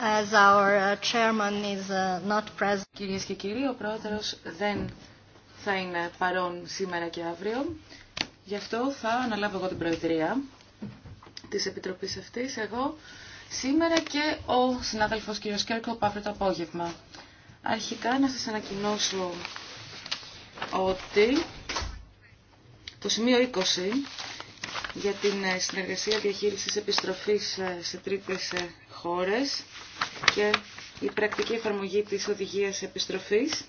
As our uh, chairman is uh, not Κυρίες και κύριοι, ο πρόεδρος δεν θα είναι παρόν σήμερα και αύριο. Γι' αυτό θα αναλάβω εγώ την προεδρία της Επιτροπής αυτής, εγώ σήμερα και ο συνάδελφος κ. Κέρκοπ αύριο το απόγευμα. Αρχικά να σας ανακοινώσω ότι το σημείο 20 για την ε, συνεργασία διαχείρισης επιστροφής ε, σε τρίτες ε, χώρες και η πρακτική εφαρμογή της οδηγίας επιστροφής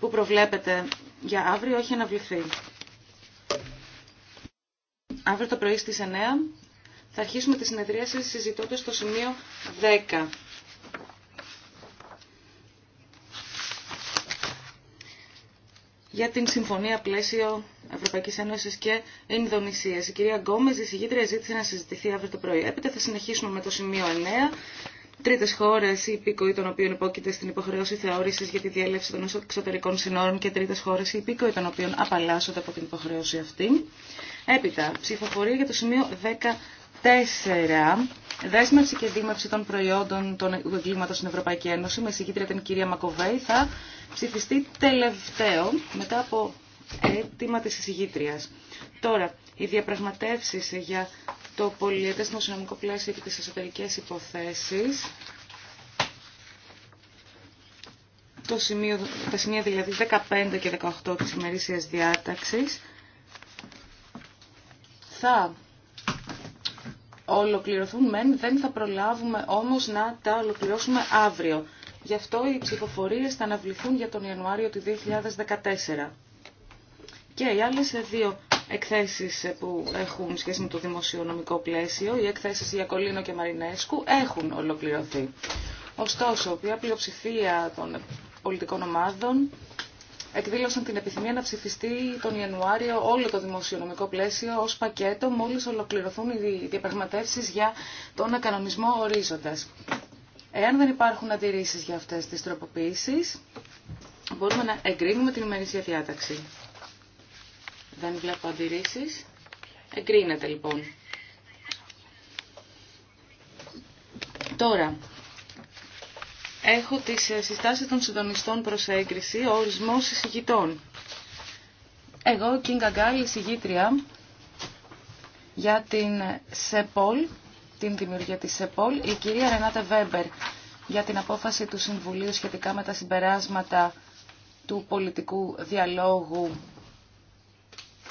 που προβλέπεται για αύριο έχει αναβληθεί. Αύριο το πρωί στις 9 θα αρχίσουμε τη συνεδρίαση συζητώντας το σημείο 10. για την Συμφωνία Πλαίσιο Ευρωπαϊκή Ένωση και Ινδονησία. Η κυρία Γκόμε, η συγγήτρια, ζήτησε να συζητηθεί αύριο το πρωί. Έπειτα θα συνεχίσουμε με το σημείο 9. Τρίτε χώρε, οι υπήκοοι των οποίων υπόκειται στην υποχρέωση θεώρηση για τη διέλευση των εξωτερικών συνόρων και τρίτε χώρε, οι υπήκοοι των οποίων απαλλάσσονται από την υποχρέωση αυτή. Έπειτα, ψηφοφορία για το σημείο 10. 4. Δέσμευση και δίμευση των προϊόντων των εγκλήματο στην Ευρωπαϊκή Ένωση με συγκίτρια την κυρία Μακοβέη θα ψηφιστεί τελευταίο μετά από αίτημα τη συγκίτρια. Τώρα, οι διαπραγματεύσει για το πολιετέ συνομικό πλαίσιο και τι εσωτερικέ υποθέσει. Το σημείο, τα σημεία δηλαδή 15 και 18 της ημερήσιας διάταξης θα ολοκληρωθούν μεν, δεν θα προλάβουμε όμως να τα ολοκληρώσουμε αύριο. Γι' αυτό οι ψηφοφορίες θα αναβληθούν για τον Ιανουάριο του 2014. Και οι άλλες δύο εκθέσεις που έχουν σχέση με το δημοσιονομικό πλαίσιο, οι εκθέσεις Κολίνο και Μαρινέσκου, έχουν ολοκληρωθεί. Ωστόσο, η πλειοψηφία των πολιτικών ομάδων εκδήλωσαν την επιθυμία να ψηφιστεί τον Ιανουάριο όλο το δημοσιονομικό πλαίσιο ως πακέτο μόλις ολοκληρωθούν οι διαπραγματεύσεις για τον κανονισμό ορίζοντας. Εάν δεν υπάρχουν αντιρρήσεις για αυτές τις τροποποιήσεις, μπορούμε να εγκρίνουμε την ημερήσια διάταξη. Δεν βλέπω αντιρρήσεις. Εγκρίνεται λοιπόν. Τώρα, έχω τη ε, συστάσει των συντονιστών προς έγκριση, ο εισηγητών. Εγώ, Κιν Καγκάλ, εισηγήτρια για την ΣΕΠΟΛ, την δημιουργία της ΣΕΠΟΛ, η κυρία Ρενάτε Βέμπερ για την απόφαση του Συμβουλίου σχετικά με τα συμπεράσματα του πολιτικού διαλόγου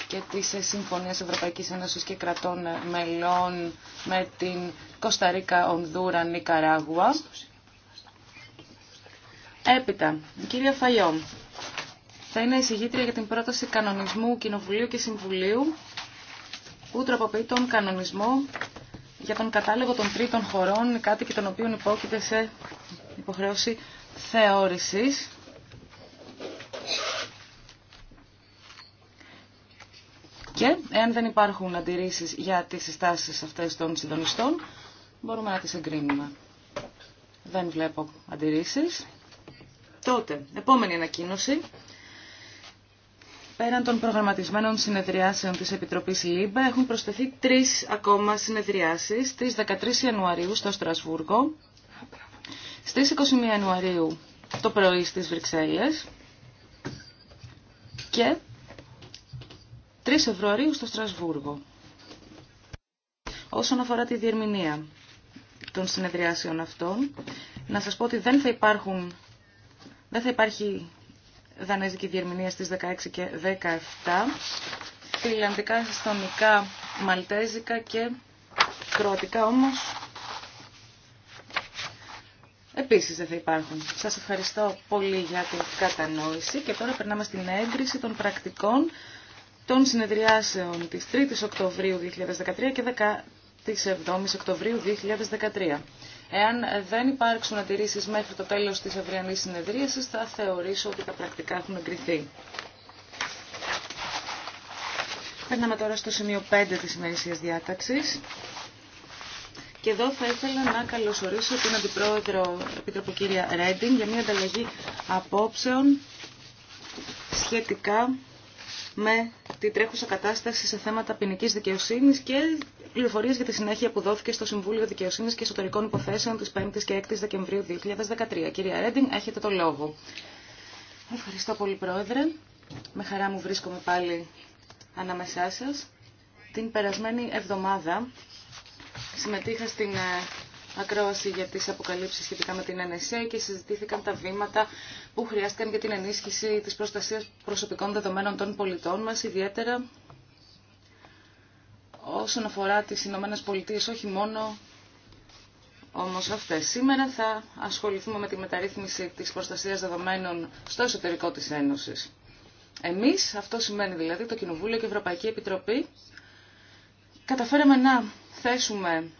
και της Συμφωνίας Ευρωπαϊκής Ένωσης και κρατών μελών με την Κωνσταντίνα Ονδούρα Νικαράγουα Έπειτα, η κυρία θα είναι εισηγήτρια για την πρόταση κανονισμού Κοινοβουλίου και Συμβουλίου που τροποποιεί τον κανονισμό για τον κατάλογο των τρίτων χωρών, κάτι και τον οποίο υπόκειται σε υποχρέωση θεώρησης. Και εάν δεν υπάρχουν αντιρρήσεις για τις συστάσεις αυτές των συντονιστών, μπορούμε να τις εγκρίνουμε. Δεν βλέπω αντιρρήσεις τότε. Επόμενη ανακοίνωση. Πέραν των προγραμματισμένων συνεδριάσεων της Επιτροπής ΛΥΜΠΑ έχουν προσθεθεί τρεις ακόμα συνεδριάσεις, στις 13 Ιανουαρίου στο Στρασβούργο, στις 21 Ιανουαρίου το πρωί στις Βρυξέλλες και 3 Φεβρουαρίου στο Στρασβούργο. Όσον αφορά τη διερμηνία των συνεδριάσεων αυτών, να σας πω ότι δεν θα υπάρχουν δεν θα υπάρχει δανέζικη διερμηνία στις 16 και 17, φιλανδικά, στονικά, μαλτέζικα και κροατικά όμως επίσης δεν θα υπάρχουν. Σας ευχαριστώ πολύ για την κατανόηση και τώρα περνάμε στην έγκριση των πρακτικών των συνεδριάσεων της 3ης Οκτωβρίου 2013 και 17ης Οκτωβρίου 2013. Εάν δεν υπάρξουν αντιρρήσει μέχρι το τέλο τη αυριανή συνεδρίαση, θα θεωρήσω ότι τα πρακτικά έχουν εγκριθεί. Περνάμε τώρα στο σημείο 5 της ημερησίας διάταξης. Και εδώ θα ήθελα να καλωσορίσω την Αντιπρόεδρο Επίτροπο κυρία Ρέντινγκ για μια ανταλλαγή απόψεων σχετικά με την τρέχουσα κατάσταση σε θέματα ποινική δικαιοσύνη. και πληροφορίε για τη συνέχεια που δόθηκε στο Συμβούλιο Δικαιοσύνη και Εσωτερικών Υποθέσεων τη 5η και 6η Δεκεμβρίου 2013. Κυρία Ρέντινγκ, έχετε το λόγο. Ευχαριστώ πολύ, Πρόεδρε. Με χαρά μου βρίσκομαι πάλι ανάμεσά σα. Την περασμένη εβδομάδα συμμετείχα στην ε, ακρόαση για τις αποκαλύψεις σχετικά με την NSA και συζητήθηκαν τα βήματα που χρειάστηκαν για την ενίσχυση της προστασίας προσωπικών δεδομένων των πολιτών μας, ιδιαίτερα όσον αφορά τις Ηνωμένες Πολιτείες, όχι μόνο όμως αυτές. Σήμερα θα ασχοληθούμε με τη μεταρρύθμιση της προστασίας δεδομένων στο εσωτερικό της Ένωσης. Εμείς, αυτό σημαίνει δηλαδή το Κοινοβούλιο και η Ευρωπαϊκή Επιτροπή, καταφέραμε να θέσουμε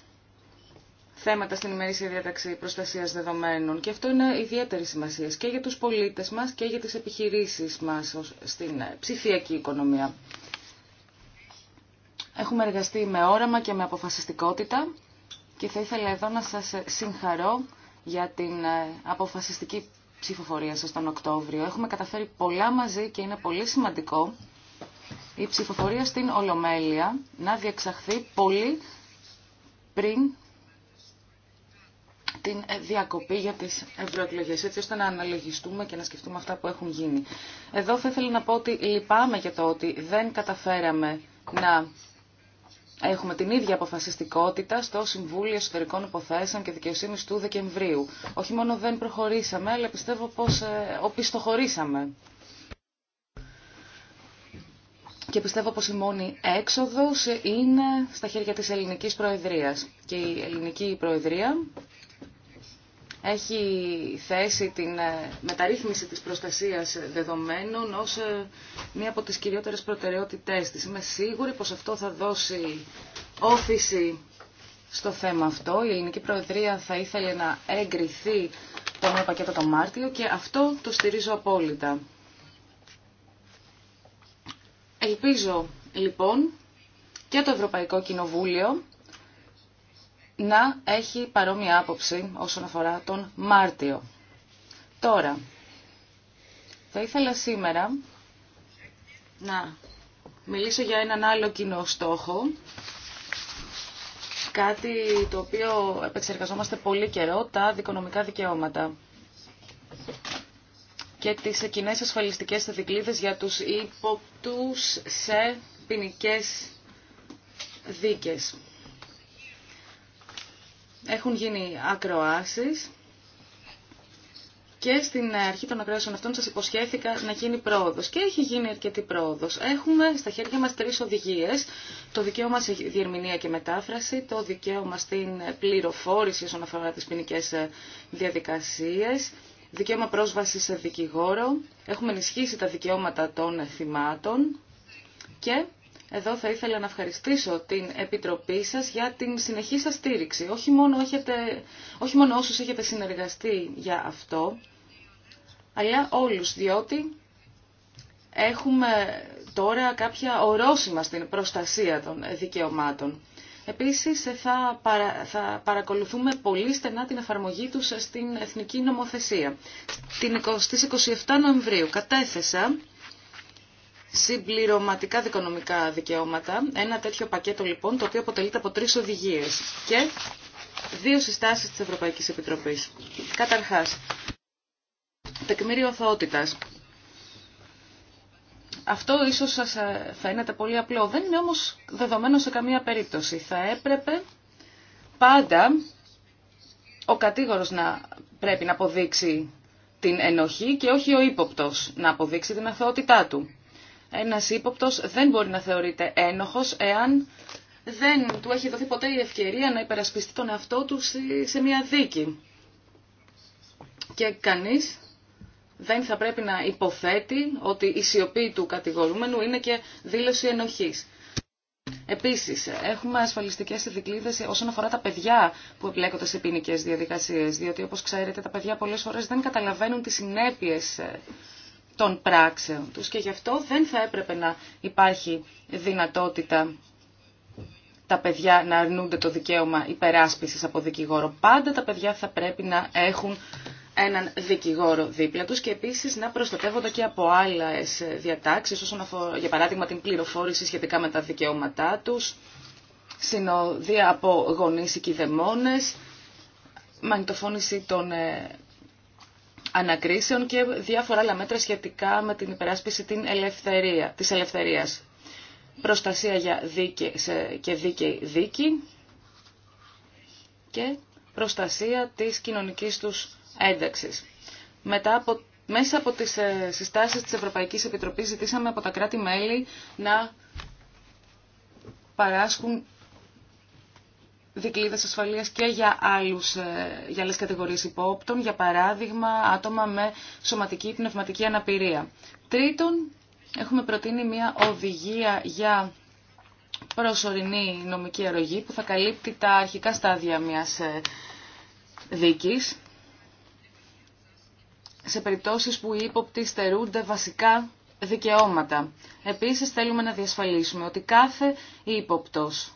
θέματα στην ημερήσια διάταξη προστασίας δεδομένων και αυτό είναι ιδιαίτερη σημασία και για τους πολίτες μας και για τις επιχειρήσεις μας στην ε, ψηφιακή οικονομία. Έχουμε εργαστεί με όραμα και με αποφασιστικότητα και θα ήθελα εδώ να σας συγχαρώ για την ε, αποφασιστική ψηφοφορία σας τον Οκτώβριο. Έχουμε καταφέρει πολλά μαζί και είναι πολύ σημαντικό η ψηφοφορία στην Ολομέλεια να διεξαχθεί πολύ πριν την διακοπή για τις ευρωεκλογέ, έτσι ώστε να αναλογιστούμε και να σκεφτούμε αυτά που έχουν γίνει. Εδώ θα ήθελα να πω ότι λυπάμαι για το ότι δεν καταφέραμε να Έχουμε την ίδια αποφασιστικότητα στο Συμβούλιο Εσωτερικών Υποθέσεων και Δικαιοσύνης του Δεκεμβρίου. Όχι μόνο δεν προχωρήσαμε, αλλά πιστεύω πως ε, οπισθοχωρήσαμε. Και πιστεύω πως η μόνη έξοδος είναι στα χέρια της Ελληνικής Προεδρίας. Και η Ελληνική Προεδρία έχει θέσει την ε, μεταρρύθμιση της προστασίας δεδομένων ως ε, μία από τις κυριότερες προτεραιότητές της. Είμαι σίγουρη πως αυτό θα δώσει όφηση στο θέμα αυτό. Η Ελληνική Προεδρία θα ήθελε να εγκριθεί το νέο πακέτο το Μάρτιο και αυτό το στηρίζω απόλυτα. Ελπίζω λοιπόν και το Ευρωπαϊκό Κοινοβούλιο να έχει παρόμοια άποψη όσον αφορά τον Μάρτιο. Τώρα, θα ήθελα σήμερα να μιλήσω για έναν άλλο κοινό στόχο, κάτι το οποίο επεξεργαζόμαστε πολύ καιρό, τα δικονομικά δικαιώματα και τις κοινέ ασφαλιστικές δικλείδες για τους ύποπτους σε ποινικέ δίκες. Έχουν γίνει ακροάσεις και στην αρχή των ακροάσεων αυτών σας υποσχέθηκα να γίνει πρόοδος και έχει γίνει αρκετή πρόοδος. Έχουμε στα χέρια μας τρεις οδηγίες, το δικαίωμα σε διερμηνία και μετάφραση, το δικαίωμα στην πληροφόρηση όσον αφορά τις ποινικέ ε, διαδικασίες, δικαίωμα πρόσβαση σε δικηγόρο, έχουμε ενισχύσει τα δικαιώματα των θυμάτων και εδώ θα ήθελα να ευχαριστήσω την Επιτροπή σας για την συνεχή σας στήριξη. Όχι μόνο, έχετε, όχι μόνο όσους έχετε συνεργαστεί για αυτό, αλλά όλους, διότι έχουμε τώρα κάποια ορόσημα στην προστασία των δικαιωμάτων. Επίσης θα, θα παρακολουθούμε πολύ στενά την εφαρμογή τους στην Εθνική Νομοθεσία. Την, στις 27 Νοεμβρίου κατέθεσα συμπληρωματικά δικονομικά δικαιώματα. Ένα τέτοιο πακέτο λοιπόν το οποίο αποτελείται από τρεις οδηγίες και δύο συστάσεις της Ευρωπαϊκής Επιτροπής. Καταρχάς, τεκμήριο αθωότητας. Αυτό ίσως σας ε, φαίνεται πολύ απλό, δεν είναι όμως δεδομένο σε καμία περίπτωση. Θα έπρεπε πάντα ο κατήγορος να πρέπει να αποδείξει την ενοχή και όχι ο ύποπτος να αποδείξει την αθωότητά του ένας ύποπτος δεν μπορεί να θεωρείται ένοχος εάν δεν του έχει δοθεί ποτέ η ευκαιρία να υπερασπιστεί τον εαυτό του σε μια δίκη. Και κανείς δεν θα πρέπει να υποθέτει ότι η σιωπή του κατηγορούμενου είναι και δήλωση ενοχής. Επίσης, έχουμε ασφαλιστικές ειδικλίδες όσον αφορά τα παιδιά που εμπλέκονται σε ποινικέ διαδικασίες, διότι όπως ξέρετε τα παιδιά πολλές φορές δεν καταλαβαίνουν τις συνέπειες ε, των πράξεων τους και γι' αυτό δεν θα έπρεπε να υπάρχει δυνατότητα τα παιδιά να αρνούνται το δικαίωμα υπεράσπισης από δικηγόρο. Πάντα τα παιδιά θα πρέπει να έχουν έναν δικηγόρο δίπλα τους και επίσης να προστατεύονται και από άλλες διατάξεις όσον αφορά για παράδειγμα την πληροφόρηση σχετικά με τα δικαιώματά τους, συνοδεία από γονείς οικειδαιμόνες, μαγνητοφώνηση των ε, ανακρίσεων και διάφορα άλλα μέτρα σχετικά με την υπεράσπιση την ελευθερία, της ελευθερίας. Προστασία για δίκη και δίκαιη δίκη και προστασία της κοινωνικής τους ένταξης. Μετά από, μέσα από τις ε, συστάσεις της Ευρωπαϊκής Επιτροπής ζητήσαμε από τα κράτη-μέλη να παράσχουν δικλείδες ασφαλείας και για, άλλους, ε, για άλλες κατηγορίες υπόπτων, για παράδειγμα άτομα με σωματική ή πνευματική αναπηρία. Τρίτον, έχουμε προτείνει μια οδηγία για προσωρινή νομική αρρωγή που θα καλύπτει τα αρχικά στάδια μιας ε, δίκης σε περιπτώσεις που οι ύποπτοι στερούνται βασικά δικαιώματα. Επίσης θέλουμε να διασφαλίσουμε ότι κάθε ύποπτος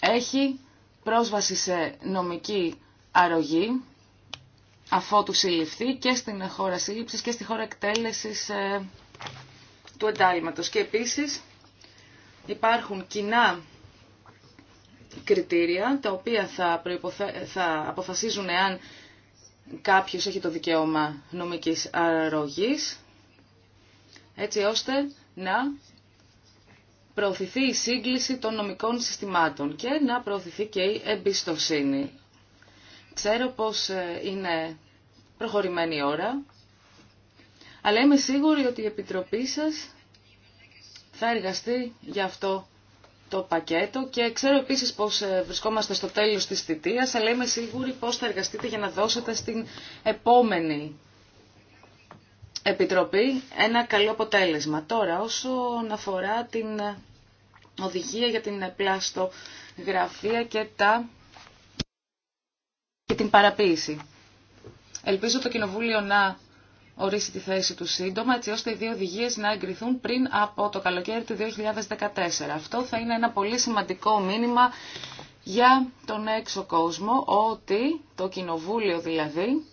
έχει πρόσβαση σε νομική αρρωγή αφότου συλληφθεί και στην χώρα σύλληψης και στη χώρα εκτέλεσης ε, του εντάλματος. Και επίσης υπάρχουν κοινά κριτήρια τα οποία θα, θα αποφασίζουν εάν κάποιος έχει το δικαίωμα νομικής αρρωγής έτσι ώστε να προωθηθεί η σύγκληση των νομικών συστημάτων και να προωθηθεί και η εμπιστοσύνη. Ξέρω πως ε, είναι προχωρημένη ώρα, αλλά είμαι σίγουρη ότι η Επιτροπή σας θα εργαστεί για αυτό το πακέτο και ξέρω επίσης πως ε, βρισκόμαστε στο τέλος της θητείας, αλλά είμαι σίγουρη πως θα εργαστείτε για να δώσετε στην επόμενη Επιτροπή ένα καλό αποτέλεσμα. Τώρα όσον αφορά την οδηγία για την πλαστογραφία και, τα... και την παραποίηση. Ελπίζω το Κοινοβούλιο να ορίσει τη θέση του σύντομα, έτσι ώστε οι δύο οδηγίες να εγκριθούν πριν από το καλοκαίρι του 2014. Αυτό θα είναι ένα πολύ σημαντικό μήνυμα για τον έξω κόσμο, ότι το Κοινοβούλιο δηλαδή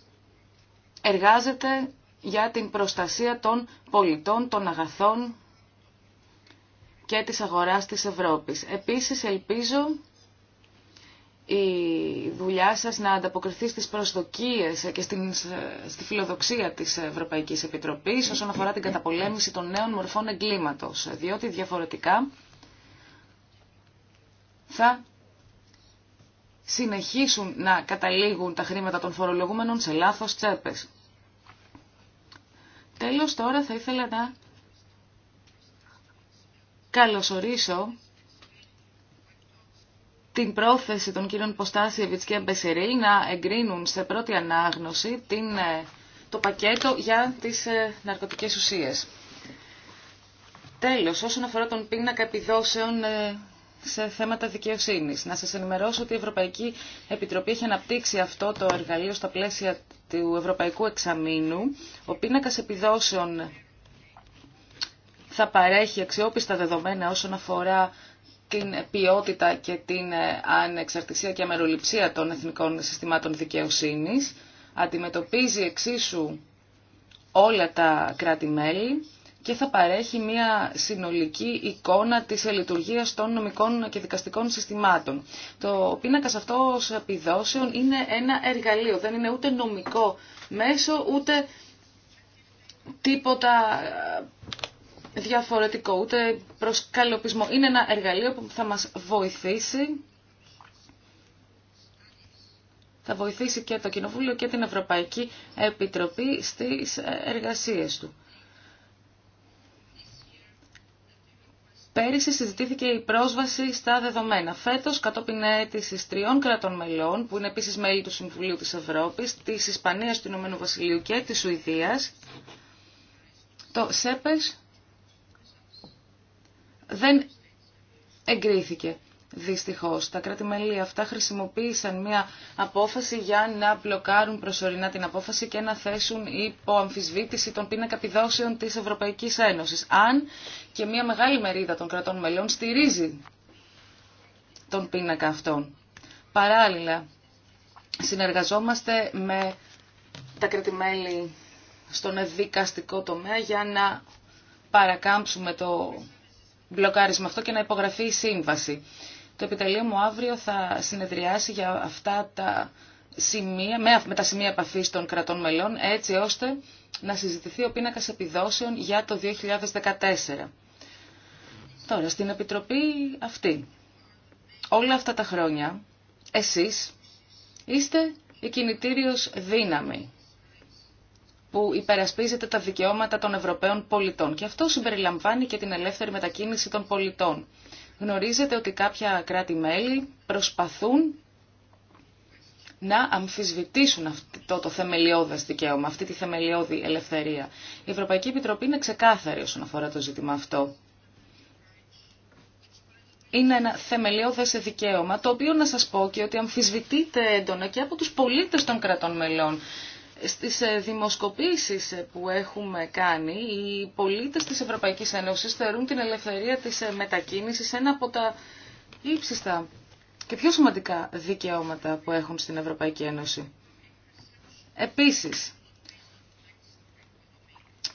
εργάζεται για την προστασία των πολιτών, των αγαθών και της αγοράς της Ευρώπης. Επίσης ελπίζω η δουλειά σας να ανταποκριθεί στις προσδοκίες και στην, στη φιλοδοξία της Ευρωπαϊκής Επιτροπής όσον αφορά την καταπολέμηση των νέων μορφών εγκλήματος, διότι διαφορετικά θα συνεχίσουν να καταλήγουν τα χρήματα των φορολογούμενων σε λάθος τσέπες. Τέλος τώρα θα ήθελα να καλωσορίσω την πρόθεση των κύριων Ποστάσιεβιτς και Μπεσερίλ να εγκρίνουν σε πρώτη ανάγνωση την, ε, το πακέτο για τις ε, ναρκωτικές ουσίες. Τέλος, όσον αφορά τον πίνακα επιδόσεων ε, σε θέματα δικαιοσύνης. Να σας ενημερώσω ότι η Ευρωπαϊκή Επιτροπή έχει αναπτύξει αυτό το εργαλείο στα πλαίσια του Ευρωπαϊκού Εξαμήνου. Ο πίνακας επιδόσεων θα παρέχει αξιόπιστα δεδομένα όσον αφορά την ποιότητα και την ε, ανεξαρτησία και αμεροληψία των εθνικών συστημάτων δικαιοσύνης, αντιμετωπίζει εξίσου όλα τα κράτη-μέλη και θα παρέχει μια συνολική εικόνα της λειτουργίας των νομικών και δικαστικών συστημάτων. Το πίνακας αυτός επιδόσεων είναι ένα εργαλείο, δεν είναι ούτε νομικό μέσο, ούτε τίποτα διαφορετικό, ούτε προς καλοπισμό. Είναι ένα εργαλείο που θα μας βοηθήσει, θα βοηθήσει και το Κοινοβούλιο και την Ευρωπαϊκή Επιτροπή στις εργασίες του. Πέρυσι συζητήθηκε η πρόσβαση στα δεδομένα. Φέτο, κατόπιν αίτηση τριών κρατών μελών, που είναι επίση μέλη του Συμβουλίου τη Ευρώπη, τη Ισπανία, του Ηνωμένου Βασιλείου και τη Σουηδία, το ΣΕΠΕΣ δεν εγκρίθηκε. δυστυχώ. τα κράτη-μέλη αυτά χρησιμοποίησαν μια απόφαση για να μπλοκάρουν προσωρινά την απόφαση και να θέσουν υπό αμφισβήτηση των πίνακα επιδόσεων της Ευρωπαϊκή Ένωσης. Αν και μια μεγάλη μερίδα των κρατών μελών στηρίζει τον πίνακα αυτόν. Παράλληλα, συνεργαζόμαστε με τα κράτη-μέλη στον δικαστικό τομέα για να παρακάμψουμε το με αυτό και να υπογραφεί η σύμβαση. Το επιτελείο μου αύριο θα συνεδριάσει για αυτά τα σημεία, με, τα σημεία επαφή των κρατών μελών, έτσι ώστε να συζητηθεί ο πίνακα επιδόσεων για το 2014. Τώρα, στην Επιτροπή αυτή, όλα αυτά τα χρόνια, εσείς είστε η κινητήριος δύναμη που υπερασπίζεται τα δικαιώματα των Ευρωπαίων πολιτών. Και αυτό συμπεριλαμβάνει και την ελεύθερη μετακίνηση των πολιτών. Γνωρίζετε ότι κάποια κράτη-μέλη προσπαθούν να αμφισβητήσουν αυτό το θεμελιώδες δικαίωμα, αυτή τη θεμελιώδη ελευθερία. Η Ευρωπαϊκή Επιτροπή είναι ξεκάθαρη όσον αφορά το ζήτημα αυτό. Είναι ένα θεμελιώδες δικαίωμα, το οποίο να σας πω και ότι αμφισβητείται έντονα και από τους πολίτες των κρατών μελών στις ε, δημοσκοπήσεις ε, που έχουμε κάνει, οι πολίτες της Ευρωπαϊκής Ένωσης θεωρούν την ελευθερία της ε, μετακίνησης ένα από τα ύψιστα και πιο σημαντικά δικαιώματα που έχουν στην Ευρωπαϊκή Ένωση. Επίσης,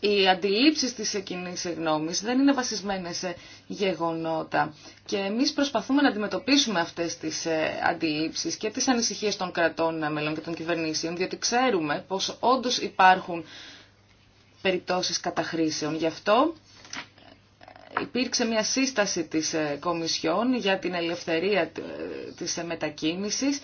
οι αντιλήψεις της κοινή γνώμης δεν είναι βασισμένες σε γεγονότα. Και εμείς προσπαθούμε να αντιμετωπίσουμε αυτές τις ε, αντιλήψεις και τις ανησυχίες των κρατών μελών και των κυβερνήσεων, διότι ξέρουμε πως όντως υπάρχουν περιπτώσεις καταχρήσεων. Γι' αυτό ε, υπήρξε μια σύσταση της ε, Κομισιόν για την ελευθερία της μετακίνησης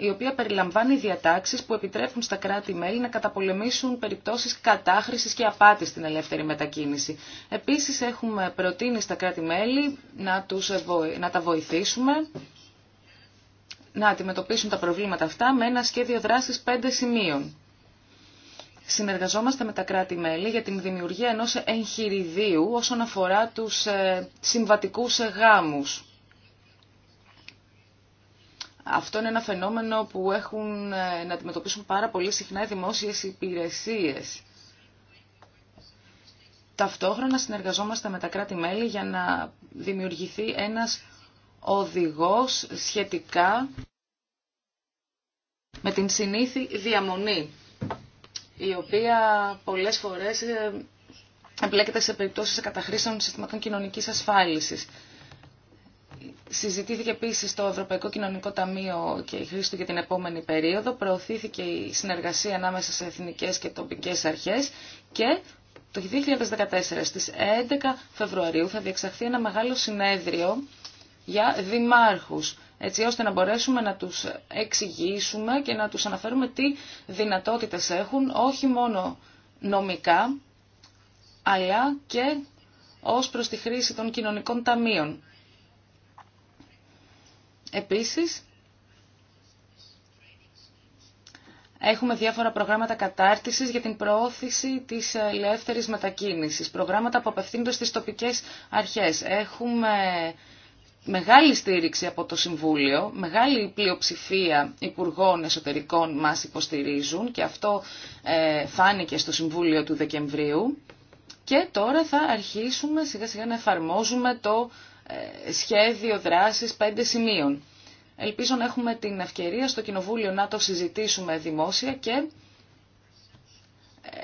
η οποία περιλαμβάνει διατάξεις που επιτρέπουν στα κράτη-μέλη να καταπολεμήσουν περιπτώσεις κατάχρησης και απάτης στην ελεύθερη μετακίνηση. Επίσης έχουμε προτείνει στα κράτη-μέλη να, τους, να τα βοηθήσουμε να αντιμετωπίσουν τα προβλήματα αυτά με ένα σχέδιο δράσης πέντε σημείων. Συνεργαζόμαστε με τα κράτη-μέλη για την δημιουργία ενός εγχειριδίου όσον αφορά τους ε, συμβατικούς γάμους αυτό είναι ένα φαινόμενο που έχουν ε, να αντιμετωπίσουν πάρα πολύ συχνά οι δημόσιες υπηρεσίες. Ταυτόχρονα συνεργαζόμαστε με τα κράτη-μέλη για να δημιουργηθεί ένας οδηγός σχετικά με την συνήθη διαμονή, η οποία πολλές φορές ε, εμπλέκεται σε περιπτώσεις καταχρήσεων συστηματών κοινωνικής ασφάλισης. Συζητήθηκε επίση το Ευρωπαϊκό Κοινωνικό Ταμείο και η χρήση του για την επόμενη περίοδο. Προωθήθηκε η συνεργασία ανάμεσα σε εθνικέ και τοπικέ αρχέ και το 2014 στι 11 Φεβρουαρίου θα διεξαχθεί ένα μεγάλο συνέδριο για Δημάρχου, έτσι ώστε να μπορέσουμε να τους εξηγήσουμε και να τους αναφέρουμε τι δυνατότητες έχουν όχι μόνο νομικά αλλά και ως προς τη χρήση των κοινωνικών ταμείων. Επίσης, Έχουμε διάφορα προγράμματα κατάρτισης για την προώθηση της ελεύθερης μετακίνησης, προγράμματα που απευθύνονται στις τοπικές αρχές. Έχουμε μεγάλη στήριξη από το Συμβούλιο, μεγάλη πλειοψηφία υπουργών εσωτερικών μας υποστηρίζουν και αυτό ε, φάνηκε στο Συμβούλιο του Δεκεμβρίου. Και τώρα θα αρχίσουμε σιγά σιγά να εφαρμόζουμε το ε, σχέδιο δράσης πέντε σημείων. Ελπίζω να έχουμε την ευκαιρία στο Κοινοβούλιο να το συζητήσουμε δημόσια και ε,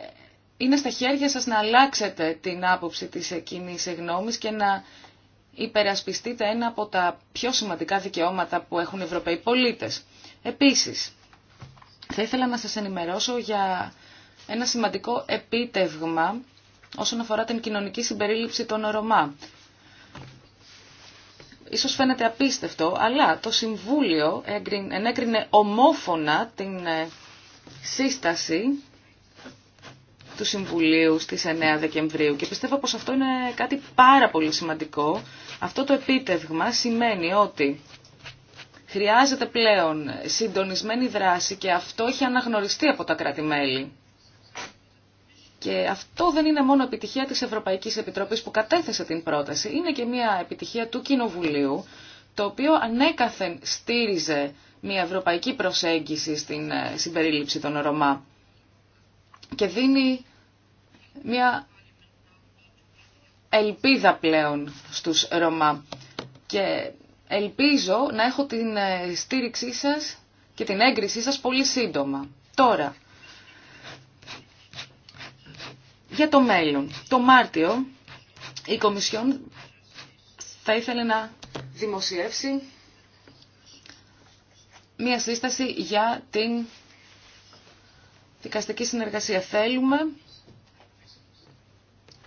είναι στα χέρια σας να αλλάξετε την άποψη της εκείνης γνώμη και να υπερασπιστείτε ένα από τα πιο σημαντικά δικαιώματα που έχουν οι Ευρωπαίοι πολίτες. Επίσης, θα ήθελα να σας ενημερώσω για ένα σημαντικό επίτευγμα όσον αφορά την κοινωνική συμπερίληψη των Ρωμά. Ίσως φαίνεται απίστευτο, αλλά το Συμβούλιο ενέκρινε ομόφωνα την ε, σύσταση του Συμβουλίου στις 9 Δεκεμβρίου και πιστεύω πως αυτό είναι κάτι πάρα πολύ σημαντικό. Αυτό το επίτευγμα σημαίνει ότι χρειάζεται πλέον συντονισμένη δράση και αυτό έχει αναγνωριστεί από τα κράτη-μέλη. Και αυτό δεν είναι μόνο επιτυχία της Ευρωπαϊκής Επιτροπής που κατέθεσε την πρόταση, είναι και μια επιτυχία του Κοινοβουλίου, το οποίο ανέκαθεν στήριζε μια ευρωπαϊκή προσέγγιση στην ε, συμπερίληψη των Ρωμά και δίνει μια ελπίδα πλέον στους Ρωμά. Και ελπίζω να έχω την ε, στήριξή σας και την έγκρισή σας πολύ σύντομα. Τώρα, Για το μέλλον. Το Μάρτιο η Κομισιόν θα ήθελε να δημοσιεύσει μία σύσταση για την δικαστική συνεργασία. Θέλουμε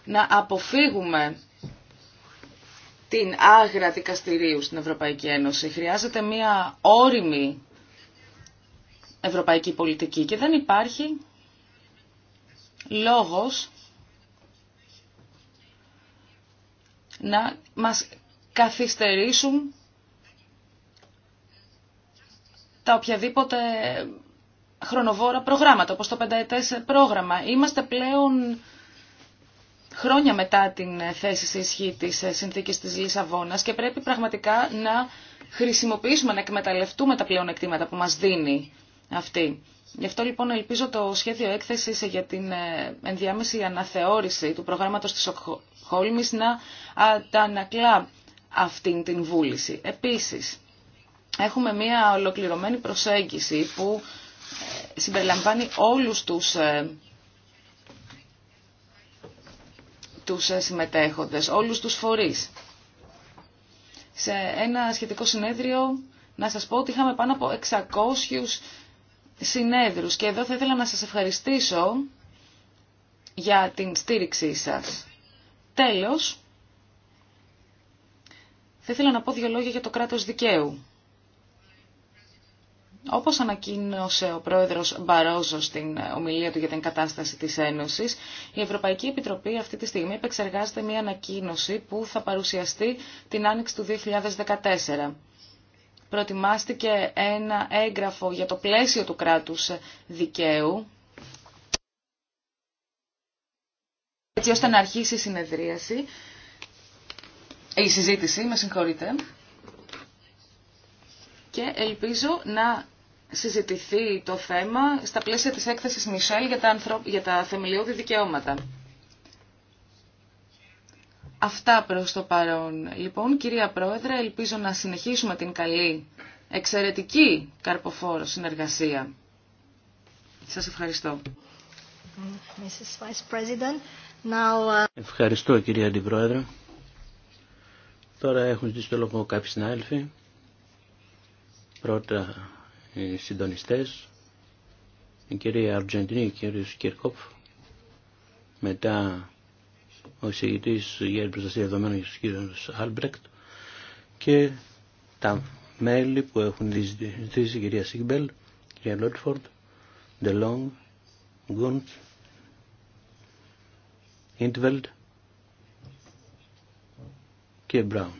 να αποφύγουμε την άγρα δικαστηρίου στην Ευρωπαϊκή Ένωση. Χρειάζεται μία όρημη ευρωπαϊκή πολιτική και δεν υπάρχει λόγος να μας καθυστερήσουν τα οποιαδήποτε χρονοβόρα προγράμματα, όπως το πενταετές πρόγραμμα. Είμαστε πλέον χρόνια μετά την θέση σε ισχύ της συνθήκης της Λισαβόνας και πρέπει πραγματικά να χρησιμοποιήσουμε, να εκμεταλλευτούμε τα πλέον εκτήματα που μας δίνει αυτή. Γι' αυτό λοιπόν ελπίζω το σχέδιο έκθεσης για την ενδιάμεση αναθεώρηση του προγράμματος της Χόλμης να ανακλά αυτήν την βούληση. Επίσης, έχουμε μία ολοκληρωμένη προσέγγιση που ε, συμπεριλαμβάνει όλους τους, ε, τους ε, συμμετέχοντες, όλους τους φορείς. Σε ένα σχετικό συνέδριο, να σας πω ότι είχαμε πάνω από 600 συνέδρους και εδώ θα ήθελα να σας ευχαριστήσω για την στήριξή σας. Τέλος, θα ήθελα να πω δύο λόγια για το κράτος δικαίου. Όπως ανακοίνωσε ο πρόεδρος Μπαρόζο στην ομιλία του για την κατάσταση της Ένωσης, η Ευρωπαϊκή Επιτροπή αυτή τη στιγμή επεξεργάζεται μια ανακοίνωση που θα παρουσιαστεί την άνοιξη του 2014. Προετοιμάστηκε ένα έγγραφο για το πλαίσιο του κράτους δικαίου, έτσι ώστε να αρχίσει η συνεδρίαση, η συζήτηση, με συγχωρείτε, και ελπίζω να συζητηθεί το θέμα στα πλαίσια της έκθεσης Μισελ για τα, ανθρω... για τα θεμελιώδη δικαιώματα. Αυτά προς το παρόν. Λοιπόν, κυρία Πρόεδρε, ελπίζω να συνεχίσουμε την καλή, εξαιρετική καρποφόρο συνεργασία. Σας ευχαριστώ. Mm, Uh, Ευχαριστώ κυρία Αντιπρόεδρε. Τώρα έχουν ζητήσει το λόγο κάποιοι συνάδελφοι. Πρώτα οι συντονιστές, η κυρία Αργεντινή, ο κύριος Κιρκόπφ. μετά ο εισηγητής για την προστασία δεδομένων ο κύριος Άλμπρεκτ και τα μέλη που έχουν ζητήσει η κυρία Σίγμπελ, η κυρία Λότφορντ, Ντελόγκ, Γκούντ, Hintveld και Μπράουν.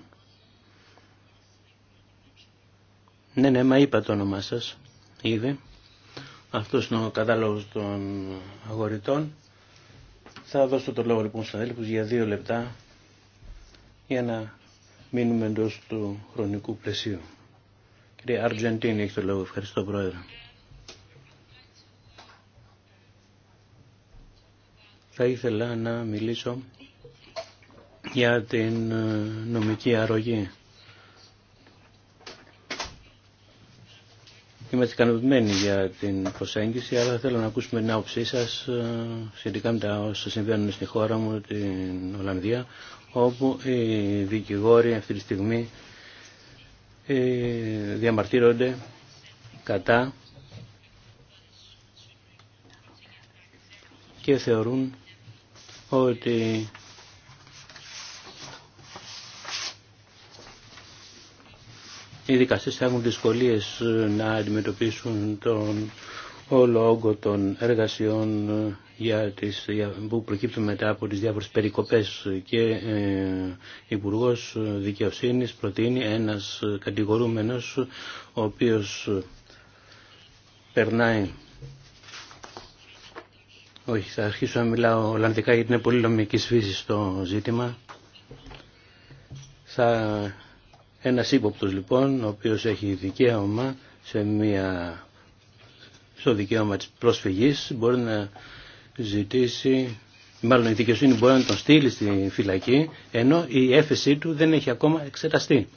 Ναι, ναι, μα είπα το όνομά σας ήδη. Αυτός είναι ο κατάλογος των αγορητών. Θα δώσω το λόγο λοιπόν στους αδέλφους για δύο λεπτά για να μείνουμε εντός του χρονικού πλαισίου. Κύριε Αργεντίνη έχει το λόγο. Ευχαριστώ Πρόεδρε. θα ήθελα να μιλήσω για την ε, νομική αρρωγή. Είμαστε ικανοποιημένοι για την προσέγγιση, αλλά θέλω να ακούσουμε την άποψή σα ε, σχετικά με τα όσα συμβαίνουν στη χώρα μου, την Ολλανδία, όπου οι δικηγόροι αυτή τη στιγμή ε, διαμαρτύρονται κατά και θεωρούν ότι οι δικαστές έχουν δυσκολίες να αντιμετωπίσουν τον όλο όγκο των εργασιών για τις, που προκύπτουν μετά από τις διάφορες περικοπές και ε, υπουργό Δικαιοσύνης προτείνει ένας κατηγορούμενος ο οποίος περνάει όχι, θα αρχίσω να μιλάω Ολλανδικά γιατί είναι πολύ νομική φύση το ζήτημα. Θα... Ένας ύποπτος λοιπόν, ο οποίο έχει δικαίωμα σε μια... στο δικαίωμα τη προσφυγή, μπορεί να ζητήσει, μάλλον η δικαιοσύνη μπορεί να τον στείλει στη φυλακή, ενώ η έφεσή του δεν έχει ακόμα εξεταστεί.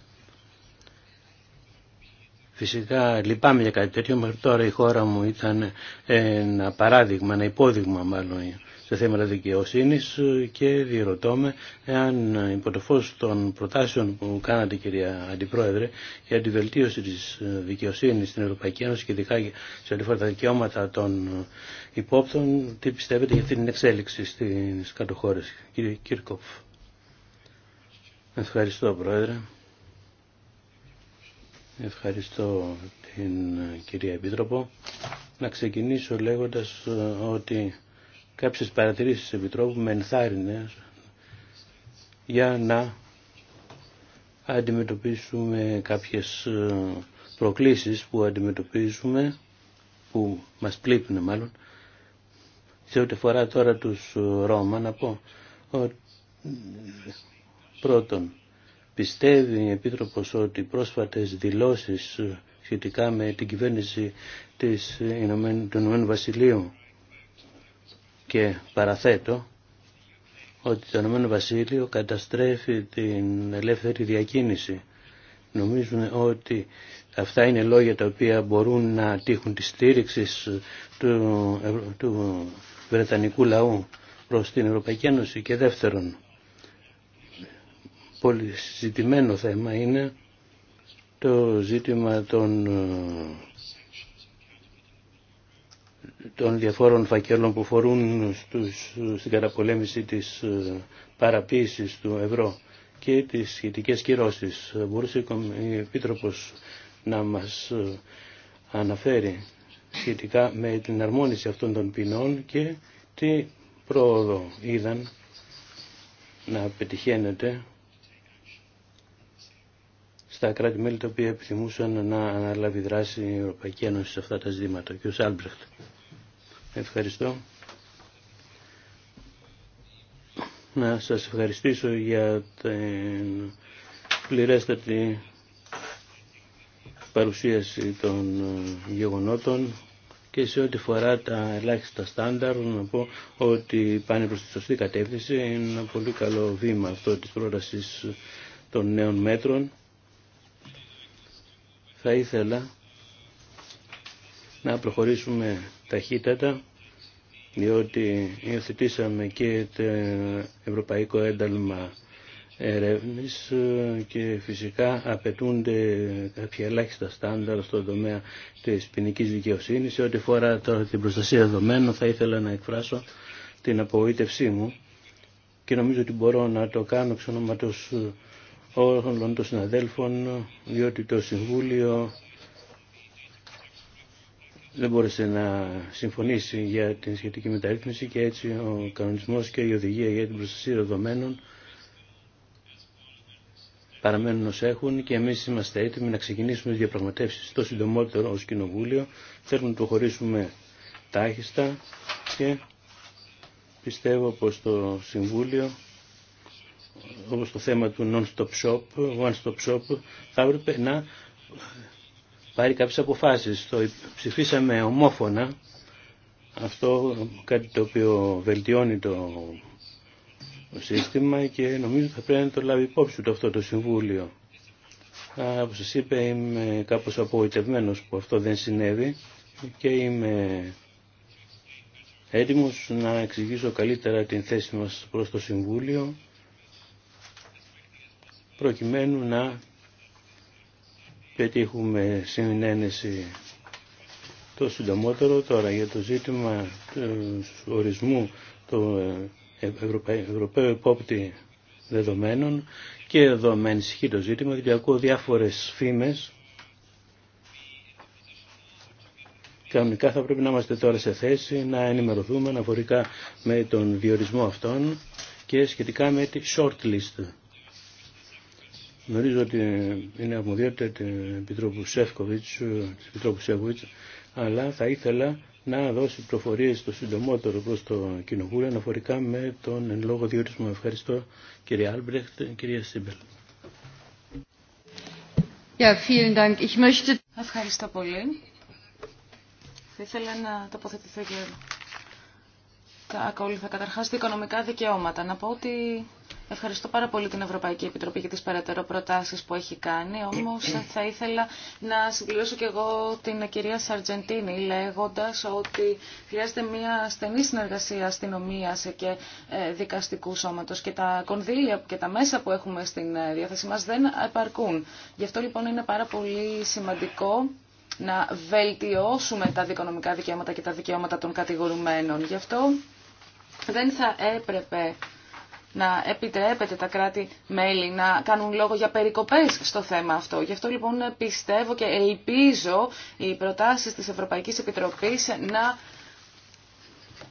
Φυσικά λυπάμαι για κάτι τέτοιο, μέχρι τώρα η χώρα μου ήταν ένα παράδειγμα, ένα υπόδειγμα μάλλον σε θέματα δικαιοσύνη και διερωτώ με εάν υπό το φως των προτάσεων που κάνατε κυρία Αντιπρόεδρε για τη βελτίωση της δικαιοσύνης στην Ευρωπαϊκή Ένωση και ειδικά σε ό,τι τα δικαιώματα των υπόπτων, τι πιστεύετε για την εξέλιξη στις κατοχώρες. Κύριε Κύρκοφ. Ευχαριστώ Πρόεδρε. Ευχαριστώ την ε, κυρία Επίτροπο. Να ξεκινήσω λέγοντας ε, ότι κάποιες παρατηρήσεις της Επιτρόπου με ενθάρρυνε για να αντιμετωπίσουμε κάποιες ε, προκλήσεις που αντιμετωπίζουμε, που μας πλήττουν μάλλον, σε ό,τι φορά τώρα τους Ρώμα, να πω πρώτον Πιστεύει η Επίτροπος ότι πρόσφατες δηλώσεις σχετικά με την κυβέρνηση της Ηνωμένου Βασιλείου και παραθέτω ότι το Ηνωμένο Βασίλειο καταστρέφει την ελεύθερη διακίνηση. Νομίζουμε ότι αυτά είναι λόγια τα οποία μπορούν να τύχουν τη στήριξη του, του Βρετανικού λαού προς την Ευρωπαϊκή Ένωση και δεύτερον πολύ συζητημένο θέμα είναι το ζήτημα των, των διαφόρων φακέλων που φορούν στους, στην καταπολέμηση της ε, παραποίησης του ευρώ και τις σχετικές κυρώσεις. Μπορούσε η Επίτροπος να μας ε, αναφέρει σχετικά με την αρμόνιση αυτών των ποινών και τι πρόοδο είδαν να πετυχαίνεται στα κράτη-μέλη τα οποία επιθυμούσαν να αναλάβει δράση η Ευρωπαϊκή Ένωση σε αυτά τα ζητήματα. Κ. Άλμπρεχτ. Ευχαριστώ. Να σας ευχαριστήσω για την πληρέστατη παρουσίαση των γεγονότων και σε ό,τι φορά τα ελάχιστα στάνταρ να πω ότι πάνε προς τη σωστή κατεύθυνση είναι ένα πολύ καλό βήμα αυτό της πρότασης των νέων μέτρων θα ήθελα να προχωρήσουμε ταχύτατα διότι υιοθετήσαμε και το Ευρωπαϊκό Ένταλμα Ερεύνης και φυσικά απαιτούνται κάποια ελάχιστα στάνταρ στον τομέα της ποινική δικαιοσύνης. ό,τι φορά τώρα την προστασία δεδομένων θα ήθελα να εκφράσω την απογοήτευσή μου και νομίζω ότι μπορώ να το κάνω εξ ονόματος όλων των συναδέλφων, διότι το Συμβούλιο δεν μπόρεσε να συμφωνήσει για την σχετική μεταρρύθμιση και έτσι ο κανονισμός και η οδηγία για την προστασία δεδομένων παραμένουν ως έχουν και εμείς είμαστε έτοιμοι να ξεκινήσουμε τις διαπραγματεύσεις το συντομότερο ως Κοινοβούλιο. Θέλουμε να το χωρίσουμε τάχιστα και πιστεύω πως το Συμβούλιο όπως το θέμα του non-stop shop, one-stop shop, θα έπρεπε να πάρει κάποιες αποφάσεις. Το ψηφίσαμε ομόφωνα, αυτό κάτι το οποίο βελτιώνει το σύστημα και νομίζω θα πρέπει να το λάβει υπόψη του αυτό το Συμβούλιο. Όπως σας είπε, είμαι κάπως απογοητευμένος που αυτό δεν συνέβη και είμαι έτοιμος να εξηγήσω καλύτερα την θέση μας προς το Συμβούλιο προκειμένου να πετύχουμε συνένεση το συντομότερο τώρα για το ζήτημα του ορισμού του Ευρωπαίου Επόπτη Δεδομένων και εδώ με ανησυχεί το ζήτημα γιατί ακούω διάφορες φήμες Κανονικά θα πρέπει να είμαστε τώρα σε θέση να ενημερωθούμε αναφορικά με τον διορισμό αυτών και σχετικά με τη shortlist Γνωρίζω ότι είναι αρμοδιότητα την Επιτρόπου Σεύκοβιτς, ε, Επιτρόπου αλλά θα ήθελα να δώσει προφορίες το συντομότερο προς το Κοινοβούλιο αναφορικά με τον εν λόγω διορισμό. Ευχαριστώ κύριε Άλμπρεχτ, κυρία Σίμπελ. Ευχαριστώ πολύ. Θα ήθελα να τοποθετηθώ και τα ακόλουθα. Καταρχάς, τα οικονομικά δικαιώματα. Να πω ότι Ευχαριστώ πάρα πολύ την Ευρωπαϊκή Επιτροπή για τις περαιτέρω προτάσεις που έχει κάνει, όμως θα ήθελα να συμπληρώσω και εγώ την κυρία Σαρτζεντίνη λέγοντας ότι χρειάζεται μια στενή συνεργασία αστυνομία και ε, δικαστικού σώματος και τα κονδύλια και τα μέσα που έχουμε στην ε, διάθεση μας δεν επαρκούν. Γι' αυτό λοιπόν είναι πάρα πολύ σημαντικό να βελτιώσουμε τα δικονομικά δικαιώματα και τα δικαιώματα των κατηγορουμένων. Γι' αυτό δεν θα έπρεπε να επιτρέπεται τα κράτη-μέλη να κάνουν λόγο για περικοπές στο θέμα αυτό. Γι' αυτό λοιπόν πιστεύω και ελπίζω οι προτάσεις της Ευρωπαϊκής Επιτροπής να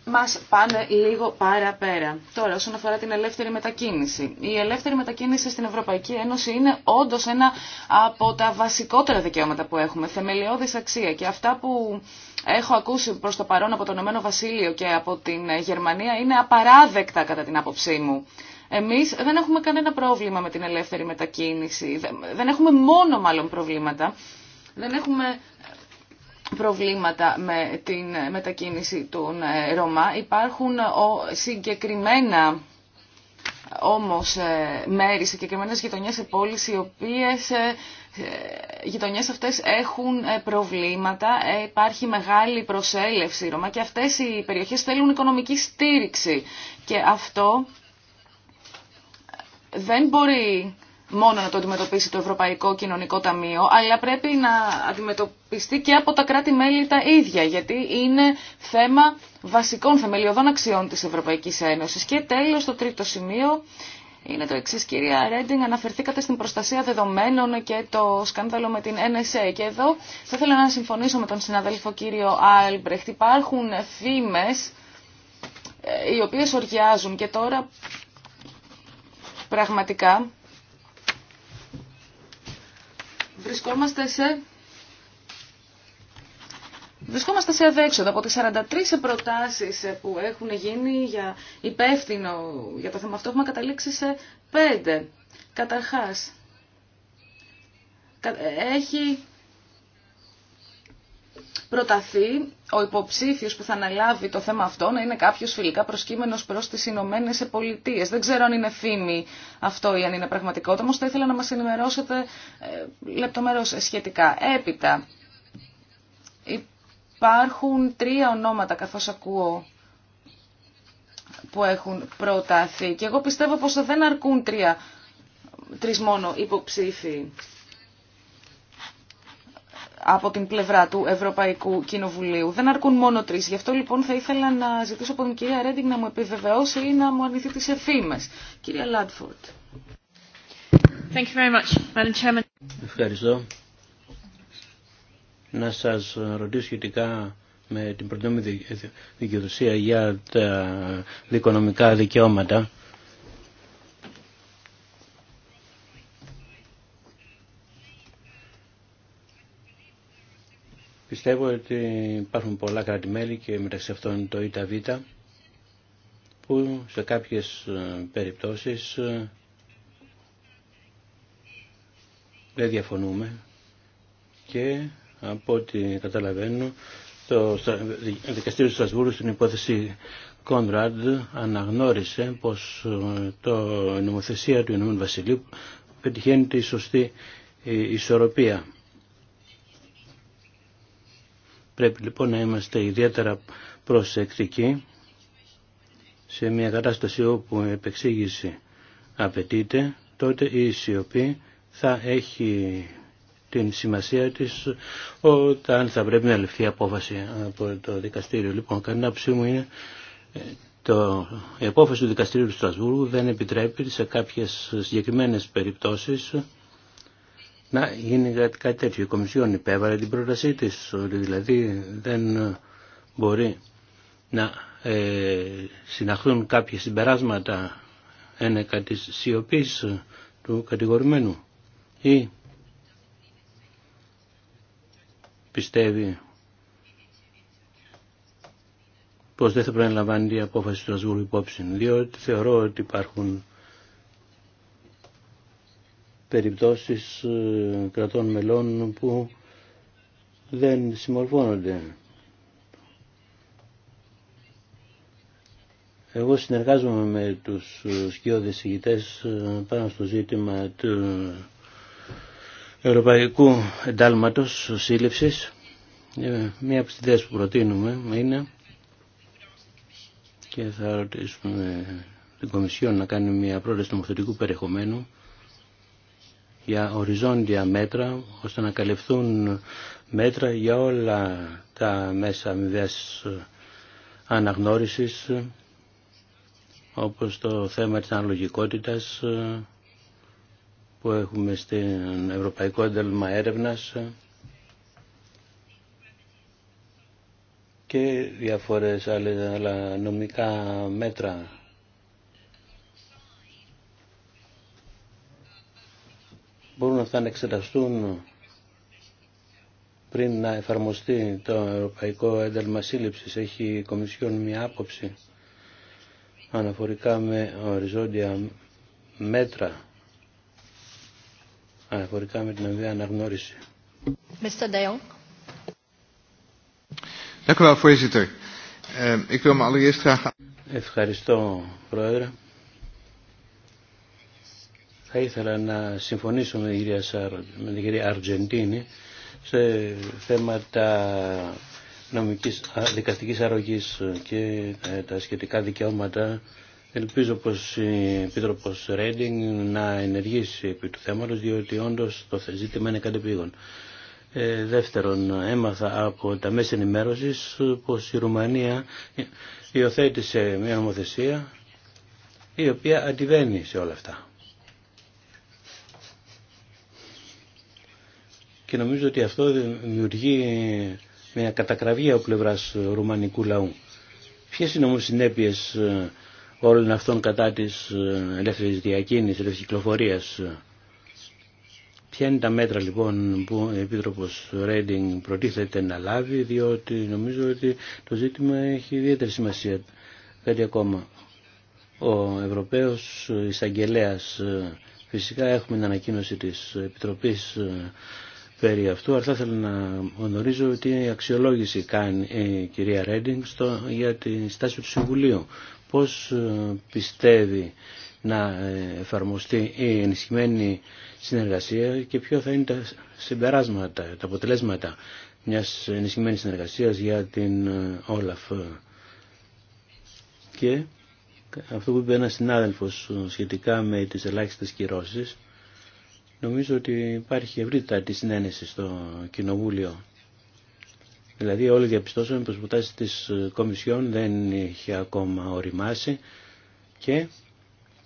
μας πάνε λίγο παραπέρα. Τώρα, όσον αφορά την ελεύθερη μετακίνηση. Η ελεύθερη μετακίνηση στην Ευρωπαϊκή Ένωση είναι όντως ένα από τα βασικότερα δικαιώματα που έχουμε, θεμελιώδης αξία. Και αυτά που έχω ακούσει προς το παρόν από το Ηνωμένο Βασίλειο και από την Γερμανία είναι απαράδεκτα κατά την άποψή μου. Εμείς δεν έχουμε κανένα πρόβλημα με την ελεύθερη μετακίνηση, δεν έχουμε μόνο μάλλον προβλήματα, δεν έχουμε προβλήματα με την μετακίνηση των ε, Ρωμά. Υπάρχουν συγκεκριμένα όμως ε, μέρη, συγκεκριμένε γειτονιές σε πόλεις οι οποίες ε, γειτονιές αυτές έχουν προβλήματα, υπάρχει μεγάλη προσέλευση Ρωμά και αυτές οι περιοχές θέλουν οικονομική στήριξη και αυτό δεν μπορεί μόνο να το αντιμετωπίσει το Ευρωπαϊκό Κοινωνικό Ταμείο, αλλά πρέπει να αντιμετωπιστεί και από τα κράτη-μέλη τα ίδια, γιατί είναι θέμα βασικών θεμελιωδών αξιών της Ευρωπαϊκής Ένωσης. Και τέλος, το τρίτο σημείο είναι το εξή, κυρία Ρέντινγκ, αναφερθήκατε στην προστασία δεδομένων και το σκάνδαλο με την NSA. Και εδώ θα ήθελα να συμφωνήσω με τον συναδέλφο κύριο Άλμπρεχτ. Υπάρχουν φήμες ε, οι οποίες οργιάζουν και τώρα πραγματικά βρισκόμαστε σε... Βρισκόμαστε σε αδέξοδο από τις 43 προτάσεις που έχουν γίνει για υπεύθυνο για το θέμα αυτό. Έχουμε καταλήξει σε 5. Καταρχάς, έχει προταθεί ο υποψήφιος που θα αναλάβει το θέμα αυτό να είναι κάποιος φιλικά προσκύμενος προς τις Ηνωμένε Πολιτείε. Δεν ξέρω αν είναι φήμη αυτό ή αν είναι πραγματικότητα, όμως θα ήθελα να μας ενημερώσετε ε, λεπτομέρως σχετικά. Έπειτα, υπάρχουν τρία ονόματα καθώς ακούω που έχουν προταθεί και εγώ πιστεύω πως δεν αρκούν τρία, τρεις μόνο υποψήφοι από την πλευρά του Ευρωπαϊκού Κοινοβουλίου. Δεν αρκούν μόνο τρεις. Γι' αυτό λοιπόν θα ήθελα να ζητήσω από την κυρία Ρέντινγκ να μου επιβεβαιώσει ή να μου αρνηθεί τι εφήμε. Κυρία Λάντφορντ. Ευχαριστώ. Να σας ρωτήσω σχετικά με την προνόμη δικαιοδοσία για τα δικονομικά δικαιώματα. Πιστεύω ότι υπάρχουν πολλά κρατημέλη και μεταξύ αυτών το ΙΤΑΒ που σε κάποιες ε, περιπτώσεις ε, δεν διαφωνούμε και από ό,τι καταλαβαίνω το δικαστήριο του Στρασβούρου στην υπόθεση Κόνραντ αναγνώρισε πως ε, το νομοθεσία του Ηνωμένου Βασιλείου πετυχαίνει τη σωστή ισορροπία. Πρέπει λοιπόν να είμαστε ιδιαίτερα προσεκτικοί σε μια κατάσταση όπου η επεξήγηση απαιτείται, τότε η σιωπή θα έχει την σημασία της όταν θα πρέπει να ληφθεί απόφαση από το δικαστήριο. Λοιπόν, κανένα άποψή μου είναι ε, το, η απόφαση του δικαστήριου του Στρασβούργου δεν επιτρέπει σε κάποιες συγκεκριμένες περιπτώσεις να γίνει κάτι τέτοιο. Η Κομισιόν υπέβαλε την πρότασή της, ότι δηλαδή δεν μπορεί να ε, συναχθούν κάποια συμπεράσματα ένεκα της σιωπής του κατηγορημένου ή πιστεύει πως δεν θα πρέπει να λαμβάνει η απόφαση του ασβούλου υπόψη, διότι θεωρώ ότι υπάρχουν περιπτώσεις ε, κρατών μελών που δεν συμμορφώνονται. Εγώ συνεργάζομαι με τους ε, σκιώδες ηγητές ε, πάνω στο ζήτημα του Ευρωπαϊκού Εντάλματος Σύλληψης. Μία από τις ιδέες που προτείνουμε είναι και θα ρωτήσουμε την Κομισιόν να κάνει μια πρόταση νομοθετικού περιεχομένου για οριζόντια μέτρα ώστε να καλυφθούν μέτρα για όλα τα μέσα αμοιβές αναγνώρισης όπως το θέμα της αναλογικότητας που έχουμε στην Ευρωπαϊκό Ένταλμα Έρευνας και διάφορες άλλα νομικά μέτρα μπορούν αυτά να εξεταστούν πριν να εφαρμοστεί το Ευρωπαϊκό Ένταλμα Σύλληψης. Έχει η Κομισιόν μια άποψη αναφορικά με οριζόντια μέτρα, αναφορικά με την αμοιβαία αναγνώριση. Ευχαριστώ, Πρόεδρε. Θα ήθελα να συμφωνήσω με την κυρία, Αργεντίνη σε θέματα νομικής, δικαστικής αρρωγής και ε, τα σχετικά δικαιώματα. Ελπίζω πως η Επίτροπος Ρέντινγκ να ενεργήσει επί του θέματος, διότι όντως το ζήτημα είναι κατεπήγον. Ε, δεύτερον, έμαθα από τα μέσα ενημέρωσης πως η Ρουμανία υιοθέτησε μια νομοθεσία η οποία αντιβαίνει σε όλα αυτά. και νομίζω ότι αυτό δημιουργεί μια κατακραυγή από πλευρά ρουμανικού λαού. Ποιε είναι όμω οι συνέπειε ε, όλων αυτών κατά τη ε, ελεύθερη διακίνηση, ελεύθερη κυκλοφορία. Ποια είναι τα μέτρα λοιπόν που ο Επίτροπο Ρέντινγκ προτίθεται να λάβει, διότι νομίζω ότι το ζήτημα έχει ιδιαίτερη σημασία. Κάτι ακόμα. Ο Ευρωπαίος εισαγγελέα ε, Φυσικά έχουμε την ανακοίνωση της Επιτροπής Περί αυτού αλλά θα ήθελα να γνωρίζω τι αξιολόγηση κάνει ε, η κυρία Ρέντινγκ για τη στάση του Συμβουλίου. Πώς ε, πιστεύει να ε, εφαρμοστεί η ενισχυμένη συνεργασία και ποιο θα είναι τα συμπεράσματα, τα αποτελέσματα μιας ενισχυμένης συνεργασίας για την Όλαφ. Και αυτό που είπε ένας συνάδελφος σχετικά με τις ελάχιστες κυρώσεις, Νομίζω ότι υπάρχει ευρύτατη συνένεση στο Κοινοβούλιο. Δηλαδή όλοι διαπιστώσαμε πως προτάσεις της ε, Κομισιόν δεν είχε ακόμα οριμάσει και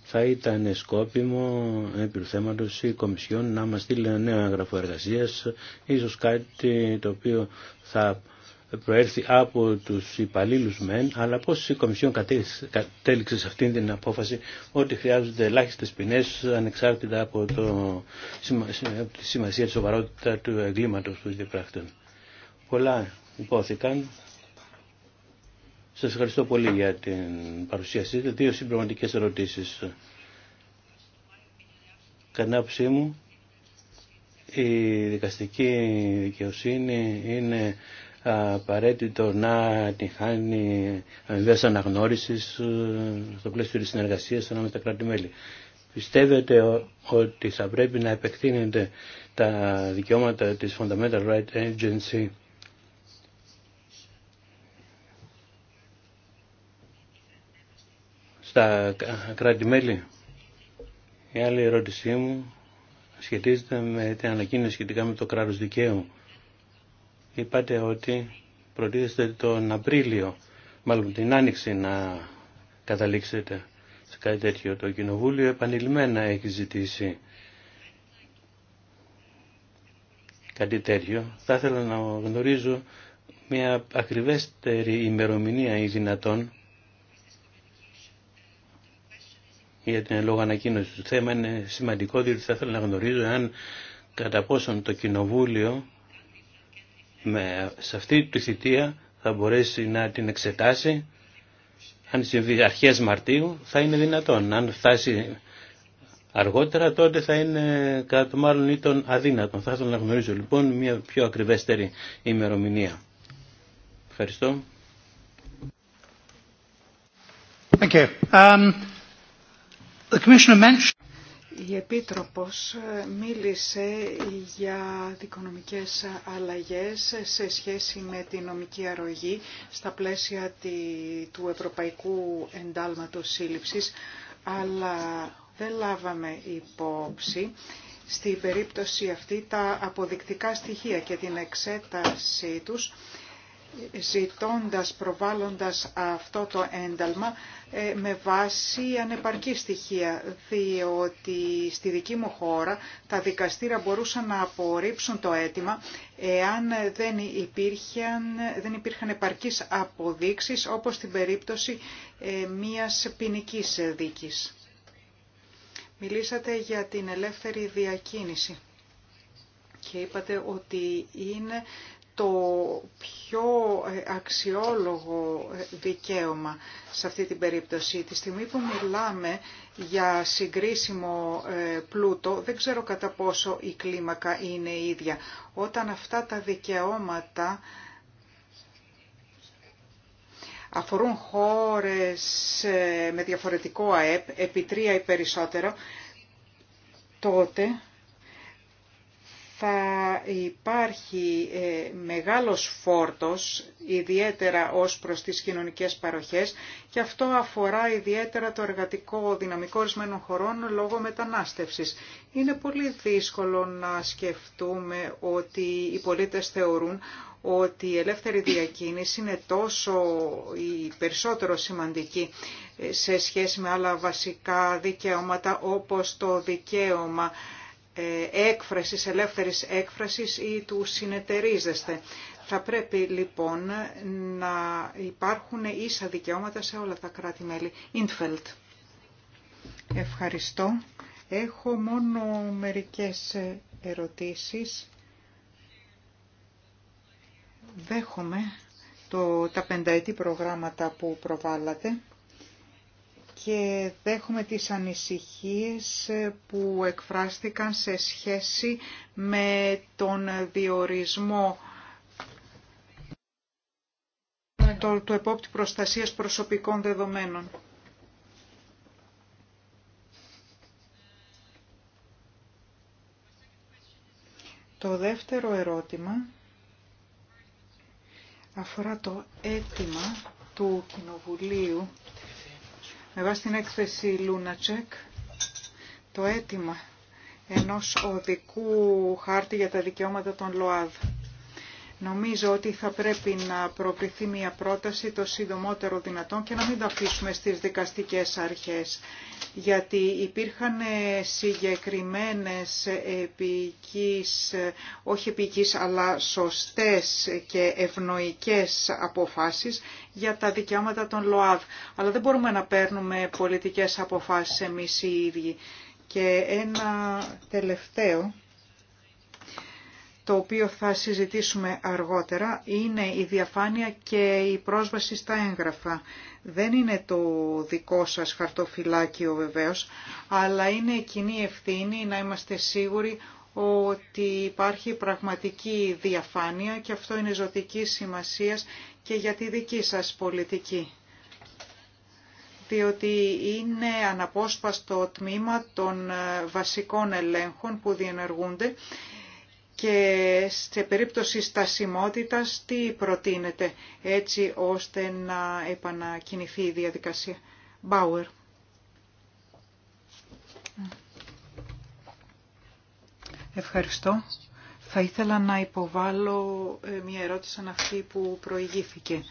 θα ήταν σκόπιμο επί του θέματος η Κομισιόν να μας στείλει ένα νέο έγγραφο εργασίας, ίσως κάτι το οποίο θα προέρθει από τους υπαλλήλους μεν, αλλά πώς η Κομισιόν κατέληξε σε αυτήν την απόφαση ότι χρειάζονται ελάχιστες ποινές ανεξάρτητα από, το, τη σημασία, τη σοβαρότητα του εγκλήματος που διπράκτων. Πολλά υπόθηκαν. Σας ευχαριστώ πολύ για την παρουσίασή σας. Δύο συμπληρωματικές ερωτήσεις. άποψή μου, η δικαστική δικαιοσύνη είναι απαραίτητο να τη χάνει αμοιβές αναγνώρισης ε, στο πλαίσιο της συνεργασίας ανάμεσα στα κράτη-μέλη. Πιστεύετε ότι θα πρέπει να επεκτείνεται τα δικαιώματα της Fundamental Rights Agency στα κράτη-μέλη. Η άλλη ερώτησή μου σχετίζεται με την ανακοίνωση σχετικά με το κράτος δικαίου είπατε ότι προτίθεστε τον Απρίλιο, μάλλον την Άνοιξη να καταλήξετε σε κάτι τέτοιο. Το Κοινοβούλιο επανειλημμένα έχει ζητήσει κάτι τέτοιο. Θα ήθελα να γνωρίζω μια ακριβέστερη ημερομηνία ή δυνατόν για την λόγω ανακοίνωση του θέμα είναι σημαντικό διότι θα ήθελα να γνωρίζω αν κατά πόσον το Κοινοβούλιο με, σε αυτή τη θητεία θα μπορέσει να την εξετάσει. Αν συμβεί αρχές Μαρτίου θα είναι δυνατόν. Αν φτάσει αργότερα τότε θα είναι κατά το μάλλον ή τον αδύνατον. Θα ήθελα να γνωρίζω λοιπόν μια πιο ακριβέστερη ημερομηνία. Ευχαριστώ. Um, the Commissioner mentioned... Η Επίτροπος ε, μίλησε για δικονομικές αλλαγές σε σχέση με τη νομική αρρωγή στα πλαίσια του Ευρωπαϊκού Εντάλματος Σύλληψης, αλλά δεν λάβαμε υπόψη στη περίπτωση αυτή τα αποδεικτικά στοιχεία και την εξέτασή τους ζητώντας, προβάλλοντας αυτό το ένταλμα ε, με βάση ανεπαρκή στοιχεία, διότι στη δική μου χώρα τα δικαστήρα μπορούσαν να απορρίψουν το αίτημα εάν δεν υπήρχαν, δεν υπήρχαν επαρκείς αποδείξεις όπως στην περίπτωση ε, μιας ποινική δίκης. Μιλήσατε για την ελεύθερη διακίνηση και είπατε ότι είναι το πιο ε, αξιόλογο ε, δικαίωμα σε αυτή την περίπτωση. Τη στιγμή που μιλάμε για συγκρίσιμο ε, πλούτο, δεν ξέρω κατά πόσο η κλίμακα είναι ίδια. Όταν αυτά τα δικαιώματα αφορούν χώρες με διαφορετικό ΑΕΠ, επί τρία ή περισσότερο, τότε θα υπάρχει ε, μεγάλος φόρτος, ιδιαίτερα ως προς τις κοινωνικές παροχές και αυτό αφορά ιδιαίτερα το εργατικό δυναμικό ορισμένων χωρών λόγω μετανάστευσης. Είναι πολύ δύσκολο να σκεφτούμε ότι οι πολίτες θεωρούν ότι η ελεύθερη διακίνηση είναι τόσο ή περισσότερο σημαντική ε, σε σχέση με άλλα βασικά δικαιώματα όπως το δικαίωμα ε, έκφρασης, ελεύθερης έκφρασης ή του συνεταιρίζεστε. Θα πρέπει λοιπόν να υπάρχουν ίσα δικαιώματα σε όλα τα κράτη-μέλη. Ιντφελτ. Ευχαριστώ. Έχω μόνο μερικές ερωτήσεις. Δέχομαι το, τα πενταετή προγράμματα που προβάλλατε και δέχομαι τις ανησυχίες που εκφράστηκαν σε σχέση με τον διορισμό του το επόπτη προστασίας προσωπικών δεδομένων. Το δεύτερο ερώτημα αφορά το αίτημα του Κοινοβουλίου με βάση την έκθεση Λούνατσεκ, το αίτημα ενός οδικού χάρτη για τα δικαιώματα των ΛΟΑΔ. Νομίζω ότι θα πρέπει να προκριθεί μια πρόταση το σύντομότερο δυνατόν και να μην τα αφήσουμε στις δικαστικές αρχές γιατί υπήρχαν ε, συγκεκριμένες επικής, όχι αλλά σωστές και ευνοϊκές αποφάσεις για τα δικαιώματα των ΛΟΑΔ. Αλλά δεν μπορούμε να παίρνουμε πολιτικές αποφάσεις εμείς οι ίδιοι. Και ένα τελευταίο το οποίο θα συζητήσουμε αργότερα είναι η διαφάνεια και η πρόσβαση στα έγγραφα. Δεν είναι το δικό σας χαρτοφυλάκιο βεβαίως, αλλά είναι κοινή ευθύνη να είμαστε σίγουροι ότι υπάρχει πραγματική διαφάνεια και αυτό είναι ζωτική σημασίας και για τη δική σας πολιτική διότι είναι αναπόσπαστο τμήμα των ε, βασικών ελέγχων που διενεργούνται και σε περίπτωση στασιμότητας τι προτείνεται έτσι ώστε να επανακινηθεί η διαδικασία. Μπάουερ. Ευχαριστώ. Θα ήθελα να υποβάλω ε, μια ερώτηση σαν αυτή που προηγήθηκε.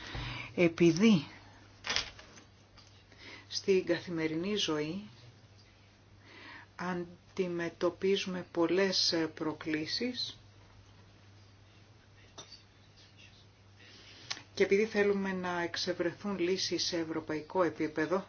Επειδή στην καθημερινή ζωή αντιμετωπίζουμε πολλές προκλήσεις και επειδή θέλουμε να εξευρεθούν λύσεις σε ευρωπαϊκό επίπεδο,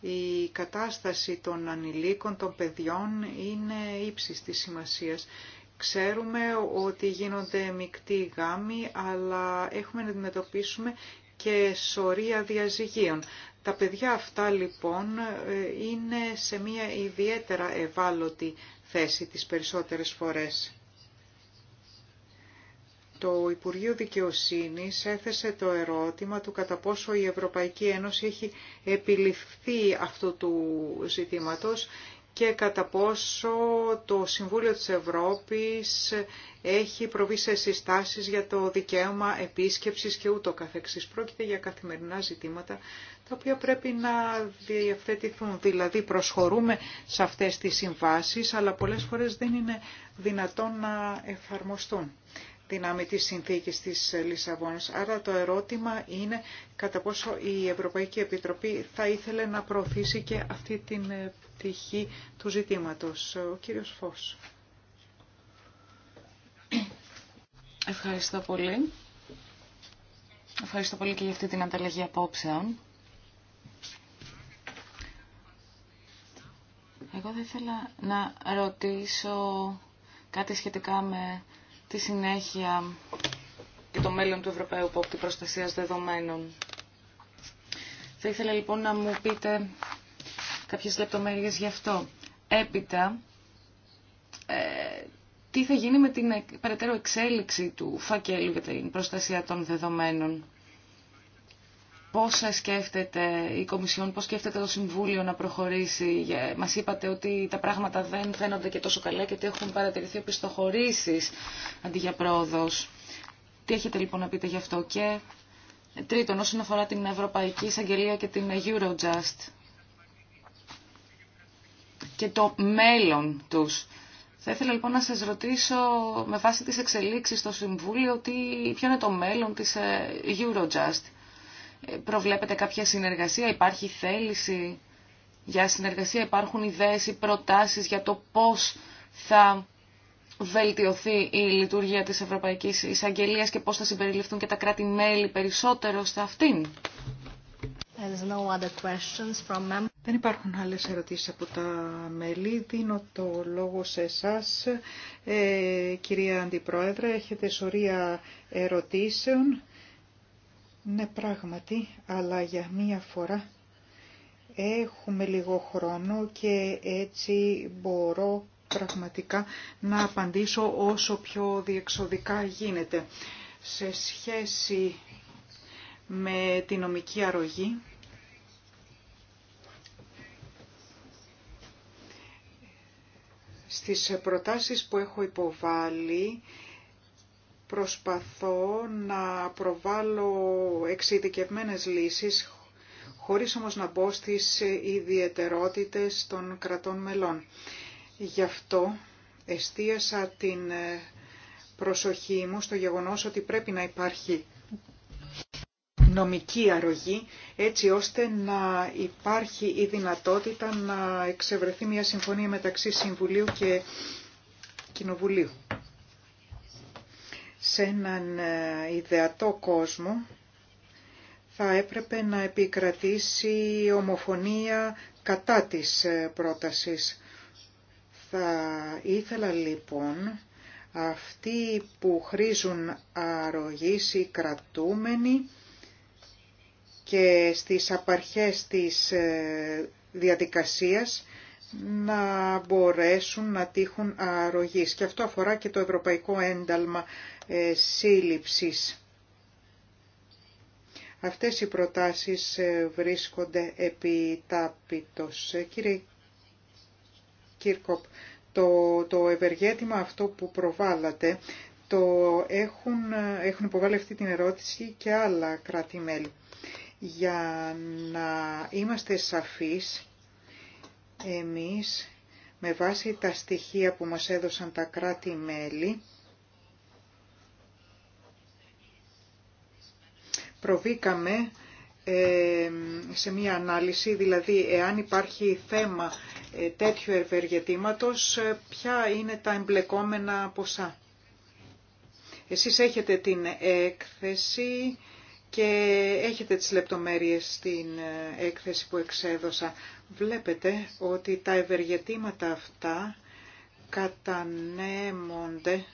η κατάσταση των ανηλίκων, των παιδιών είναι ύψης της σημασίας. Ξέρουμε ότι γίνονται μεικτοί γάμοι, αλλά έχουμε να αντιμετωπίσουμε και σωρία διαζυγίων. Τα παιδιά αυτά λοιπόν είναι σε μια ιδιαίτερα ευάλωτη θέση τις περισσότερες φορές. Το Υπουργείο Δικαιοσύνης έθεσε το ερώτημα του κατά πόσο η Ευρωπαϊκή Ένωση έχει επιληφθεί αυτού του ζητήματος και κατά πόσο το Συμβούλιο της Ευρώπης έχει προβεί σε συστάσεις για το δικαίωμα επίσκεψης και ούτω καθεξής. Πρόκειται για καθημερινά ζητήματα τα οποία πρέπει να διευθετηθούν. Δηλαδή προσχωρούμε σε αυτές τις συμβάσεις, αλλά πολλές φορές δεν είναι δυνατόν να εφαρμοστούν την τη συνθήκη της Λισαβόνας. Άρα το ερώτημα είναι κατά πόσο η Ευρωπαϊκή Επιτροπή θα ήθελε να προωθήσει και αυτή την ε, πτυχή του ζητήματος. Ο κύριος Φως. Ευχαριστώ πολύ. Ευχαριστώ πολύ και για αυτή την ανταλλαγή απόψεων. Εγώ θα ήθελα να ρωτήσω κάτι σχετικά με Στη συνέχεια και το μέλλον του Ευρωπαίου Πόπτη Προστασίας Δεδομένων. Θα ήθελα λοιπόν να μου πείτε κάποιες λεπτομέρειες γι' αυτό. Έπειτα, ε, τι θα γίνει με την ε, περαιτέρω εξέλιξη του φακέλου για την προστασία των δεδομένων πώς σκέφτεται η Κομισιόν, πώς σκέφτεται το Συμβούλιο να προχωρήσει. Μας είπατε ότι τα πράγματα δεν φαίνονται και τόσο καλά και ότι έχουν παρατηρηθεί οπισθοχωρήσεις αντί για πρόοδος. Τι έχετε λοιπόν να πείτε γι' αυτό και τρίτον όσον αφορά την Ευρωπαϊκή Εισαγγελία και την Eurojust και το μέλλον τους. Θα ήθελα λοιπόν να σας ρωτήσω με βάση τις εξελίξεις στο Συμβούλιο ότι ποιο είναι το μέλλον της ε, Eurojust προβλέπετε κάποια συνεργασία, υπάρχει θέληση για συνεργασία, υπάρχουν ιδέες ή προτάσεις για το πώς θα βελτιωθεί η λειτουργία της Ευρωπαϊκής Εισαγγελίας και πώς θα συμπεριληφθούν και τα κράτη-μέλη περισσότερο στα αυτήν. Δεν υπάρχουν άλλες ερωτήσεις από τα μέλη. Δίνω το λόγο σε εσάς. Ε, κυρία Αντιπρόεδρε, έχετε σωρία ερωτήσεων. Ναι, πράγματι, αλλά για μία φορά έχουμε λίγο χρόνο και έτσι μπορώ πραγματικά να απαντήσω όσο πιο διεξοδικά γίνεται. Σε σχέση με την νομική αρρωγή, στις προτάσεις που έχω υποβάλει Προσπαθώ να προβάλλω εξειδικευμένες λύσεις, χωρίς όμως να μπω στις ιδιαιτερότητες των κρατών μελών. Γι' αυτό εστίασα την ε, προσοχή μου στο γεγονός ότι πρέπει να υπάρχει νομική αρρωγή έτσι ώστε να υπάρχει η δυνατότητα να εξευρεθεί μια συμφωνία μεταξύ Συμβουλίου και Κοινοβουλίου σε έναν ε, ιδεατό κόσμο θα έπρεπε να επικρατήσει ομοφωνία κατά της ε, πρότασης. Θα ήθελα λοιπόν αυτοί που χρήζουν αρρωγής ή κρατούμενοι και στις απαρχές της ε, διαδικασίας να μπορέσουν να τύχουν αρρωγής. Και αυτό αφορά και το Ευρωπαϊκό Ένταλμα ε, σύλληψης. Αυτές οι προτάσεις ε, βρίσκονται επί τάπητος. Ε, κύριε Κίρκοπ, το, το ευεργέτημα αυτό που προβάλλατε, το έχουν, έχουν υποβάλει αυτή την ερώτηση και άλλα κράτη-μέλη. Για να είμαστε σαφείς, εμείς με βάση τα στοιχεία που μας έδωσαν τα κράτη-μέλη, προβήκαμε ε, σε μία ανάλυση, δηλαδή εάν υπάρχει θέμα ε, τέτοιου ευεργετήματος, ε, ποια είναι τα εμπλεκόμενα ποσά. Εσείς έχετε την έκθεση και έχετε τις λεπτομέρειες στην έκθεση που εξέδωσα. Βλέπετε ότι τα ευεργετήματα αυτά κατανέμονται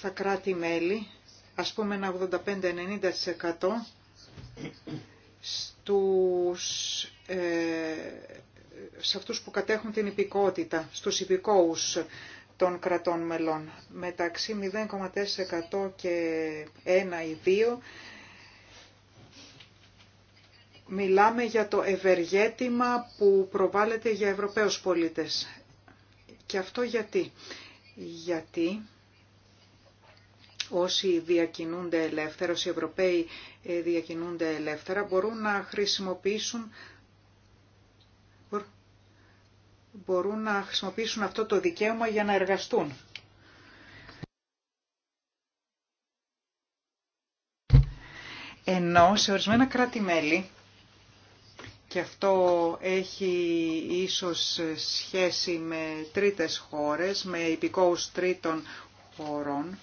στα κράτη-μέλη, ας πούμε ένα 85-90% στους, ε, σε αυτούς που κατέχουν την υπηκότητα, στους υπηκόους των κρατών μελών. Μεταξύ 0,4% και 1 ή 2% μιλάμε για το ευεργέτημα που προβάλλεται για Ευρωπαίους πολίτες. Και αυτό γιατί. Γιατί όσοι διακινούνται ελεύθερα, όσοι Ευρωπαίοι ε, διακινούνται ελεύθερα, μπορούν να χρησιμοποιήσουν μπορούν να χρησιμοποιήσουν αυτό το δικαίωμα για να εργαστούν. Ενώ σε ορισμένα κράτη-μέλη, και αυτό έχει ίσως σχέση με τρίτες χώρες, με υπηκόους τρίτων χωρών,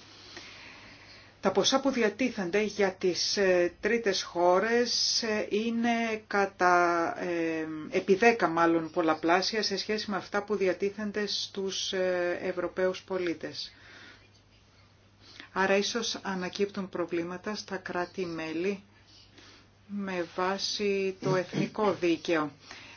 τα ποσά που διατίθενται για τις ε, τρίτες χώρες ε, είναι κατά ε, επί 10 μάλλον πολλαπλάσια σε σχέση με αυτά που διατίθενται στους Ευρωπαίους πολίτες. Άρα ίσως ανακύπτουν προβλήματα στα κράτη-μέλη με βάση το εθνικό δίκαιο,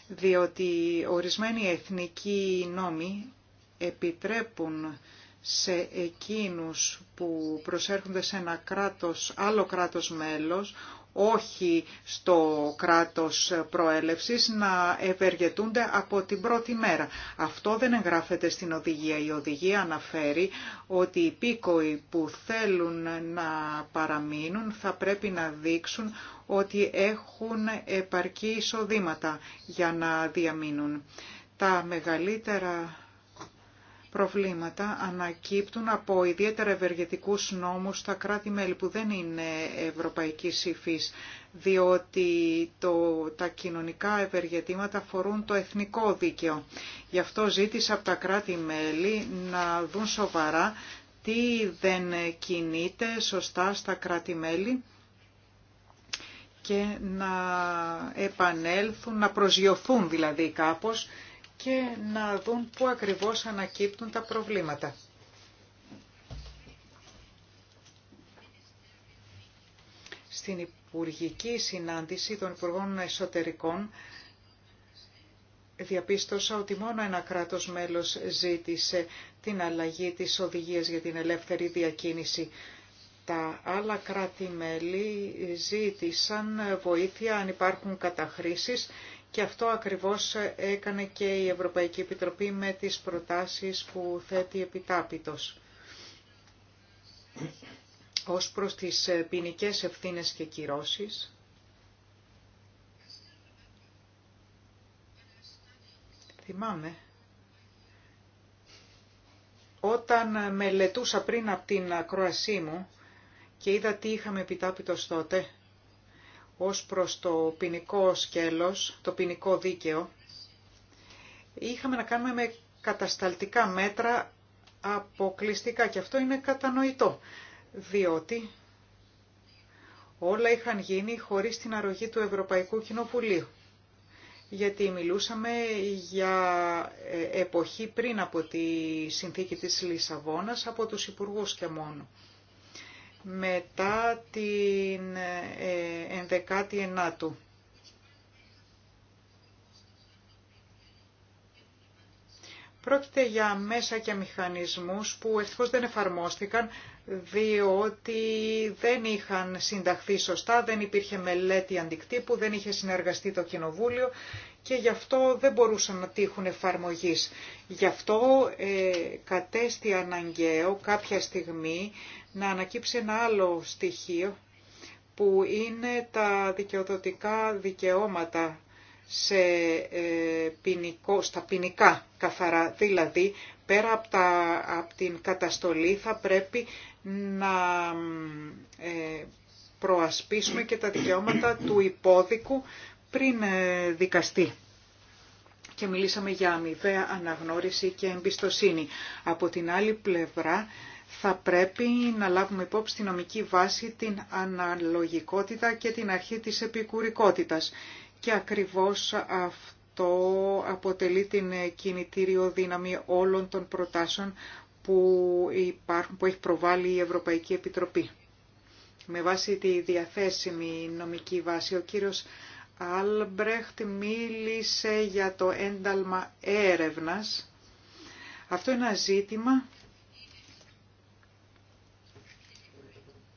διότι ορισμένοι εθνικοί νόμοι επιτρέπουν σε εκείνους που προσέρχονται σε ένα κράτος, άλλο κράτος μέλος, όχι στο κράτος προέλευσης, να ευεργετούνται από την πρώτη μέρα. Αυτό δεν εγγράφεται στην οδηγία. Η οδηγία αναφέρει ότι οι πίκοοι που θέλουν να παραμείνουν θα πρέπει να δείξουν ότι έχουν επαρκή εισοδήματα για να διαμείνουν. Τα μεγαλύτερα προβλήματα ανακύπτουν από ιδιαίτερα ευεργετικού νόμους στα κράτη-μέλη που δεν είναι ευρωπαϊκή Υφή, διότι το, τα κοινωνικά ευεργετήματα αφορούν το εθνικό δίκαιο. Γι' αυτό ζήτησα από τα κράτη-μέλη να δουν σοβαρά τι δεν κινείται σωστά στα κράτη-μέλη και να επανέλθουν, να προσγειωθούν δηλαδή κάπως και να δουν πού ακριβώς ανακύπτουν τα προβλήματα. Στην Υπουργική Συνάντηση των Υπουργών Εσωτερικών διαπίστωσα ότι μόνο ένα κράτος μέλος ζήτησε την αλλαγή της οδηγίας για την ελεύθερη διακίνηση. Τα άλλα κράτη-μέλη ζήτησαν βοήθεια αν υπάρχουν καταχρήσεις και αυτό ακριβώς έκανε και η Ευρωπαϊκή Επιτροπή με τις προτάσεις που θέτει επιτάπητος. Ως προς τις ποινικέ ευθύνες και κυρώσεις, θυμάμαι, όταν μελετούσα πριν από την ακροασή μου και είδα τι είχαμε επιτάπητος τότε, ως προς το ποινικό σκέλος, το ποινικό δίκαιο, είχαμε να κάνουμε με κατασταλτικά μέτρα αποκλειστικά και αυτό είναι κατανοητό, διότι όλα είχαν γίνει χωρίς την αρρωγή του Ευρωπαϊκού Κοινοβουλίου γιατί μιλούσαμε για ε, εποχή πριν από τη συνθήκη της Λισαβόνας, από τους υπουργούς και μόνο μετά την 19η ε, Πρόκειται για μέσα και μηχανισμούς που ευτυχώς δεν εφαρμόστηκαν διότι δεν είχαν συνταχθεί σωστά, δεν υπήρχε μελέτη αντικτύπου, δεν είχε συνεργαστεί το Κοινοβούλιο και γι' αυτό δεν μπορούσαν να τύχουν εφαρμογής. Γι' αυτό ε, κατέστη αναγκαίο κάποια στιγμή να ανακύψει ένα άλλο στοιχείο που είναι τα δικαιοδοτικά δικαιώματα σε, ε, στα ποινικά καθαρά. Δηλαδή, πέρα από, τα, την καταστολή θα πρέπει να ε, προασπίσουμε και τα δικαιώματα του υπόδικου πριν ε, δικαστεί και μιλήσαμε για αμοιβαία αναγνώριση και εμπιστοσύνη. Από την άλλη πλευρά θα πρέπει να λάβουμε υπόψη τη νομική βάση, την αναλογικότητα και την αρχή της επικουρικότητας. Και ακριβώς αυτό αποτελεί την κινητήριο δύναμη όλων των προτάσεων που, υπάρχουν, που έχει προβάλει η Ευρωπαϊκή Επιτροπή. Με βάση τη διαθέσιμη νομική βάση, ο κύριος Άλμπρεχτ μίλησε για το ένταλμα έρευνας. Αυτό είναι ένα ζήτημα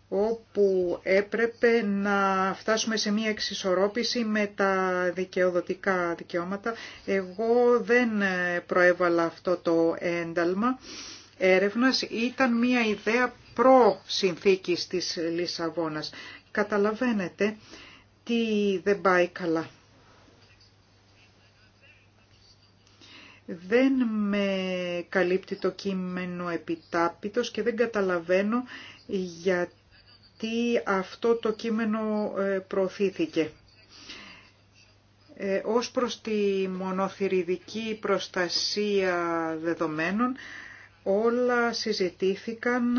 όπου έπρεπε να φτάσουμε σε μία εξισορρόπηση με τα δικαιοδοτικά δικαιώματα. Εγώ δεν προέβαλα αυτό το ένταλμα έρευνας. Ήταν μία ιδέα προ συνθήκης της Λισαβόνας. Καταλαβαίνετε τι δεν πάει καλά. Δεν με καλύπτει το κείμενο επιτάπητος και δεν καταλαβαίνω γιατί αυτό το κείμενο ε, προωθήθηκε. Ε, ως προς τη μονοθυριδική προστασία δεδομένων, όλα συζητήθηκαν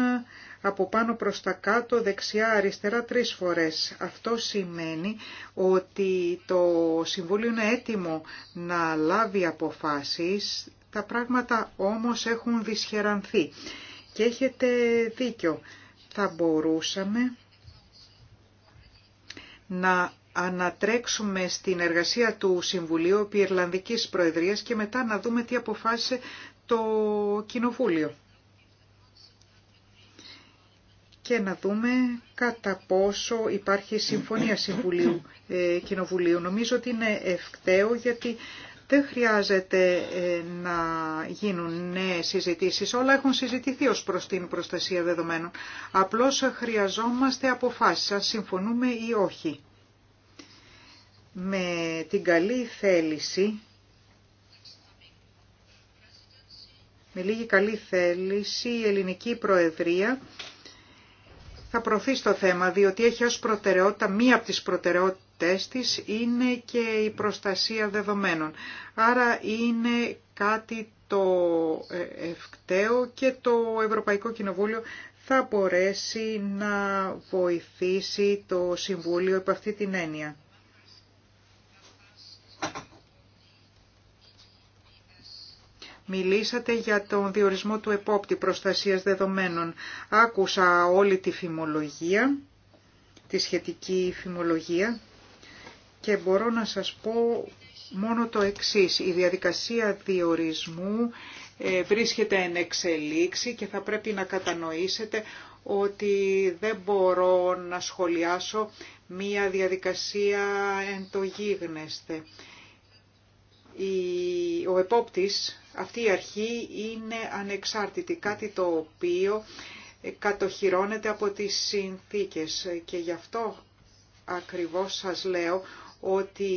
από πάνω προς τα κάτω, δεξιά, αριστερά τρεις φορές. Αυτό σημαίνει ότι το Συμβούλιο είναι έτοιμο να λάβει αποφάσεις, τα πράγματα όμως έχουν δυσχερανθεί. Και έχετε δίκιο, θα μπορούσαμε να ανατρέξουμε στην εργασία του Συμβουλίου επί Ιρλανδικής Προεδρίας και μετά να δούμε τι αποφάσισε το Κοινοβούλιο και να δούμε κατά πόσο υπάρχει συμφωνία Συμβουλίου ε, Κοινοβουλίου. Νομίζω ότι είναι ευκταίο γιατί δεν χρειάζεται ε, να γίνουν νέες συζητήσεις. Όλα έχουν συζητηθεί ως προς την προστασία δεδομένων. Απλώς χρειαζόμαστε αποφάσεις, αν συμφωνούμε ή όχι. Με την καλή θέληση, με λίγη καλή θέληση, η ελληνική προεδρία θα προωθεί στο θέμα, διότι έχει ως προτεραιότητα, μία από τις προτεραιότητες της είναι και η προστασία δεδομένων. Άρα είναι κάτι το ε, ευκταίο και το Ευρωπαϊκό Κοινοβούλιο θα μπορέσει να βοηθήσει το Συμβούλιο υπ' αυτή την έννοια. Μιλήσατε για τον διορισμό του επόπτη προστασίας δεδομένων. Άκουσα όλη τη φημολογία, τη σχετική φημολογία και μπορώ να σας πω μόνο το εξής. Η διαδικασία διορισμού ε, βρίσκεται εν εξελίξη και θα πρέπει να κατανοήσετε ότι δεν μπορώ να σχολιάσω μία διαδικασία εν το γίγνεσθε. Ο επόπτης αυτή η αρχή είναι ανεξάρτητη, κάτι το οποίο κατοχυρώνεται από τις συνθήκες και γι' αυτό ακριβώς σας λέω ότι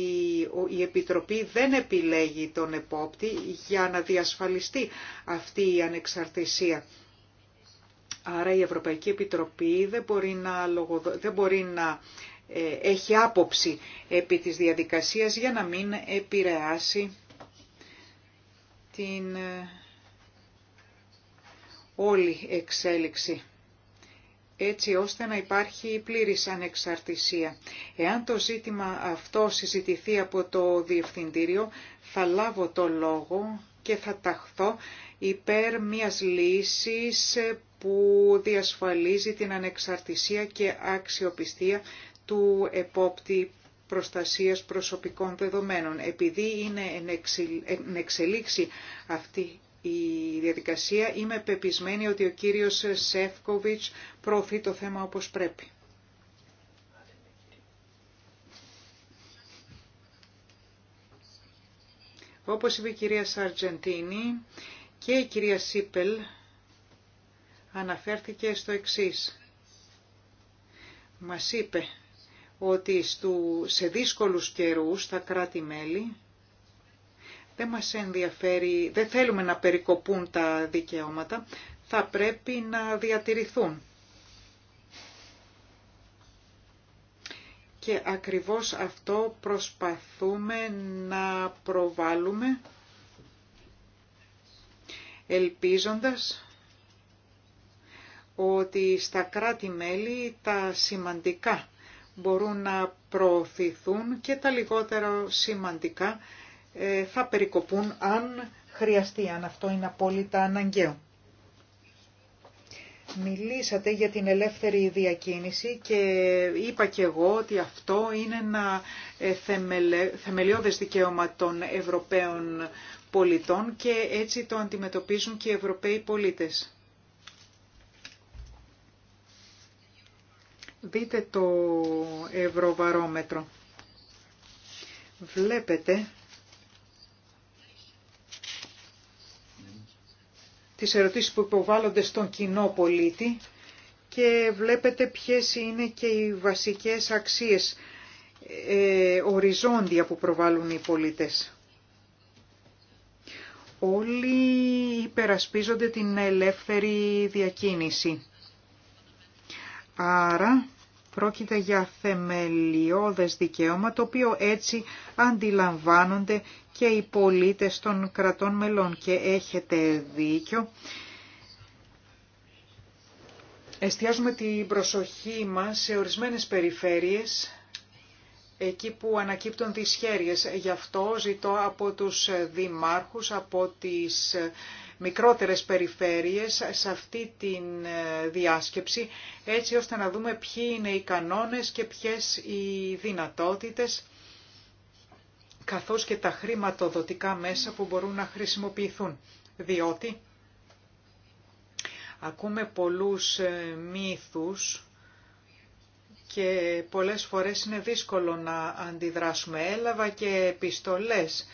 η Επιτροπή δεν επιλέγει τον επόπτη για να διασφαλιστεί αυτή η ανεξαρτησία. Άρα η Ευρωπαϊκή Επιτροπή δεν μπορεί να, δεν μπορεί να ε, έχει άποψη επί της διαδικασίας για να μην επηρεάσει την ε, όλη εξέλιξη έτσι ώστε να υπάρχει πλήρης ανεξαρτησία. Εάν το ζήτημα αυτό συζητηθεί από το Διευθυντήριο, θα λάβω το λόγο και θα ταχθώ υπέρ μιας λύσης που διασφαλίζει την ανεξαρτησία και αξιοπιστία του επόπτη προστασίας προσωπικών δεδομένων. Επειδή είναι εν εξελίξη αυτή η διαδικασία, είμαι πεπισμένη ότι ο κύριος Σεφκοβιτς προωθεί το θέμα όπως πρέπει. Όπως είπε η κυρία Σαρτζεντίνη και η κυρία Σίπελ αναφέρθηκε στο εξής. Μας είπε ότι στου, σε δύσκολους καιρούς τα κράτη-μέλη δεν μας ενδιαφέρει, δεν θέλουμε να περικοπούν τα δικαιώματα, θα πρέπει να διατηρηθούν. Και ακριβώς αυτό προσπαθούμε να προβάλλουμε, ελπίζοντας ότι στα κράτη-μέλη τα σημαντικά μπορούν να προωθηθούν και τα λιγότερο σημαντικά ε, θα περικοπούν αν χρειαστεί, αν αυτό είναι απόλυτα αναγκαίο. Μιλήσατε για την ελεύθερη διακίνηση και είπα και εγώ ότι αυτό είναι ένα ε, θεμελιώδες δικαίωμα των Ευρωπαίων πολιτών και έτσι το αντιμετωπίζουν και οι Ευρωπαίοι πολίτες. δείτε το ευρωβαρόμετρο. Βλέπετε τις ερωτήσεις που υποβάλλονται στον κοινό πολίτη και βλέπετε ποιες είναι και οι βασικές αξίες ε, οριζόντια που προβάλλουν οι πολίτες. Όλοι υπερασπίζονται την ελεύθερη διακίνηση Άρα πρόκειται για θεμελιώδες δικαίωμα το οποίο έτσι αντιλαμβάνονται και οι πολίτες των κρατών μελών και έχετε δίκιο. Εστιάζουμε την προσοχή μας σε ορισμένες περιφέρειες εκεί που ανακύπτουν δυσχέρειες. Γι' αυτό ζητώ από τους δημάρχους, από τις μικρότερες περιφέρειες σε αυτή τη ε, διάσκεψη, έτσι ώστε να δούμε ποιοι είναι οι κανόνες και ποιες οι δυνατότητες, καθώς και τα χρηματοδοτικά μέσα που μπορούν να χρησιμοποιηθούν. Διότι ακούμε πολλούς ε, μύθους και πολλές φορές είναι δύσκολο να αντιδράσουμε. Έλαβα και επιστολές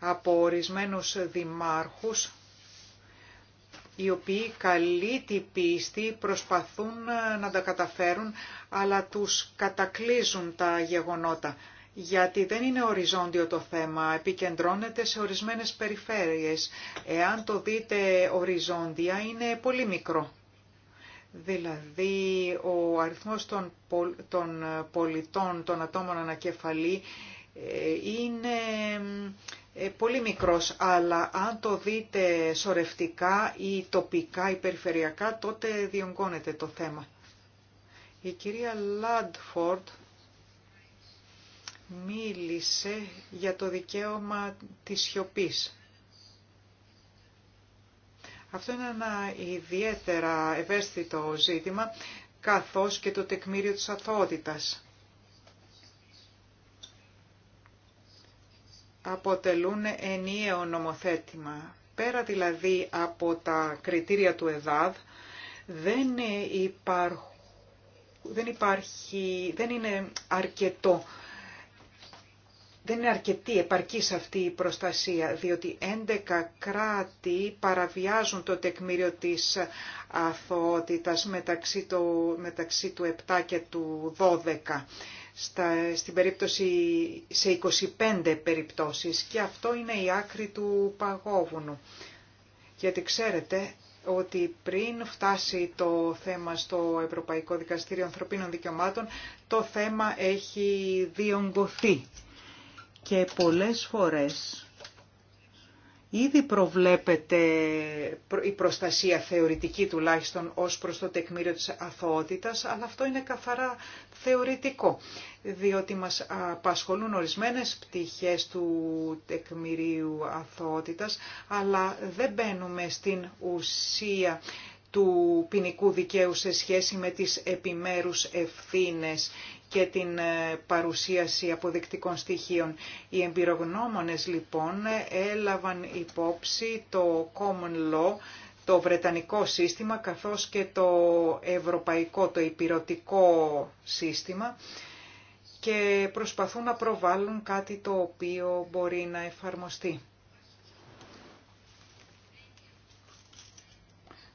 από ορισμένους δημάρχους οι οποίοι καλοί την πίστη προσπαθούν να τα καταφέρουν αλλά τους κατακλείζουν τα γεγονότα γιατί δεν είναι οριζόντιο το θέμα, επικεντρώνεται σε ορισμένες περιφέρειες. Εάν το δείτε οριζόντια είναι πολύ μικρό. Δηλαδή ο αριθμός των πολιτών, των ατόμων ανακεφαλή είναι ε, πολύ μικρός, αλλά αν το δείτε σορευτικά ή τοπικά ή περιφερειακά, τότε διονγκώνεται το θέμα. Η κυρία Λάντφορντ μίλησε για το δικαίωμα της σιωπής. Αυτό είναι ένα ιδιαίτερα ευαίσθητο ζήτημα, καθώς και το τεκμήριο της αθωότητας. αποτελούν ενιαίο νομοθέτημα. Πέρα δηλαδή από τα κριτήρια του ΕΔΑΔ, δεν, δεν, υπάρχει, δεν είναι αρκετό δεν είναι αρκετή επαρκής αυτή η προστασία, διότι 11 κράτη παραβιάζουν το τεκμήριο της αθωότητας μεταξύ του, μεταξύ του 7 και του 12 στα, στην περίπτωση, σε 25 περιπτώσεις και αυτό είναι η άκρη του παγόβουνου. Γιατί ξέρετε ότι πριν φτάσει το θέμα στο Ευρωπαϊκό Δικαστήριο Ανθρωπίνων Δικαιωμάτων, το θέμα έχει διονγκωθεί. Και πολλές φορές Ήδη προβλέπεται η προστασία θεωρητική τουλάχιστον ως προς το τεκμήριο της αθωότητας, αλλά αυτό είναι καθαρά θεωρητικό, διότι μας απασχολούν ορισμένες πτυχές του τεκμηρίου αθωότητας, αλλά δεν μπαίνουμε στην ουσία του ποινικού δικαίου σε σχέση με τις επιμέρους ευθύνες και την ε, παρουσίαση αποδεικτικών στοιχείων. Οι εμπειρογνώμονες λοιπόν έλαβαν υπόψη το common law, το βρετανικό σύστημα καθώς και το ευρωπαϊκό, το υπηρετικό σύστημα και προσπαθούν να προβάλλουν κάτι το οποίο μπορεί να εφαρμοστεί.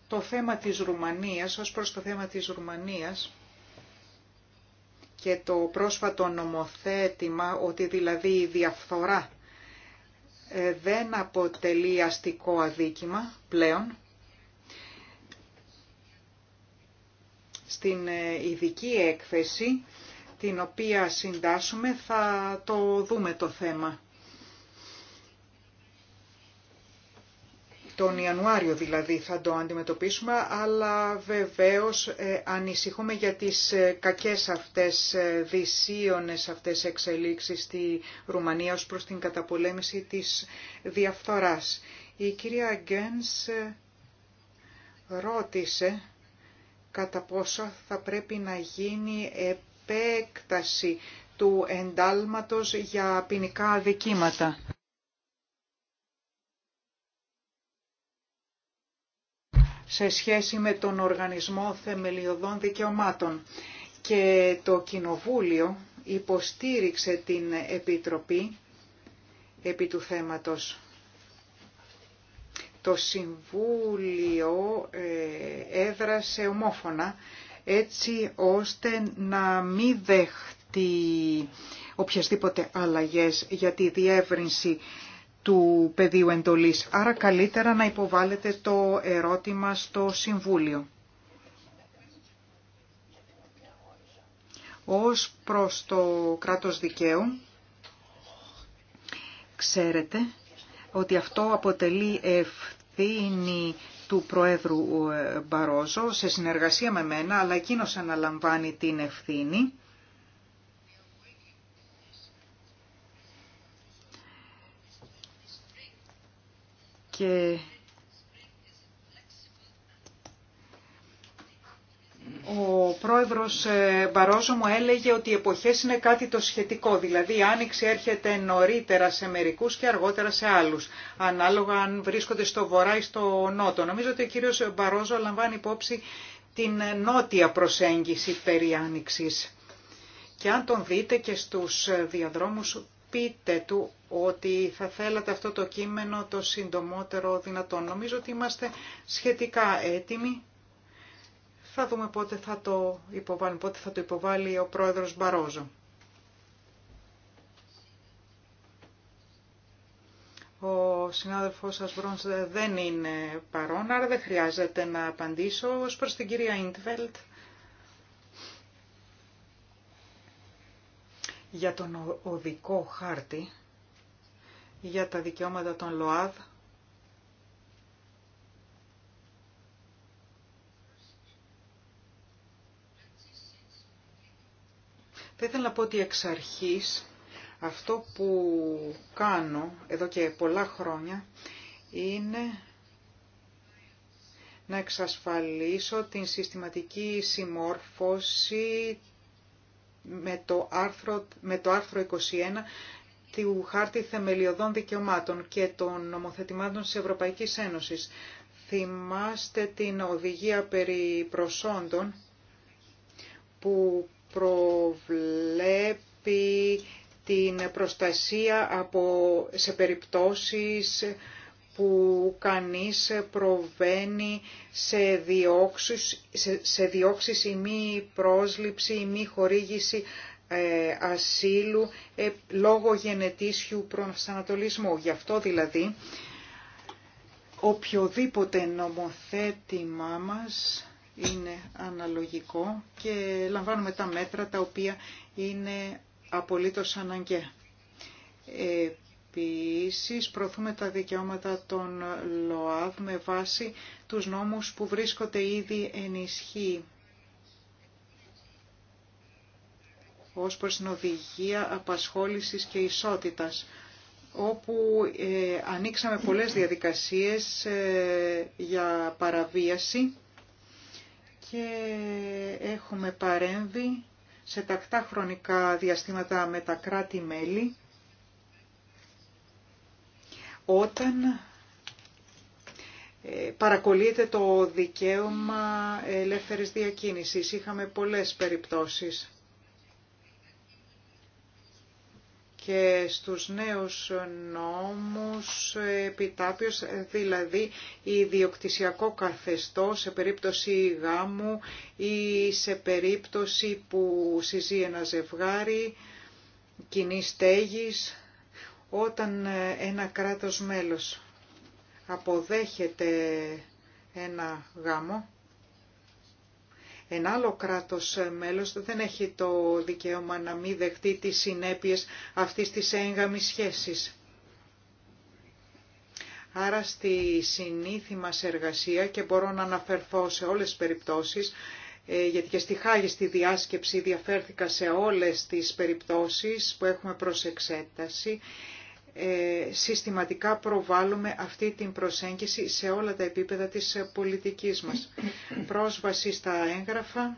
Το θέμα της Ρουμανίας, ως προς το θέμα της Ρουμανίας, και το πρόσφατο νομοθέτημα ότι δηλαδή η διαφθορά ε, δεν αποτελεί αστικό αδίκημα πλέον. Στην ε, ειδική έκθεση την οποία συντάσσουμε θα το δούμε το θέμα. τον Ιανουάριο δηλαδή θα το αντιμετωπίσουμε, αλλά βεβαίως ε, ανησυχούμε για τις ε, κακές αυτές, ε, δυσίωνες αυτές εξελίξεις στη Ρουμανία ως προς την καταπολέμηση της διαφθοράς. Η κυρία Γκένς ε, ρώτησε κατά πόσο θα πρέπει να γίνει επέκταση του εντάλματος για ποινικά αδικήματα. σε σχέση με τον Οργανισμό Θεμελιωδών Δικαιωμάτων και το Κοινοβούλιο υποστήριξε την Επιτροπή επί του θέματος. Το Συμβούλιο ε, έδρασε ομόφωνα έτσι ώστε να μην δεχτεί οποιασδήποτε αλλαγές για τη διεύρυνση του πεδίου εντολής. Άρα καλύτερα να υποβάλλετε το ερώτημα στο Συμβούλιο. Ως προς το κράτος δικαίου, ξέρετε ότι αυτό αποτελεί ευθύνη του Προέδρου ε, Μπαρόζο σε συνεργασία με μένα, αλλά εκείνος αναλαμβάνει την ευθύνη και ο πρόεδρος ε, Μπαρόζο μου έλεγε ότι οι εποχές είναι κάτι το σχετικό, δηλαδή η άνοιξη έρχεται νωρίτερα σε μερικούς και αργότερα σε άλλους, ανάλογα αν βρίσκονται στο βορρά ή στο νότο. Νομίζω ότι ο κύριος Μπαρόζο λαμβάνει υπόψη την νότια προσέγγιση περί άνοιξης. Και αν τον δείτε και στους διαδρόμους πείτε του ότι θα θέλατε αυτό το κείμενο το συντομότερο δυνατόν. Νομίζω ότι είμαστε σχετικά έτοιμοι. Θα δούμε πότε θα το υποβάλει, πότε θα το υποβάλει ο πρόεδρος Μπαρόζο. Ο συνάδελφός σας Βρόνς δεν είναι παρόν, άρα δεν χρειάζεται να απαντήσω. Ως προς την κυρία Ιντβελτ, για τον οδικό χάρτη για τα δικαιώματα των ΛΟΑΔ Θα ήθελα να πω ότι εξ αρχής αυτό που κάνω εδώ και πολλά χρόνια είναι να εξασφαλίσω την συστηματική συμμόρφωση με το άρθρο, με το άρθρο 21 του Χάρτη Θεμελιωδών Δικαιωμάτων και των νομοθετημάτων της Ευρωπαϊκής Ένωσης. Θυμάστε την οδηγία περί προσόντων που προβλέπει την προστασία από, σε περιπτώσεις που κανείς προβαίνει σε διώξεις, σε, σε ή μη πρόσληψη ή μη χορήγηση ε, ασύλου ε, λόγω γενετήσιου προσανατολισμού. Γι' αυτό δηλαδή οποιοδήποτε νομοθέτημά μας είναι αναλογικό και λαμβάνουμε τα μέτρα τα οποία είναι απολύτως αναγκαία. Ε, Επίσης, προωθούμε τα δικαιώματα των ΛΟΑΔ με βάση τους νόμους που βρίσκονται ήδη ισχύ ως προς την οδηγία απασχόλησης και ισότητας, όπου ε, ανοίξαμε πολλές διαδικασίες ε, για παραβίαση και έχουμε παρέμβει σε τακτά χρονικά διαστήματα με τα κράτη-μέλη όταν ε, παρακολείται το δικαίωμα ελεύθερης διακίνησης. Είχαμε πολλές περιπτώσεις. και στους νέους νόμους επιτάπιος, δηλαδή ιδιοκτησιακό καθεστώς σε περίπτωση γάμου ή σε περίπτωση που συζεί ένα ζευγάρι κοινή στέγης. Όταν ε, ένα κράτος μέλος αποδέχεται ένα γάμο, ένα άλλο κράτος ε, μέλος δεν έχει το δικαίωμα να μην δεχτεί τις συνέπειες αυτής της έγγαμης σχέσης. Άρα στη συνήθιμα μας εργασία και μπορώ να αναφερθώ σε όλες τις περιπτώσεις, ε, γιατί και στη Χάγη στη διάσκεψη διαφέρθηκα σε όλες τις περιπτώσεις που έχουμε προς εξέταση, ε, συστηματικά προβάλλουμε αυτή την προσέγγιση σε όλα τα επίπεδα της ε, πολιτικής μας. Πρόσβαση στα έγγραφα.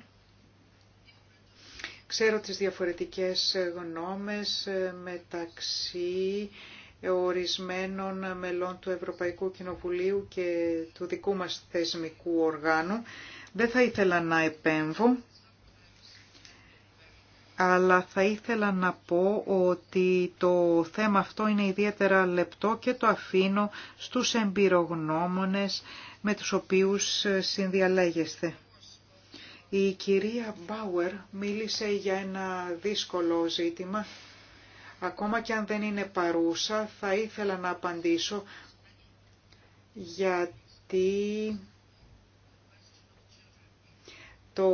Ξέρω τις διαφορετικές ε, γνώμες μεταξύ ορισμένων μελών του Ευρωπαϊκού Κοινοβουλίου και του δικού μας θεσμικού οργάνου. Δεν θα ήθελα να επέμβω αλλά θα ήθελα να πω ότι το θέμα αυτό είναι ιδιαίτερα λεπτό και το αφήνω στους εμπειρογνώμονες με τους οποίους ε, συνδιαλέγεστε. Η κυρία Μπάουερ μίλησε για ένα δύσκολο ζήτημα. Ακόμα και αν δεν είναι παρούσα, θα ήθελα να απαντήσω γιατί το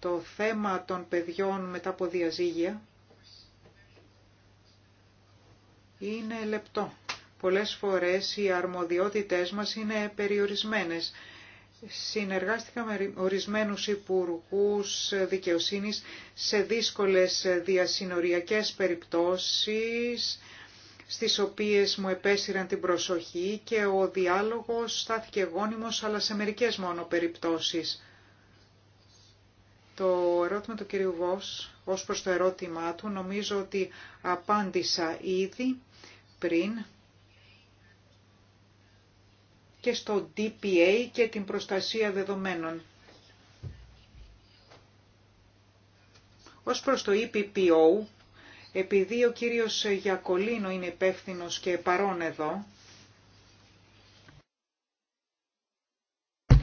το θέμα των παιδιών μετά από διαζύγια είναι λεπτό. Πολλές φορές οι αρμοδιότητές μας είναι περιορισμένες. Συνεργάστηκα με ορισμένους υπουργούς δικαιοσύνης σε δύσκολες διασυνοριακές περιπτώσεις στις οποίες μου επέσυραν την προσοχή και ο διάλογος στάθηκε γόνιμος αλλά σε μερικές μόνο περιπτώσεις. Το ερώτημα του κυρίου Βος, ως προς το ερώτημά του, νομίζω ότι απάντησα ήδη πριν και στο DPA και την προστασία δεδομένων. Ως προς το EPPO, επειδή ο κύριος Γιακολίνο είναι υπεύθυνο και παρόν εδώ,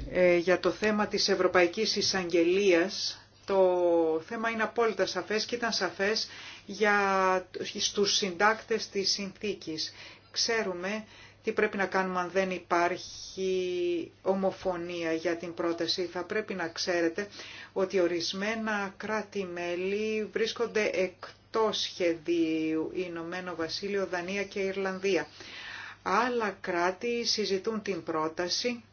ε, για το θέμα της Ευρωπαϊκής Εισαγγελίας το θέμα είναι απόλυτα σαφές και ήταν σαφές για τους συντάκτες της συνθήκης. Ξέρουμε τι πρέπει να κάνουμε αν δεν υπάρχει ομοφωνία για την πρόταση. Θα πρέπει να ξέρετε ότι ορισμένα κράτη-μέλη βρίσκονται εκτός σχεδίου Ηνωμένο Βασίλειο, Δανία και Ιρλανδία. Άλλα κράτη συζητούν την πρόταση.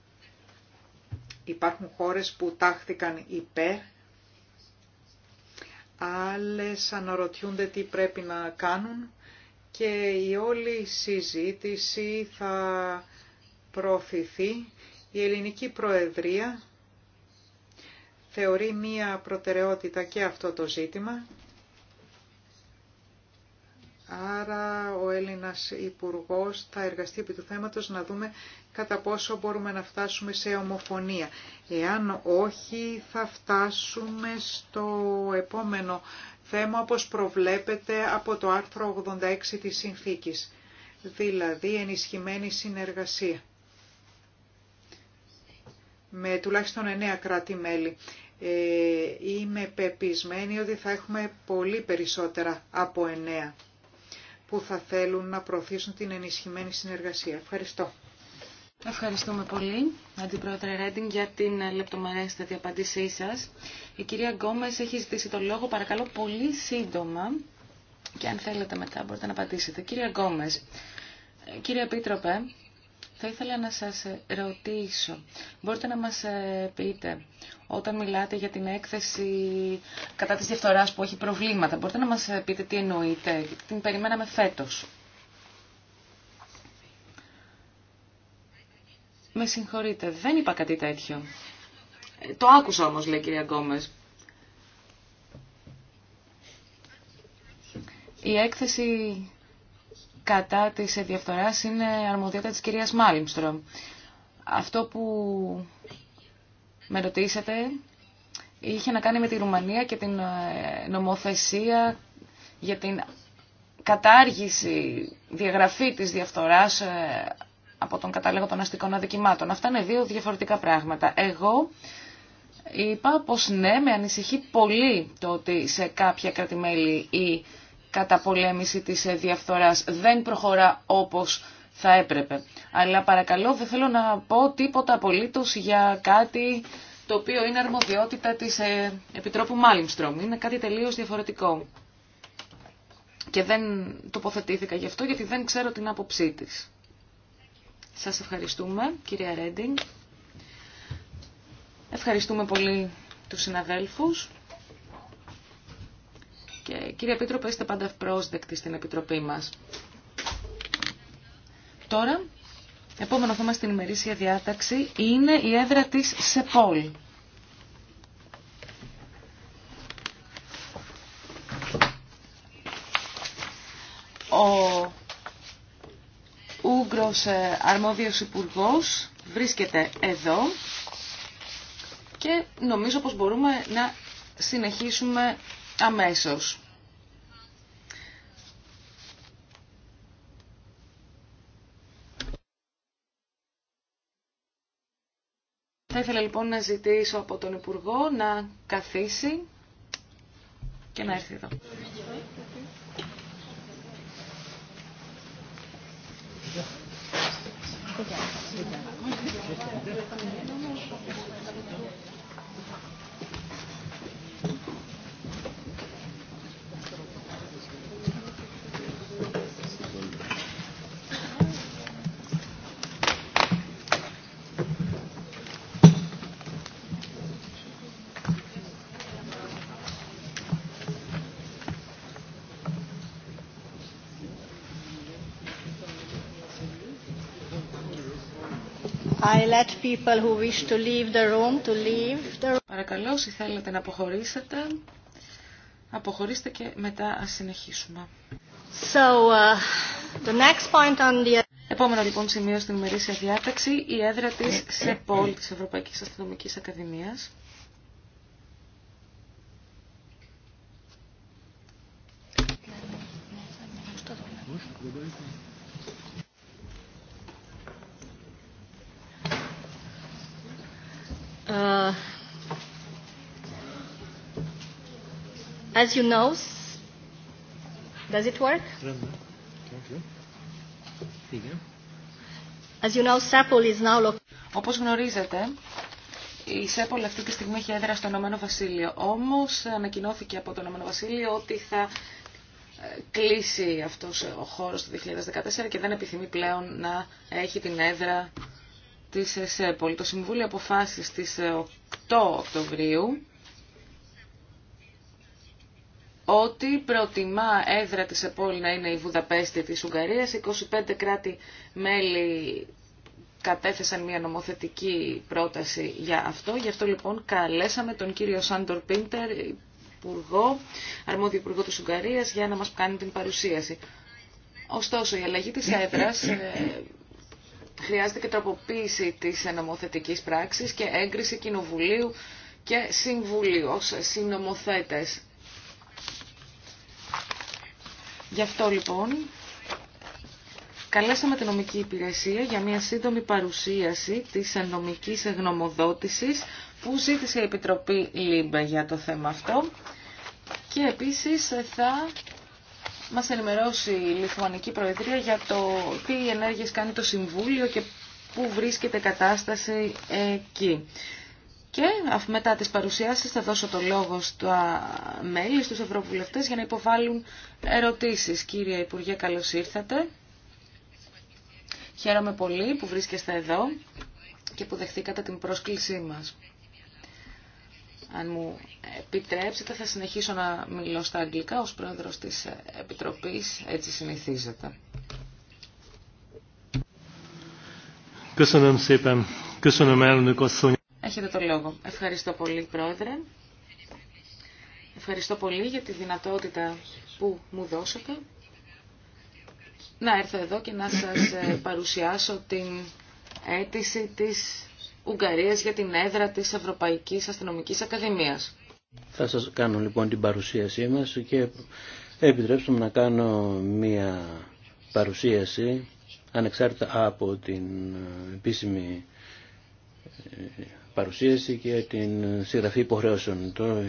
Υπάρχουν χώρες που τάχθηκαν υπέρ άλλες αναρωτιούνται τι πρέπει να κάνουν και η όλη συζήτηση θα προωθηθεί. Η ελληνική προεδρία θεωρεί μία προτεραιότητα και αυτό το ζήτημα Άρα ο Έλληνας υπουργό θα εργαστεί επί του θέματος να δούμε κατά πόσο μπορούμε να φτάσουμε σε ομοφωνία. Εάν όχι θα φτάσουμε στο επόμενο θέμα όπως προβλέπεται από το άρθρο 86 της Συνθήκης, δηλαδή ενισχυμένη συνεργασία με τουλάχιστον 9 κράτη-μέλη. Ε, είμαι πεπισμένη ότι θα έχουμε πολύ περισσότερα από 9 που θα θέλουν να προωθήσουν την ενισχυμένη συνεργασία. Ευχαριστώ. Ευχαριστούμε πολύ, Αντιπρόεδρε Ρέντινγκ, για την λεπτομερέστατη απάντησή σα. Η κυρία Γκόμε έχει ζητήσει το λόγο, παρακαλώ, πολύ σύντομα. Και αν θέλετε μετά μπορείτε να απαντήσετε. Κυρία Γκόμες, κύριε Επίτροπε, θα ήθελα να σας ρωτήσω, μπορείτε να μας ε, πείτε, όταν μιλάτε για την έκθεση κατά της διαφθοράς που έχει προβλήματα, μπορείτε να μας ε, πείτε τι εννοείτε, την περιμέναμε φέτος. Με συγχωρείτε, δεν είπα κάτι τέτοιο. Ε, το άκουσα όμως, λέει η κυρία Γκόμες. Η έκθεση κατά της διαφθοράς είναι αρμοδιότητα της κυρίας Μάλιμστρομ. Αυτό που με ρωτήσατε είχε να κάνει με τη Ρουμανία και την ε, νομοθεσία για την κατάργηση, διαγραφή της διαφθοράς ε, από τον κατάλογο των αστικών αδικημάτων. Αυτά είναι δύο διαφορετικά πράγματα. Εγώ είπα πως ναι, με ανησυχεί πολύ το ότι σε κάποια κρατημέλη η καταπολέμηση της ε, διαφθοράς δεν προχωρά όπως θα έπρεπε. Αλλά παρακαλώ δεν θέλω να πω τίποτα απολύτως για κάτι το οποίο είναι αρμοδιότητα της ε, Επιτρόπου Μάλιμστρομ. Είναι κάτι τελείως διαφορετικό. Και δεν τοποθετήθηκα γι' αυτό γιατί δεν ξέρω την άποψή της. Σας ευχαριστούμε κυρία Ρέντινγκ. Ευχαριστούμε πολύ τους συναδέλφους. Και κύριε Επίτροπε, είστε πάντα πρόσδεκτοι στην Επιτροπή μας. Τώρα, επόμενο θέμα στην ημερήσια διάταξη είναι η έδρα της ΣΕΠΟΛ. Ο Ούγκρος ε, Αρμόδιος Υπουργός βρίσκεται εδώ και νομίζω πως μπορούμε να συνεχίσουμε αμέσως. Θα ήθελα λοιπόν να ζητήσω από τον Υπουργό να καθίσει και να έρθει εδώ. Παρακαλώ, όσοι θέλετε να αποχωρήσετε, αποχωρήστε και μετά ας συνεχίσουμε. Uh, Επόμενο λοιπόν σημείο στην ημερήσια διάταξη, η έδρα της ΣΕΠΟΛ της Ευρωπαϊκής Αστυνομικής Ακαδημίας. Uh, as you know, does it work? As you know, is now Όπως γνωρίζετε, η ΣΕΠΟΛ αυτή τη στιγμή έχει έδρα στο Ηνωμένο Βασίλειο. Όμως ανακοινώθηκε από το Ηνωμένο Βασίλειο ότι θα ε, κλείσει αυτός ο χώρος το 2014 και δεν επιθυμεί πλέον να έχει την έδρα της ΕΣΕΠΟΛ. Το Συμβούλιο αποφάσισε στις 8 ε, Οκτωβρίου ότι προτιμά έδρα της ΕΠΟΛ να είναι η Βουδαπέστη της Ουγγαρίας. 25 κράτη-μέλη κατέθεσαν μια νομοθετική πρόταση για αυτό. Γι' αυτό λοιπόν καλέσαμε τον κύριο Σάντορ Πίντερ, υπουργό, αρμόδιο υπουργό της Ουγγαρίας, για να μας κάνει την παρουσίαση. Ωστόσο, η αλλαγή της έδρας ε, χρειάζεται και τροποποίηση της νομοθετικής πράξης και έγκριση Κοινοβουλίου και Συμβουλίου ως συνομοθέτες. Γι' αυτό λοιπόν καλέσαμε την νομική υπηρεσία για μια σύντομη παρουσίαση της νομικής γνωμοδότησης που ζήτησε η Επιτροπή ΛΥΜΠΕ για το θέμα αυτό και επίσης θα μας ενημερώσει η Λιθουανική Προεδρία για το τι ενέργειες κάνει το Συμβούλιο και πού βρίσκεται η κατάσταση εκεί. Και μετά τις παρουσιάσεις θα δώσω το λόγο στα μέλη, στους ευρωβουλευτές για να υποβάλουν ερωτήσεις. Κύριε Υπουργέ, καλώς ήρθατε. Χαίρομαι πολύ που βρίσκεστε εδώ και που δεχτήκατε την πρόσκλησή μας. Αν μου επιτρέψετε θα συνεχίσω να μιλώ στα αγγλικά ως πρόεδρος της Επιτροπής, έτσι συνηθίζεται. Έχετε το λόγο. Ευχαριστώ πολύ πρόεδρε. Ευχαριστώ πολύ για τη δυνατότητα που μου δώσατε να έρθω εδώ και να σας παρουσιάσω την αίτηση της Ουγγαρίας για την έδρα της Ευρωπαϊκής Αστυνομικής Ακαδημίας. Θα σας κάνω λοιπόν την παρουσίασή μας και επιτρέψτε μου να κάνω μία παρουσίαση ανεξάρτητα από την επίσημη ε, παρουσίαση και την συγγραφή υποχρεώσεων. Το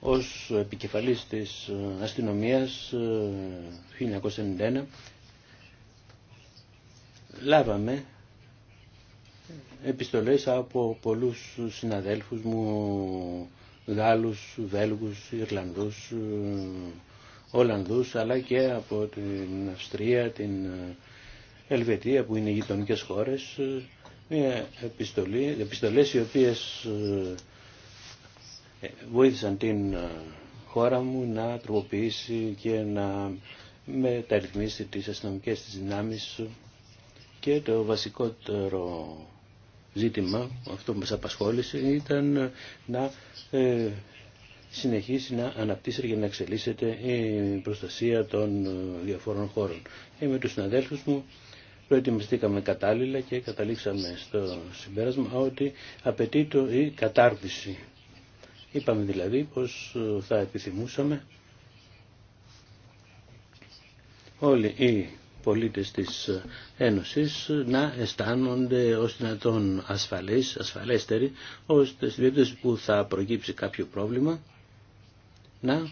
ως επικεφαλής της αστυνομίας 1991 ε, λάβαμε επιστολές από πολλούς συναδέλφους μου, Γάλλους, Βέλγους, Ιρλανδούς, ε, Ολλανδούς, αλλά και από την Αυστρία, την ε, Ελβετία που είναι οι γειτονικέ χώρες, μια επιστολή, επιστολές οι οποίες ε, βοήθησαν την χώρα μου να τροποποιήσει και να μεταρρυθμίσει τις αστυνομικές της δυνάμεις και το βασικότερο ζήτημα, αυτό που μας απασχόλησε, ήταν να ε, συνεχίσει να αναπτύσσεται και να εξελίσσεται η προστασία των ε, διαφόρων χώρων. Και με τους συναδέλφους μου προετοιμαστήκαμε κατάλληλα και καταλήξαμε στο συμπέρασμα ότι απαιτείται η κατάρτιση. Είπαμε δηλαδή πως ε, θα επιθυμούσαμε όλοι οι πολίτες της ε, Ένωσης να αισθάνονται ως τον ασφαλείς, ασφαλέστεροι, ώστε στην περίπτωση που θα προκύψει κάποιο πρόβλημα να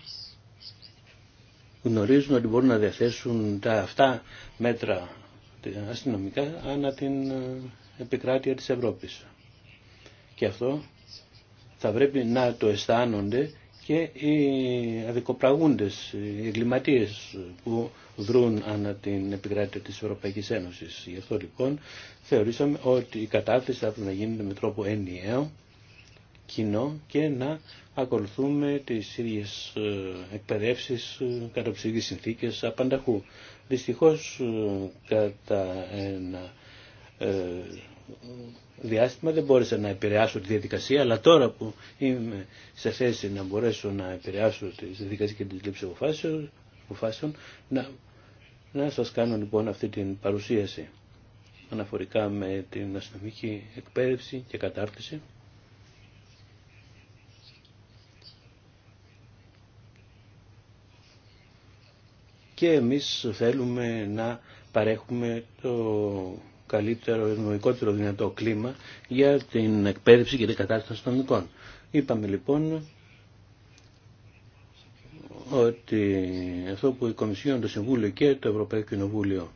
γνωρίζουν ότι μπορούν να διαθέσουν τα αυτά μέτρα αστυνομικά ανά την ε, επικράτεια της Ευρώπης. Και αυτό θα πρέπει να το αισθάνονται και οι αδικοπραγούντες, οι εγκληματίες που δρούν ανά την επικράτεια της Ευρωπαϊκής Ένωσης. Γι' αυτό λοιπόν θεωρήσαμε ότι η κατάθεση θα πρέπει να γίνεται με τρόπο ενιαίο, κοινό και να ακολουθούμε τις ίδιες ε, εκπαιδεύσεις ε, κατά ψυχής συνθήκες απανταχού. Δυστυχώς ε, κατά ένα διάστημα δεν μπόρεσα να επηρεάσω τη διαδικασία, αλλά τώρα που είμαι σε θέση να μπορέσω να επηρεάσω τη διαδικασία και τη λήψη αποφάσεων, αποφάσεων να, να σας κάνω λοιπόν αυτή την παρουσίαση αναφορικά με την αστυνομική εκπαίδευση και κατάρτιση. Και εμείς θέλουμε να παρέχουμε το καλύτερο, ευνοϊκότερο δυνατό κλίμα για την εκπαίδευση και την κατάσταση των νομικών. Είπαμε λοιπόν ότι αυτό που η Κομισιόν, το Συμβούλιο και το Ευρωπαϊκό Κοινοβούλιο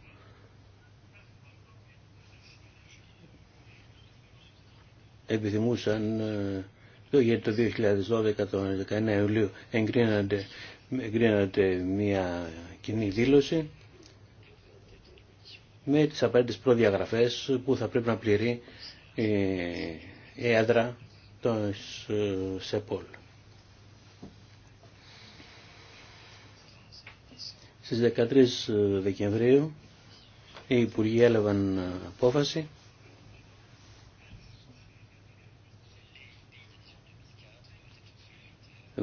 επιθυμούσαν ε, γιατί το 2012 τον 19 Ιουλίου εγκρίνατε, εγκρίνατε μια κοινή δήλωση με τις απαραίτητες προδιαγραφές που θα πρέπει να πληρεί η έδρα των ε, ΣΕΠΟΛ. Στις 13 ε, Δεκεμβρίου οι Υπουργοί έλαβαν ε, απόφαση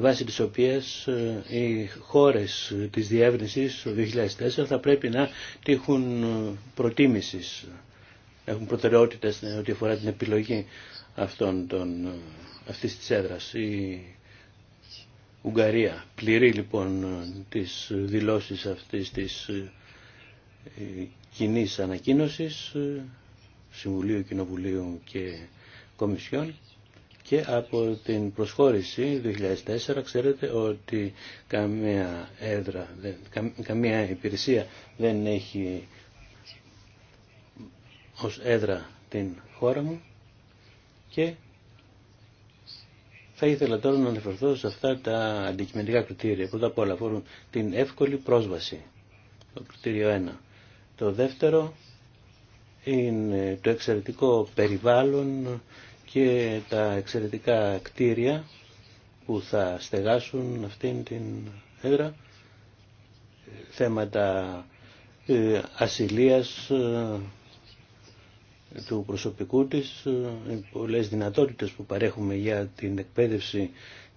βάσει της οποίας ε, οι χώρες της διεύρυνσης το 2004 θα πρέπει να τύχουν ε, προτίμησης, έχουν προτεραιότητες ε, ό,τι αφορά την επιλογή αυτών των, αυτής της έδρας. Η Ουγγαρία πληρεί λοιπόν τις δηλώσεις αυτής της κοινή ανακοίνωσης Συμβουλίου, Κοινοβουλίου και Κομισιόν και από την προσχώρηση 2004 ξέρετε ότι καμία έδρα, καμία υπηρεσία δεν έχει ως έδρα την χώρα μου και θα ήθελα τώρα να αναφερθώ σε αυτά τα αντικειμενικά κριτήρια. Πρώτα απ' όλα αφορούν την εύκολη πρόσβαση, το κριτήριο 1. Το δεύτερο είναι το εξαιρετικό περιβάλλον και τα εξαιρετικά κτίρια που θα στεγάσουν αυτήν την έδρα, θέματα ε, ασυλίας ε, του προσωπικού της, ε, πολλές δυνατότητες που παρέχουμε για την εκπαίδευση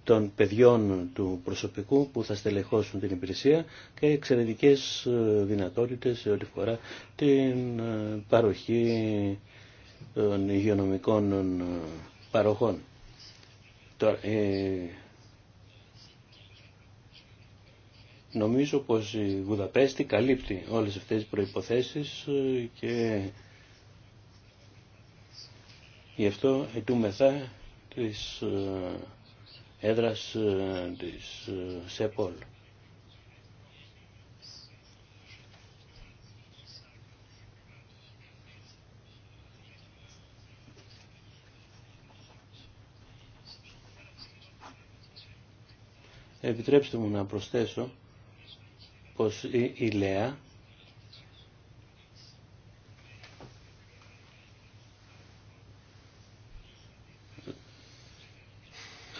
των παιδιών του προσωπικού που θα στελεχώσουν την υπηρεσία και εξαιρετικές δυνατότητες σε ό,τι φορά την παροχή των υγειονομικών ε, παροχών. ε, νομίζω πως η Βουδαπέστη καλύπτει όλες αυτές τις προϋποθέσεις ε, και γι' αυτό ετούμεθα της ε, έδρας της ΣΕΠΟΛ. Επιτρέψτε μου να προσθέσω πως η ΛΕΑ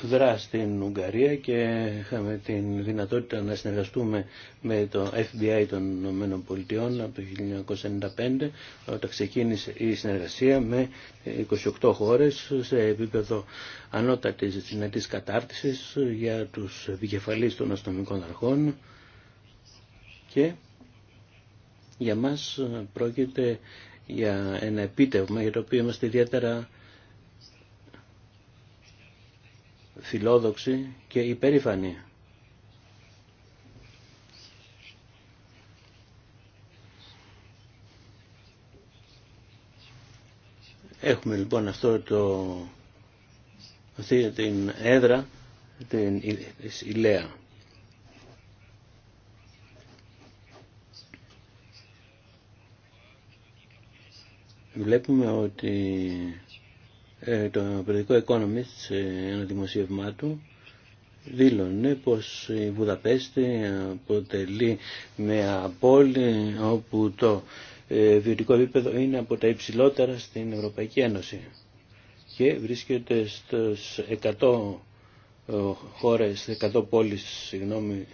δρά στην Ουγγαρία και είχαμε την δυνατότητα να συνεργαστούμε με το FBI των Ηνωμένων Πολιτειών από το 1995 όταν ξεκίνησε η συνεργασία με 28 χώρες σε επίπεδο ανώτατης δυνατή κατάρτισης για τους επικεφαλείς των αστυνομικών αρχών και για μας πρόκειται για ένα επίτευγμα για το οποίο είμαστε ιδιαίτερα φιλόδοξη και υπερήφανη. Έχουμε λοιπόν αυτό το, αυτή την έδρα την Ηλέα. Βλέπουμε ότι ε, το περιοδικό Economist σε ένα δημοσίευμά του δήλωνε πως η Βουδαπέστη αποτελεί μια πόλη όπου το ε, βιωτικό επίπεδο είναι από τα υψηλότερα στην Ευρωπαϊκή Ένωση και βρίσκεται στους 100 ε, χώρες, 100 πόλεις, συγγνώμη,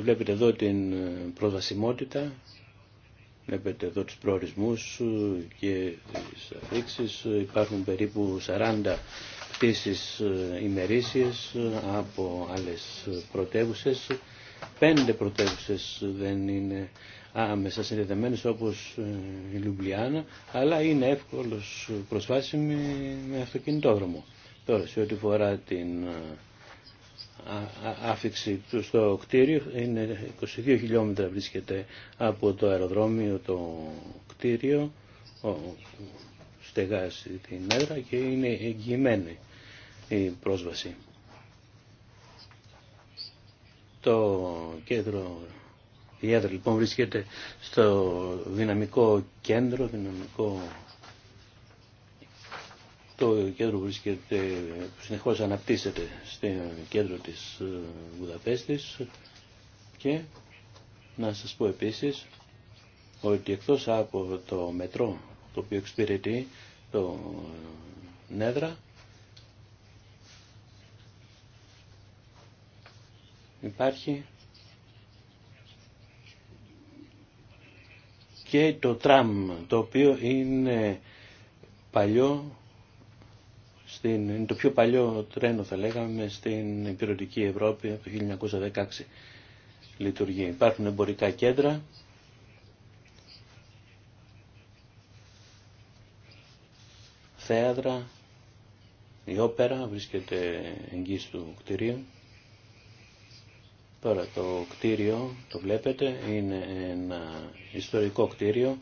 βλέπετε εδώ την προσβασιμότητα Βλέπετε εδώ τους προορισμούς ε, και τις αφήξεις. Υπάρχουν περίπου 40 πτήσεις ε, ημερήσιες ε, από άλλες πρωτεύουσες. Πέντε πρωτεύουσες δεν είναι άμεσα συνδεδεμένες όπως η Λουμπλιάνα, αλλά είναι εύκολος προσβάσιμη με αυτοκινητόδρομο. Τώρα, σε ό,τι φορά την άφηξη του στο κτίριο. Είναι 22 χιλιόμετρα βρίσκεται από το αεροδρόμιο το κτίριο. Στεγάζει την έδρα και είναι εγγυημένη η πρόσβαση. Το κέντρο η έδρα λοιπόν βρίσκεται στο δυναμικό κέντρο, δυναμικό το κέντρο βρίσκεται, που συνεχώς αναπτύσσεται στο κέντρο της ε, Βουδαπέστης και να σας πω επίσης ότι εκτός από το μετρό το οποίο εξυπηρετεί το ε, Νέδρα υπάρχει και το τραμ το οποίο είναι παλιό είναι το πιο παλιό τρένο θα λέγαμε στην υπηρετική Ευρώπη από το 1916 λειτουργεί. Υπάρχουν εμπορικά κέντρα θέατρα, η όπερα βρίσκεται εγγύς του κτηρίου. Τώρα το κτίριο, το βλέπετε, είναι ένα ιστορικό κτίριο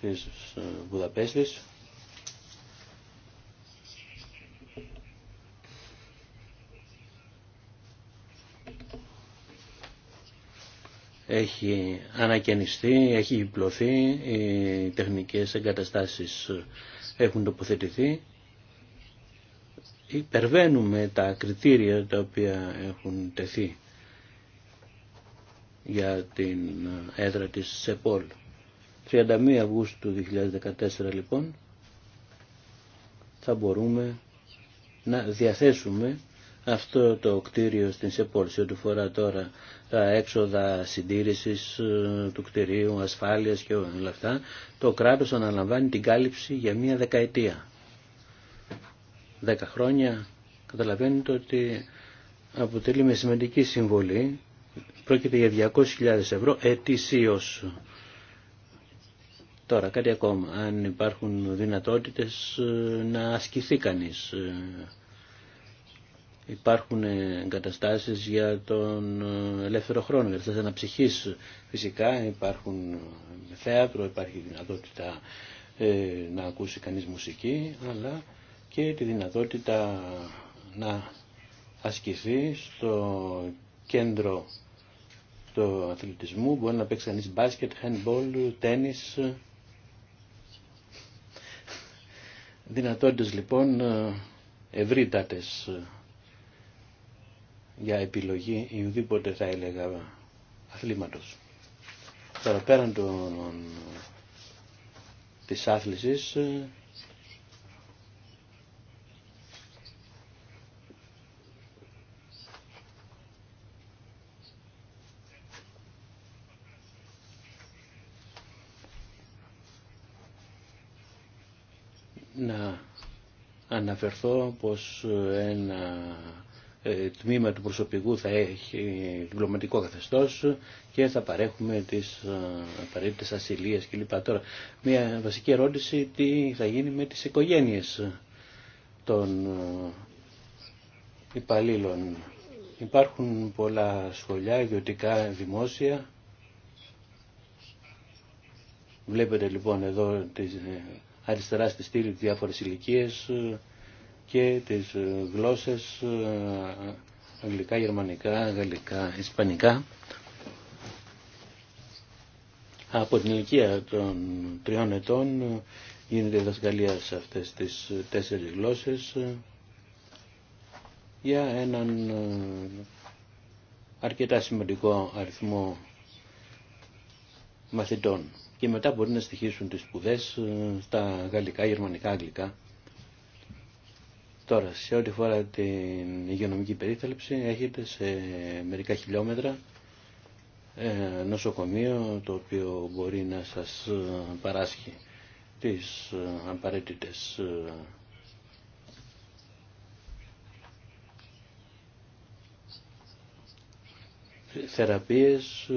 της Βουδαπέστης έχει ανακαινιστεί, έχει υπλωθεί, οι τεχνικές εγκαταστάσεις έχουν τοποθετηθεί. Υπερβαίνουμε τα κριτήρια τα οποία έχουν τεθεί για την έδρα της ΣΕΠΟΛ. 31 Αυγούστου 2014 λοιπόν θα μπορούμε να διαθέσουμε αυτό το κτίριο στην Σεπόλση του φορά τώρα τα έξοδα συντήρησης ε, του κτιρίου, ασφάλειας και όλα αυτά, το κράτος αναλαμβάνει την κάλυψη για μία δεκαετία. Δέκα χρόνια καταλαβαίνετε ότι αποτελεί με σημαντική συμβολή. Πρόκειται για 200.000 ευρώ ετησίως. Τώρα κάτι ακόμα, αν υπάρχουν δυνατότητες ε, να ασκηθεί κανείς ε, υπάρχουν ε, εγκαταστάσεις για τον ε, ελεύθερο χρόνο, να αναψυχής φυσικά, υπάρχουν ε, θέατρο, υπάρχει δυνατότητα να ακούσει κανείς μουσική, αλλά και τη δυνατότητα να ασκηθεί στο κέντρο του αθλητισμού. Μπορεί να παίξει κανείς μπάσκετ, handball, τέννις. Δυνατότητες λοιπόν ευρύτατες για επιλογή ουδήποτε θα έλεγα αθλήματος. Τώρα πέραν των, της άθλησης να αναφερθώ πως ένα ε, τμήμα του προσωπικού θα έχει διπλωματικό καθεστώς και θα παρέχουμε τις ε, απαραίτητες ασυλίες κλπ. Τώρα, μια βασική ερώτηση, τι θα γίνει με τις οικογένειες των ε, υπαλλήλων. Υπάρχουν πολλά σχολιά, ιδιωτικά, δημόσια. Βλέπετε λοιπόν εδώ τις αριστερά τη στήλη διάφορες ηλικίες, και τις ε, γλώσσες ε, αγγλικά, γερμανικά, γαλλικά, ισπανικά από την ηλικία των τριών ετών ε, γίνεται δασκαλία σε αυτές τις τέσσερις γλώσσες για έναν αρκετά σημαντικό αριθμό μαθητών και μετά μπορεί να στοιχήσουν τις σπουδές στα γαλλικά, γερμανικά, αγγλικά Τώρα, σε ό,τι φορά την υγειονομική περίθαλψη, έχετε σε μερικά χιλιόμετρα ε, νοσοκομείο το οποίο μπορεί να σας ε, παράσχει τις ε, απαραίτητες θεραπείες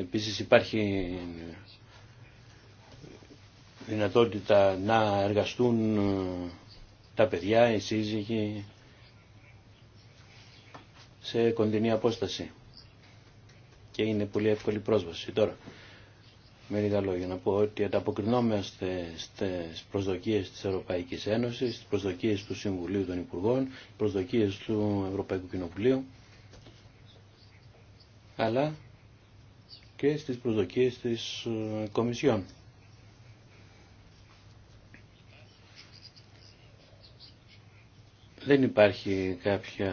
Επίσης υπάρχει δυνατότητα να εργαστούν ε, τα παιδιά, οι σύζυγοι σε κοντινή απόσταση και είναι πολύ εύκολη πρόσβαση. Τώρα, με λίγα λόγια να πω ότι ανταποκρινόμαστε στις προσδοκίες της Ευρωπαϊκής Ένωσης, στις προσδοκίες του Συμβουλίου των Υπουργών, στις προσδοκίες του Ευρωπαϊκού Κοινοβουλίου, αλλά και στις προσδοκίες της ε, Κομισιόν. Δεν υπάρχει κάποια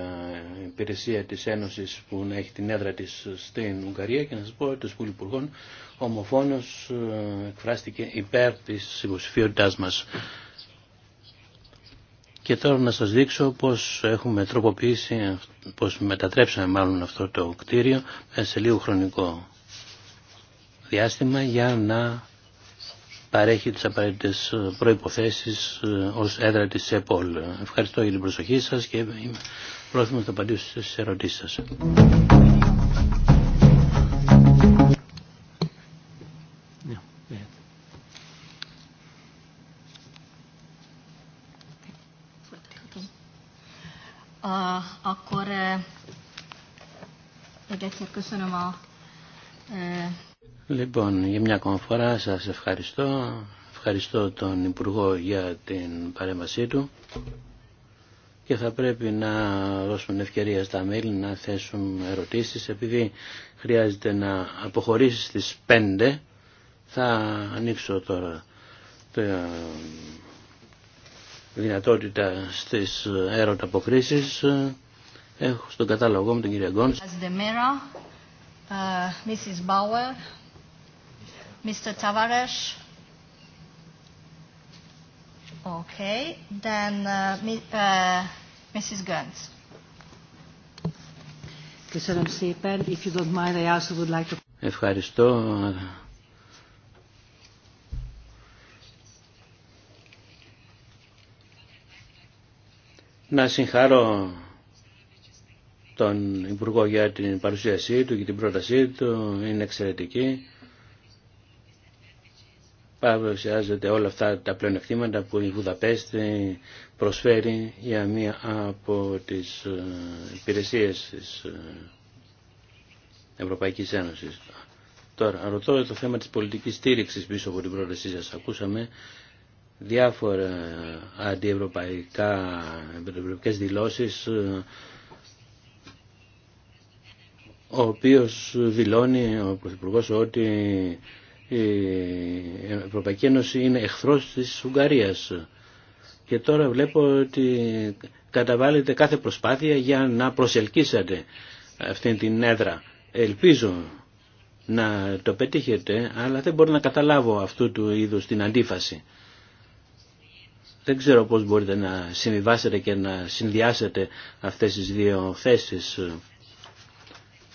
υπηρεσία της Ένωσης που να έχει την έδρα της στην Ουγγαρία και να σας πω ότι ο Σπουλυπουργών ομοφόνος ε, εκφράστηκε υπέρ της υποψηφιότητάς μας. Και τώρα να σας δείξω πώς έχουμε τροποποιήσει, πώς μετατρέψαμε μάλλον αυτό το κτίριο σε λίγο χρονικό διάστημα για να παρέχει τις απαραίτητες προϋποθέσεις ε, ως έδρα της ΕΠΟΛ. Ευχαριστώ για την προσοχή σας και είμαι πρόθυμος να απαντήσω στις ερωτήσεις σας. Akkor eh, köszönöm eh, Λοιπόν, για μια ακόμα φορά σας ευχαριστώ. Ευχαριστώ τον Υπουργό για την παρέμβασή του και θα πρέπει να δώσουμε ευκαιρία στα μέλη να θέσουν ερωτήσεις επειδή χρειάζεται να αποχωρήσει στις 5 θα ανοίξω τώρα τη ε, δυνατότητα στις έρωτα αποκρίσεις έχω στον κατάλογο μου τον κύριο Γκόνς Mrs. Bauer, Mr. Tavares? Okay. Then uh, uh Ευχαριστώ. Να συγχαρώ τον Υπουργό για την παρουσίασή του και την πρότασή του. Είναι εξαιρετική παρουσιάζονται όλα αυτά τα πλεονεκτήματα που η Βουδαπέστη προσφέρει για μία από τις ε, υπηρεσίες της ε, Ευρωπαϊκής Ένωσης. Τώρα, ρωτώ το θέμα της πολιτικής στήριξης πίσω από την πρότασή σας. Ακούσαμε διάφορα αντιευρωπαϊκά ευρωπαϊκές δηλώσεις ε, ο οποίος δηλώνει ο Πρωθυπουργός ότι η Ευρωπαϊκή Ένωση είναι εχθρός της Ουγγαρίας. Και τώρα βλέπω ότι καταβάλλεται κάθε προσπάθεια για να προσελκύσετε αυτήν την έδρα. Ελπίζω να το πετύχετε, αλλά δεν μπορώ να καταλάβω αυτού του είδους την αντίφαση. Δεν ξέρω πώς μπορείτε να συμβιβάσετε και να συνδυάσετε αυτές τις δύο θέσεις.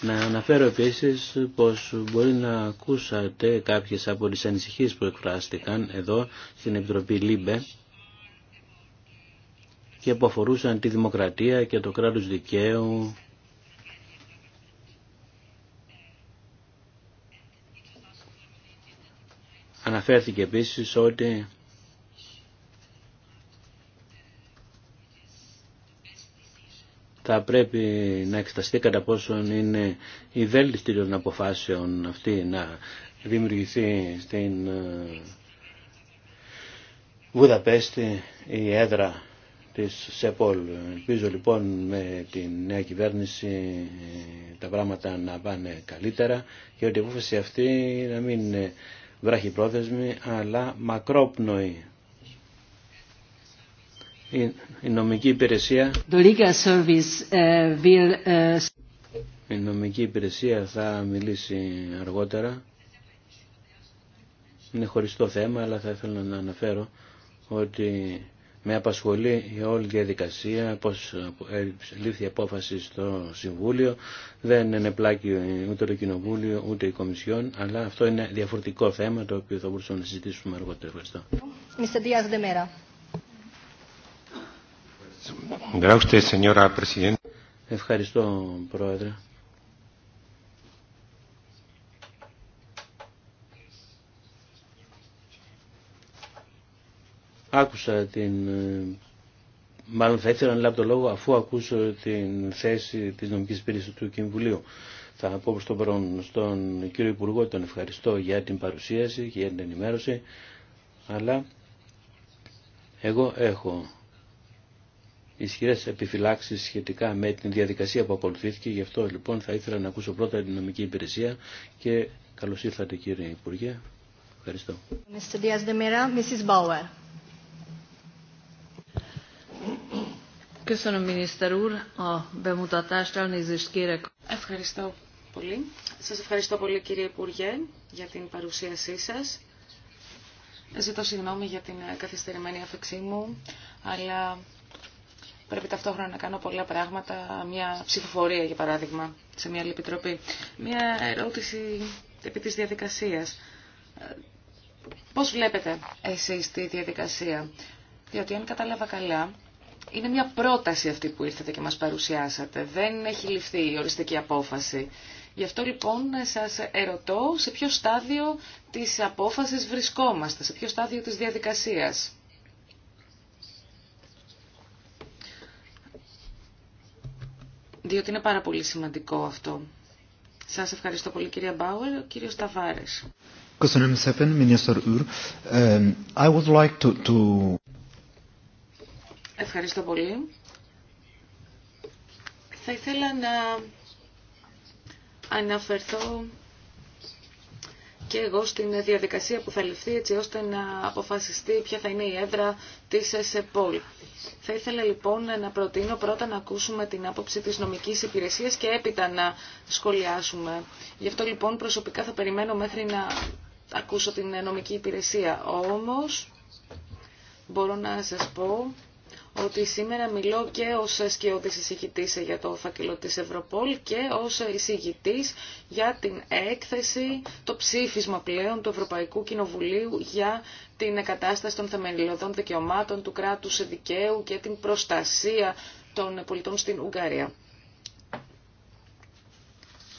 Να αναφέρω επίσης πως μπορεί να ακούσατε κάποιες από τις ανησυχίες που εκφράστηκαν εδώ στην Επιτροπή ΛΥΜΠΕ και που αφορούσαν τη δημοκρατία και το κράτος δικαίου Αναφέρθηκε επίσης ότι θα πρέπει να εξεταστεί κατά πόσον είναι η βέλτιστη των αποφάσεων αυτή να δημιουργηθεί στην ε, Βουδαπέστη η έδρα της ΣΕΠΟΛ. Ελπίζω λοιπόν με την νέα κυβέρνηση τα πράγματα να πάνε καλύτερα και ότι η απόφαση αυτή να μην είναι βράχη πρόθεσμη αλλά μακρόπνοη η νομική υπηρεσία uh, uh, η νομική υπηρεσία θα μιλήσει αργότερα είναι χωριστό θέμα αλλά θα ήθελα να αναφέρω ότι με απασχολεί η όλη διαδικασία πως λήφθη η απόφαση στο Συμβούλιο δεν είναι πλάκι ούτε το Κοινοβούλιο ούτε η Κομισιόν αλλά αυτό είναι διαφορετικό θέμα το οποίο θα μπορούσαμε να συζητήσουμε αργότερα. Ευχαριστώ. Ευχαριστώ, Πρόεδρε. Άκουσα την... Ε, μάλλον θα ήθελα να λάβω το λόγο αφού ακούσω την θέση της νομικής υπηρεσίας του Κοινοβουλίου. Θα πω προς τον στον κύριο Υπουργό, τον ευχαριστώ για την παρουσίαση και για την ενημέρωση, αλλά εγώ έχω ισχυρέ επιφυλάξει σχετικά με την διαδικασία που ακολουθήθηκε. Γι' αυτό λοιπόν θα ήθελα να ακούσω πρώτα την νομική υπηρεσία και καλώ ήρθατε κύριε Υπουργέ. Ευχαριστώ. Ευχαριστώ πολύ. Σας ευχαριστώ πολύ κύριε Υπουργέ για την παρουσίασή σας. Ζητώ συγγνώμη για την καθυστερημένη αφεξή μου, αλλά πρέπει ταυτόχρονα να κάνω πολλά πράγματα, μια ψηφοφορία για παράδειγμα, σε μια άλλη επιτροπή. Μια ερώτηση επί της διαδικασίας. Ε, πώς βλέπετε εσείς τη διαδικασία, διότι αν κατάλαβα καλά, είναι μια πρόταση αυτή που ήρθατε και μας παρουσιάσατε. Δεν έχει ληφθεί η οριστική απόφαση. Γι' αυτό λοιπόν σας ερωτώ σε ποιο στάδιο της απόφασης βρισκόμαστε, σε ποιο στάδιο της διαδικασίας. διότι είναι πάρα πολύ σημαντικό αυτό. Σας ευχαριστώ πολύ κυρία Μπάουερ, ο κύριος Ταβάρες. Ευχαριστώ πολύ. Θα ήθελα να αναφερθώ και εγώ στην διαδικασία που θα ληφθεί έτσι ώστε να αποφασιστεί ποια θα είναι η έδρα της ΕΣΕΠΟΛ. Θα ήθελα λοιπόν να προτείνω πρώτα να ακούσουμε την άποψη της νομικής υπηρεσίας και έπειτα να σχολιάσουμε. Γι' αυτό λοιπόν προσωπικά θα περιμένω μέχρι να ακούσω την νομική υπηρεσία. Όμως μπορώ να σας πω ότι σήμερα μιλώ και ως σκιώδης εισηγητής για το φάκελο της Ευρωπόλ και ως εισηγητής για την έκθεση, το ψήφισμα πλέον του Ευρωπαϊκού Κοινοβουλίου για την κατάσταση των θεμελιωδών δικαιωμάτων του κράτους δικαίου και την προστασία των πολιτών στην Ουγγαρία.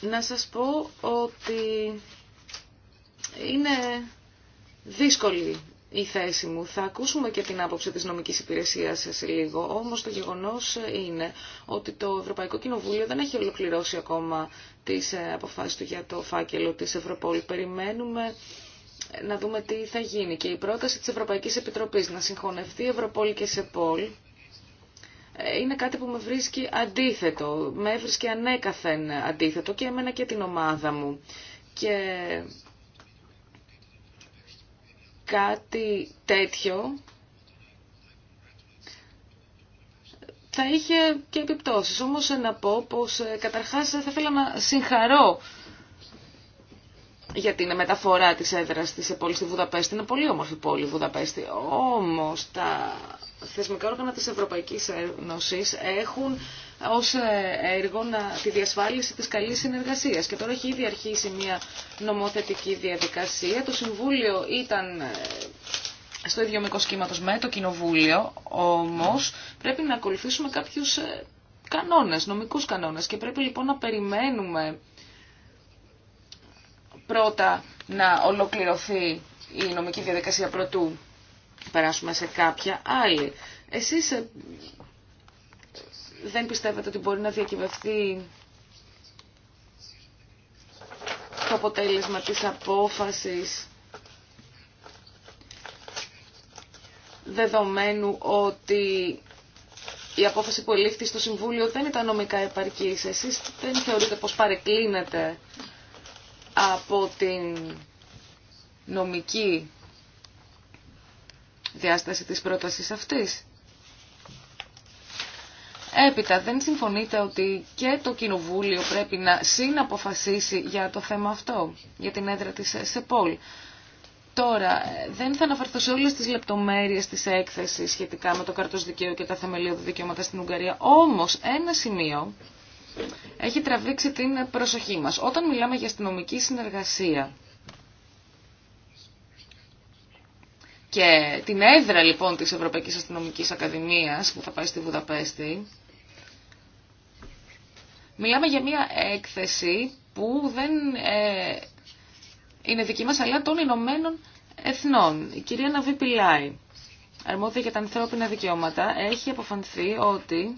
Να σας πω ότι είναι δύσκολη η θέση μου. Θα ακούσουμε και την άποψη της νομικής υπηρεσίας σε λίγο, όμως το γεγονός είναι ότι το Ευρωπαϊκό Κοινοβούλιο δεν έχει ολοκληρώσει ακόμα τις ε, αποφάσεις του για το φάκελο της Ευρωπόλη. Περιμένουμε να δούμε τι θα γίνει και η πρόταση της Ευρωπαϊκής Επιτροπής να συγχωνευτεί Ευρωπόλη και ΣΕΠΟΛ ε, είναι κάτι που με βρίσκει αντίθετο, με έβρισκε ανέκαθεν αντίθετο και εμένα και την ομάδα μου. Και κάτι τέτοιο θα είχε και επιπτώσεις. Όμως να πω πως ε, καταρχάς θα ήθελα να συγχαρώ για την μεταφορά της έδρας της πόλης στη Βουδαπέστη. Είναι πολύ όμορφη πόλη η Βουδαπέστη. Όμως τα θεσμικά όργανα της Ευρωπαϊκής Ένωσης έχουν ως έργο να, τη διασφάλιση της καλής συνεργασίας. Και τώρα έχει ήδη αρχίσει μια νομοθετική διαδικασία. Το Συμβούλιο ήταν ε, στο ίδιο μήκο κύματο με το Κοινοβούλιο, όμως πρέπει να ακολουθήσουμε κάποιους ε, κανόνες, νομικούς κανόνες και πρέπει λοιπόν να περιμένουμε πρώτα να ολοκληρωθεί η νομική διαδικασία πρωτού περάσουμε σε κάποια άλλη. Εσείς ε, δεν πιστεύετε ότι μπορεί να διακυβευτεί το αποτέλεσμα της απόφασης δεδομένου ότι η απόφαση που ελήφθη στο Συμβούλιο δεν ήταν νομικά επαρκής. Εσείς δεν θεωρείτε πως παρεκκλίνεται από την νομική διάσταση της πρότασης αυτής. Έπειτα, δεν συμφωνείτε ότι και το Κοινοβούλιο πρέπει να συναποφασίσει για το θέμα αυτό, για την έδρα της ΣΕΠΟΛ. Τώρα, δεν θα αναφερθώ σε όλες τις λεπτομέρειες της έκθεσης σχετικά με το καρτός και τα θεμελιώδη δικαιώματα στην Ουγγαρία, όμως ένα σημείο έχει τραβήξει την προσοχή μας. Όταν μιλάμε για αστυνομική συνεργασία, και την έδρα λοιπόν της Ευρωπαϊκής Αστυνομικής Ακαδημίας που θα πάει στη Βουδαπέστη. Μιλάμε για μια έκθεση που δεν ε, είναι δική μας αλλά των Ηνωμένων Εθνών. Η κυρία Ναβή Πιλάη, αρμόδια για τα ανθρώπινα δικαιώματα, έχει αποφανθεί ότι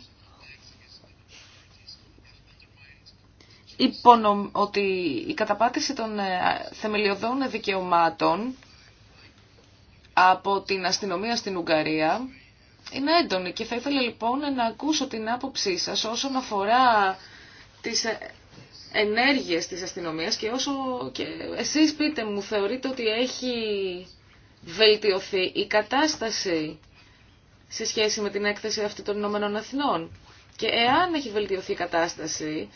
ότι η καταπάτηση των ε, θεμελιωδών δικαιωμάτων από την αστυνομία στην Ουγγαρία είναι έντονη και θα ήθελα λοιπόν να ακούσω την άποψή σας όσον αφορά τις ε, ενέργειες της αστυνομίας και όσο και εσείς πείτε μου θεωρείτε ότι έχει βελτιωθεί η κατάσταση σε σχέση με την έκθεση αυτή των Ηνωμένων Αθηνών. Και εάν έχει βελτιωθεί η κατάσταση,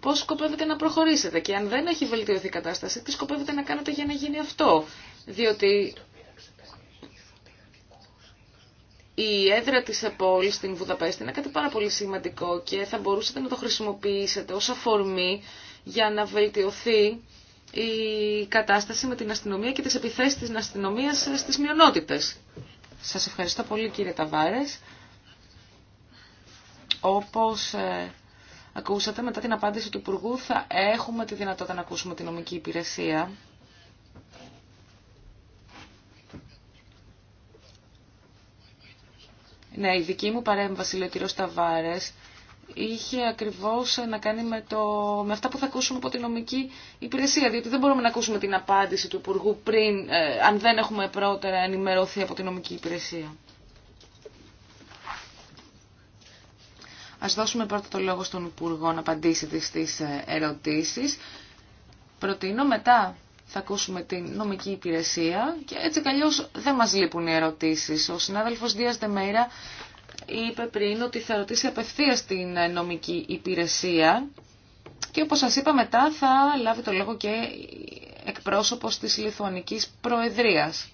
Πώ σκοπεύετε να προχωρήσετε και αν δεν έχει βελτιωθεί η κατάσταση, τι σκοπεύετε να κάνετε για να γίνει αυτό. Διότι η έδρα της ΕΠΟΛ στην Βουδαπέστη είναι κάτι πάρα πολύ σημαντικό και θα μπορούσατε να το χρησιμοποιήσετε ως αφορμή για να βελτιωθεί η κατάσταση με την αστυνομία και τις επιθέσεις της αστυνομίας στις μειονότητες. Σας ευχαριστώ πολύ κύριε Ταβάρες. Όπως ε, ακούσατε, μετά την απάντηση του Υπουργού θα έχουμε τη δυνατότητα να ακούσουμε τη νομική υπηρεσία. Ναι, η δική μου παρέμβαση, λέει ο κύριος Ταβάρες, είχε ακριβώς να κάνει με, το, με αυτά που θα ακούσουμε από την νομική υπηρεσία, διότι δεν μπορούμε να ακούσουμε την απάντηση του Υπουργού πριν, ε, αν δεν έχουμε πρώτερα ενημερωθεί από τη νομική υπηρεσία. Ας δώσουμε πρώτα το λόγο στον Υπουργό να απαντήσει στις ε, ερωτήσεις. Προτείνω μετά θα ακούσουμε την νομική υπηρεσία και έτσι καλλιώς δεν μας λείπουν οι ερωτήσεις. Ο συνάδελφος Δίας Δεμέρα είπε πριν ότι θα ρωτήσει απευθεία την ε, νομική υπηρεσία και όπως σας είπα μετά θα λάβει το λόγο και εκπρόσωπος της Λιθουανικής Προεδρίας.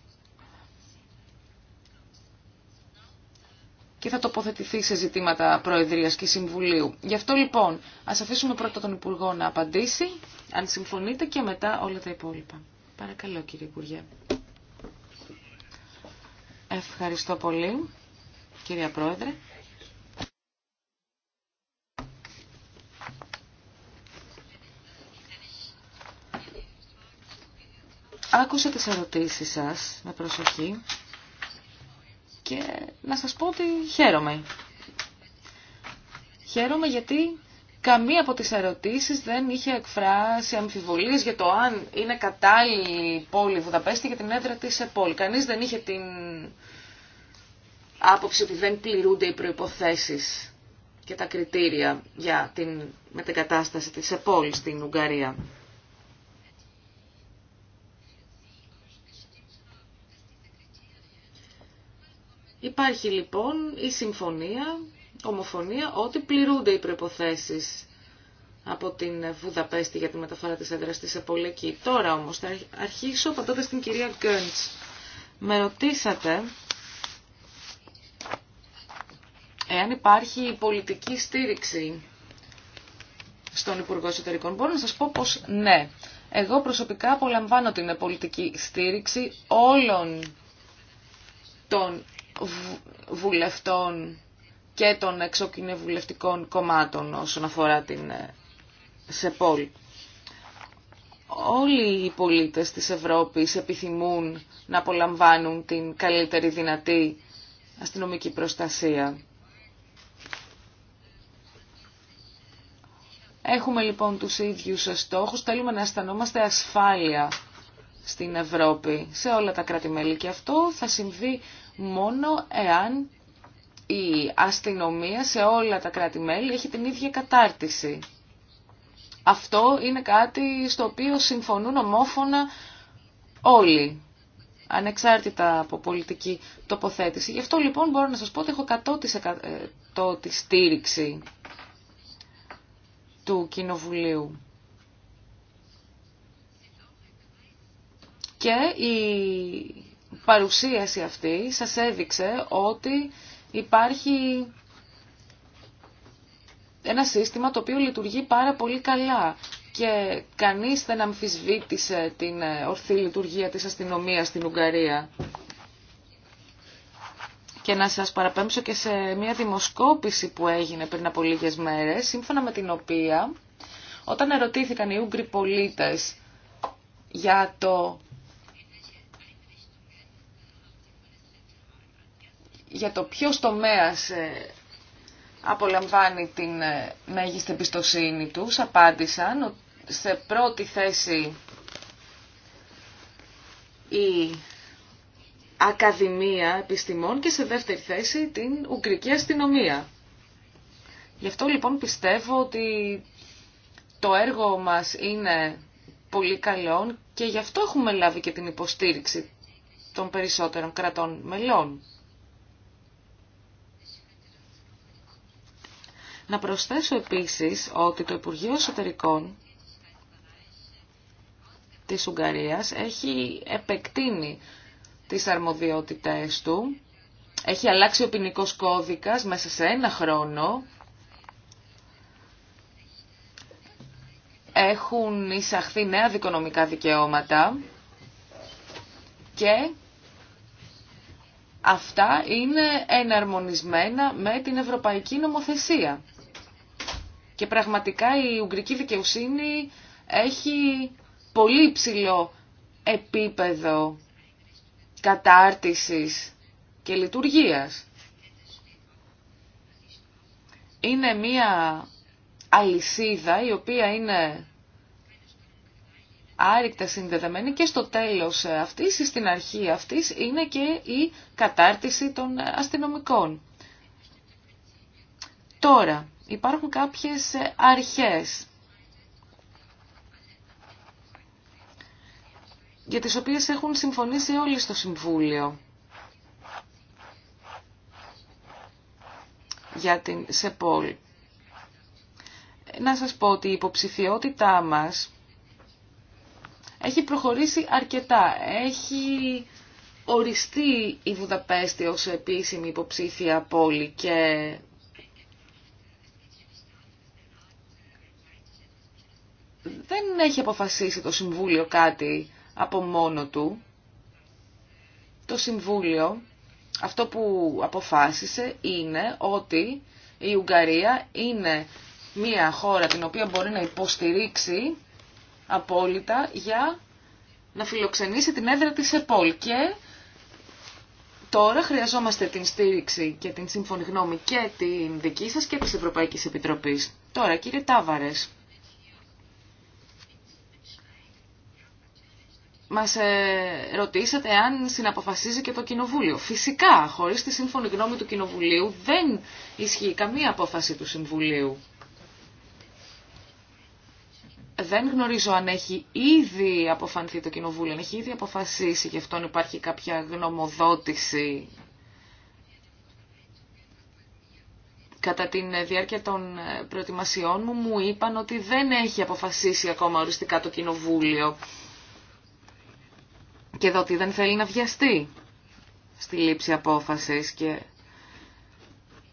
και θα τοποθετηθεί σε ζητήματα Προεδρίας και Συμβουλίου. Γι' αυτό λοιπόν ας αφήσουμε πρώτα τον Υπουργό να απαντήσει, αν συμφωνείτε και μετά όλα τα υπόλοιπα. Παρακαλώ κύριε Υπουργέ. Ευχαριστώ πολύ κυρία Πρόεδρε. Άκουσα τις ερωτήσεις σας με προσοχή και να σας πω ότι χαίρομαι. Χαίρομαι γιατί καμία από τις ερωτήσεις δεν είχε εκφράσει αμφιβολίες για το αν είναι κατάλληλη η πόλη Βουδαπέστη για την έδρα της ΕΠΟΛ. Κανείς δεν είχε την άποψη ότι δεν πληρούνται οι προϋποθέσεις και τα κριτήρια για την μετεγκατάσταση της ΕΠΟΛ στην Ουγγαρία. Υπάρχει λοιπόν η συμφωνία, ομοφωνία, ότι πληρούνται οι προϋποθέσεις από την Βουδαπέστη για τη μεταφορά της έδρας της Επολεκή. Τώρα όμως θα αρχίσω απαντώντας την κυρία Γκέντς. Με ρωτήσατε εάν υπάρχει πολιτική στήριξη στον Υπουργό Εσωτερικών. Μπορώ να σας πω πως ναι. Εγώ προσωπικά απολαμβάνω την πολιτική στήριξη όλων των βουλευτών και των εξοκοινευουλευτικών κομμάτων όσον αφορά την ε, ΣΕΠΟΛ. Όλοι οι πολίτες της Ευρώπης επιθυμούν να απολαμβάνουν την καλύτερη δυνατή αστυνομική προστασία. Έχουμε λοιπόν τους ίδιους στόχους, θέλουμε να αισθανόμαστε ασφάλεια στην Ευρώπη, σε όλα τα κράτη-μέλη και αυτό θα συμβεί μόνο εάν η αστυνομία σε όλα τα κράτη-μέλη έχει την ίδια κατάρτιση. Αυτό είναι κάτι στο οποίο συμφωνούν ομόφωνα όλοι, ανεξάρτητα από πολιτική τοποθέτηση. Γι' αυτό λοιπόν μπορώ να σας πω ότι έχω 100% ε, τη στήριξη του Κοινοβουλίου. Και η παρουσίαση αυτή σας έδειξε ότι υπάρχει ένα σύστημα το οποίο λειτουργεί πάρα πολύ καλά και κανείς δεν αμφισβήτησε την ε, ορθή λειτουργία της αστυνομίας στην Ουγγαρία. Και να σας παραπέμψω και σε μια δημοσκόπηση που έγινε πριν από λίγες μέρες, σύμφωνα με την οποία όταν ερωτήθηκαν οι Ούγγροι πολίτες για το για το ποιος τομέας ε, απολαμβάνει την ε, μέγιστη εμπιστοσύνη τους, απάντησαν σε πρώτη θέση η Ακαδημία Επιστημών και σε δεύτερη θέση την Ουγγρική Αστυνομία. Γι' αυτό λοιπόν πιστεύω ότι το έργο μας είναι πολύ καλό και γι' αυτό έχουμε λάβει και την υποστήριξη των περισσότερων κρατών μελών. Να προσθέσω επίσης ότι το Υπουργείο Εσωτερικών της Ουγγαρίας έχει επεκτείνει τις αρμοδιότητες του, έχει αλλάξει ο ποινικό κώδικας μέσα σε ένα χρόνο, έχουν εισαχθεί νέα δικονομικά δικαιώματα και αυτά είναι εναρμονισμένα με την Ευρωπαϊκή Νομοθεσία. Και πραγματικά η Ουγγρική δικαιοσύνη έχει πολύ υψηλό επίπεδο κατάρτισης και λειτουργίας. Είναι μία αλυσίδα η οποία είναι άρρηκτα συνδεδεμένη και στο τέλος αυτής ή στην αρχή αυτής είναι και η κατάρτιση των αστυνομικών. Τώρα, υπάρχουν κάποιες αρχές για τις οποίες έχουν συμφωνήσει όλοι στο Συμβούλιο. για την ΣΕΠΟΛ. Να σας πω ότι η υποψηφιότητά μας έχει προχωρήσει αρκετά. Έχει οριστεί η Βουδαπέστη ως επίσημη υποψήφια πόλη και δεν έχει αποφασίσει το Συμβούλιο κάτι από μόνο του. Το Συμβούλιο αυτό που αποφάσισε είναι ότι η Ουγγαρία είναι μια χώρα την οποία μπορεί να υποστηρίξει απόλυτα για να φιλοξενήσει την έδρα της ΕΠΟΛ και τώρα χρειαζόμαστε την στήριξη και την σύμφωνη γνώμη και την δική σας και της Ευρωπαϊκής Επιτροπής. Τώρα κύριε Τάβαρες. μας ε, ρωτήσατε αν συναποφασίζει και το Κοινοβούλιο. Φυσικά, χωρίς τη σύμφωνη γνώμη του Κοινοβουλίου δεν ισχύει καμία απόφαση του Συμβουλίου. Δεν γνωρίζω αν έχει ήδη αποφανθεί το Κοινοβούλιο, αν έχει ήδη αποφασίσει γι' αυτόν υπάρχει κάποια γνωμοδότηση κατά τη διάρκεια των ε, προετοιμασιών μου μου είπαν ότι δεν έχει αποφασίσει ακόμα οριστικά το Κοινοβούλιο και εδώ ότι δεν θέλει να βιαστεί στη λήψη απόφασης και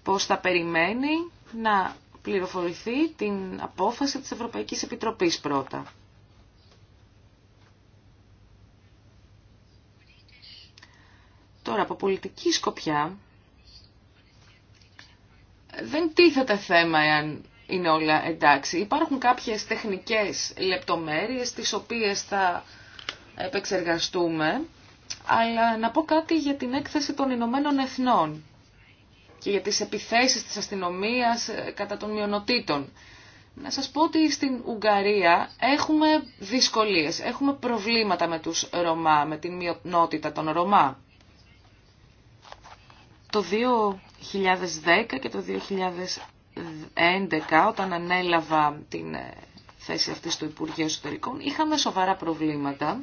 πώς θα περιμένει να πληροφορηθεί την απόφαση της Ευρωπαϊκής Επιτροπής πρώτα. Τώρα, από πολιτική σκοπιά, δεν τίθεται θέμα εάν είναι όλα εντάξει. Υπάρχουν κάποιες τεχνικές λεπτομέρειες τις οποίες θα επεξεργαστούμε, αλλά να πω κάτι για την έκθεση των Ηνωμένων Εθνών και για τις επιθέσεις της αστυνομίας ε, κατά των μειονοτήτων. Να σας πω ότι στην Ουγγαρία έχουμε δυσκολίες, έχουμε προβλήματα με τους Ρωμά, με την μειονότητα των Ρωμά. Το 2010 και το 2011, όταν ανέλαβα την ε, θέση αυτή στο Υπουργείο Εσωτερικών, είχαμε σοβαρά προβλήματα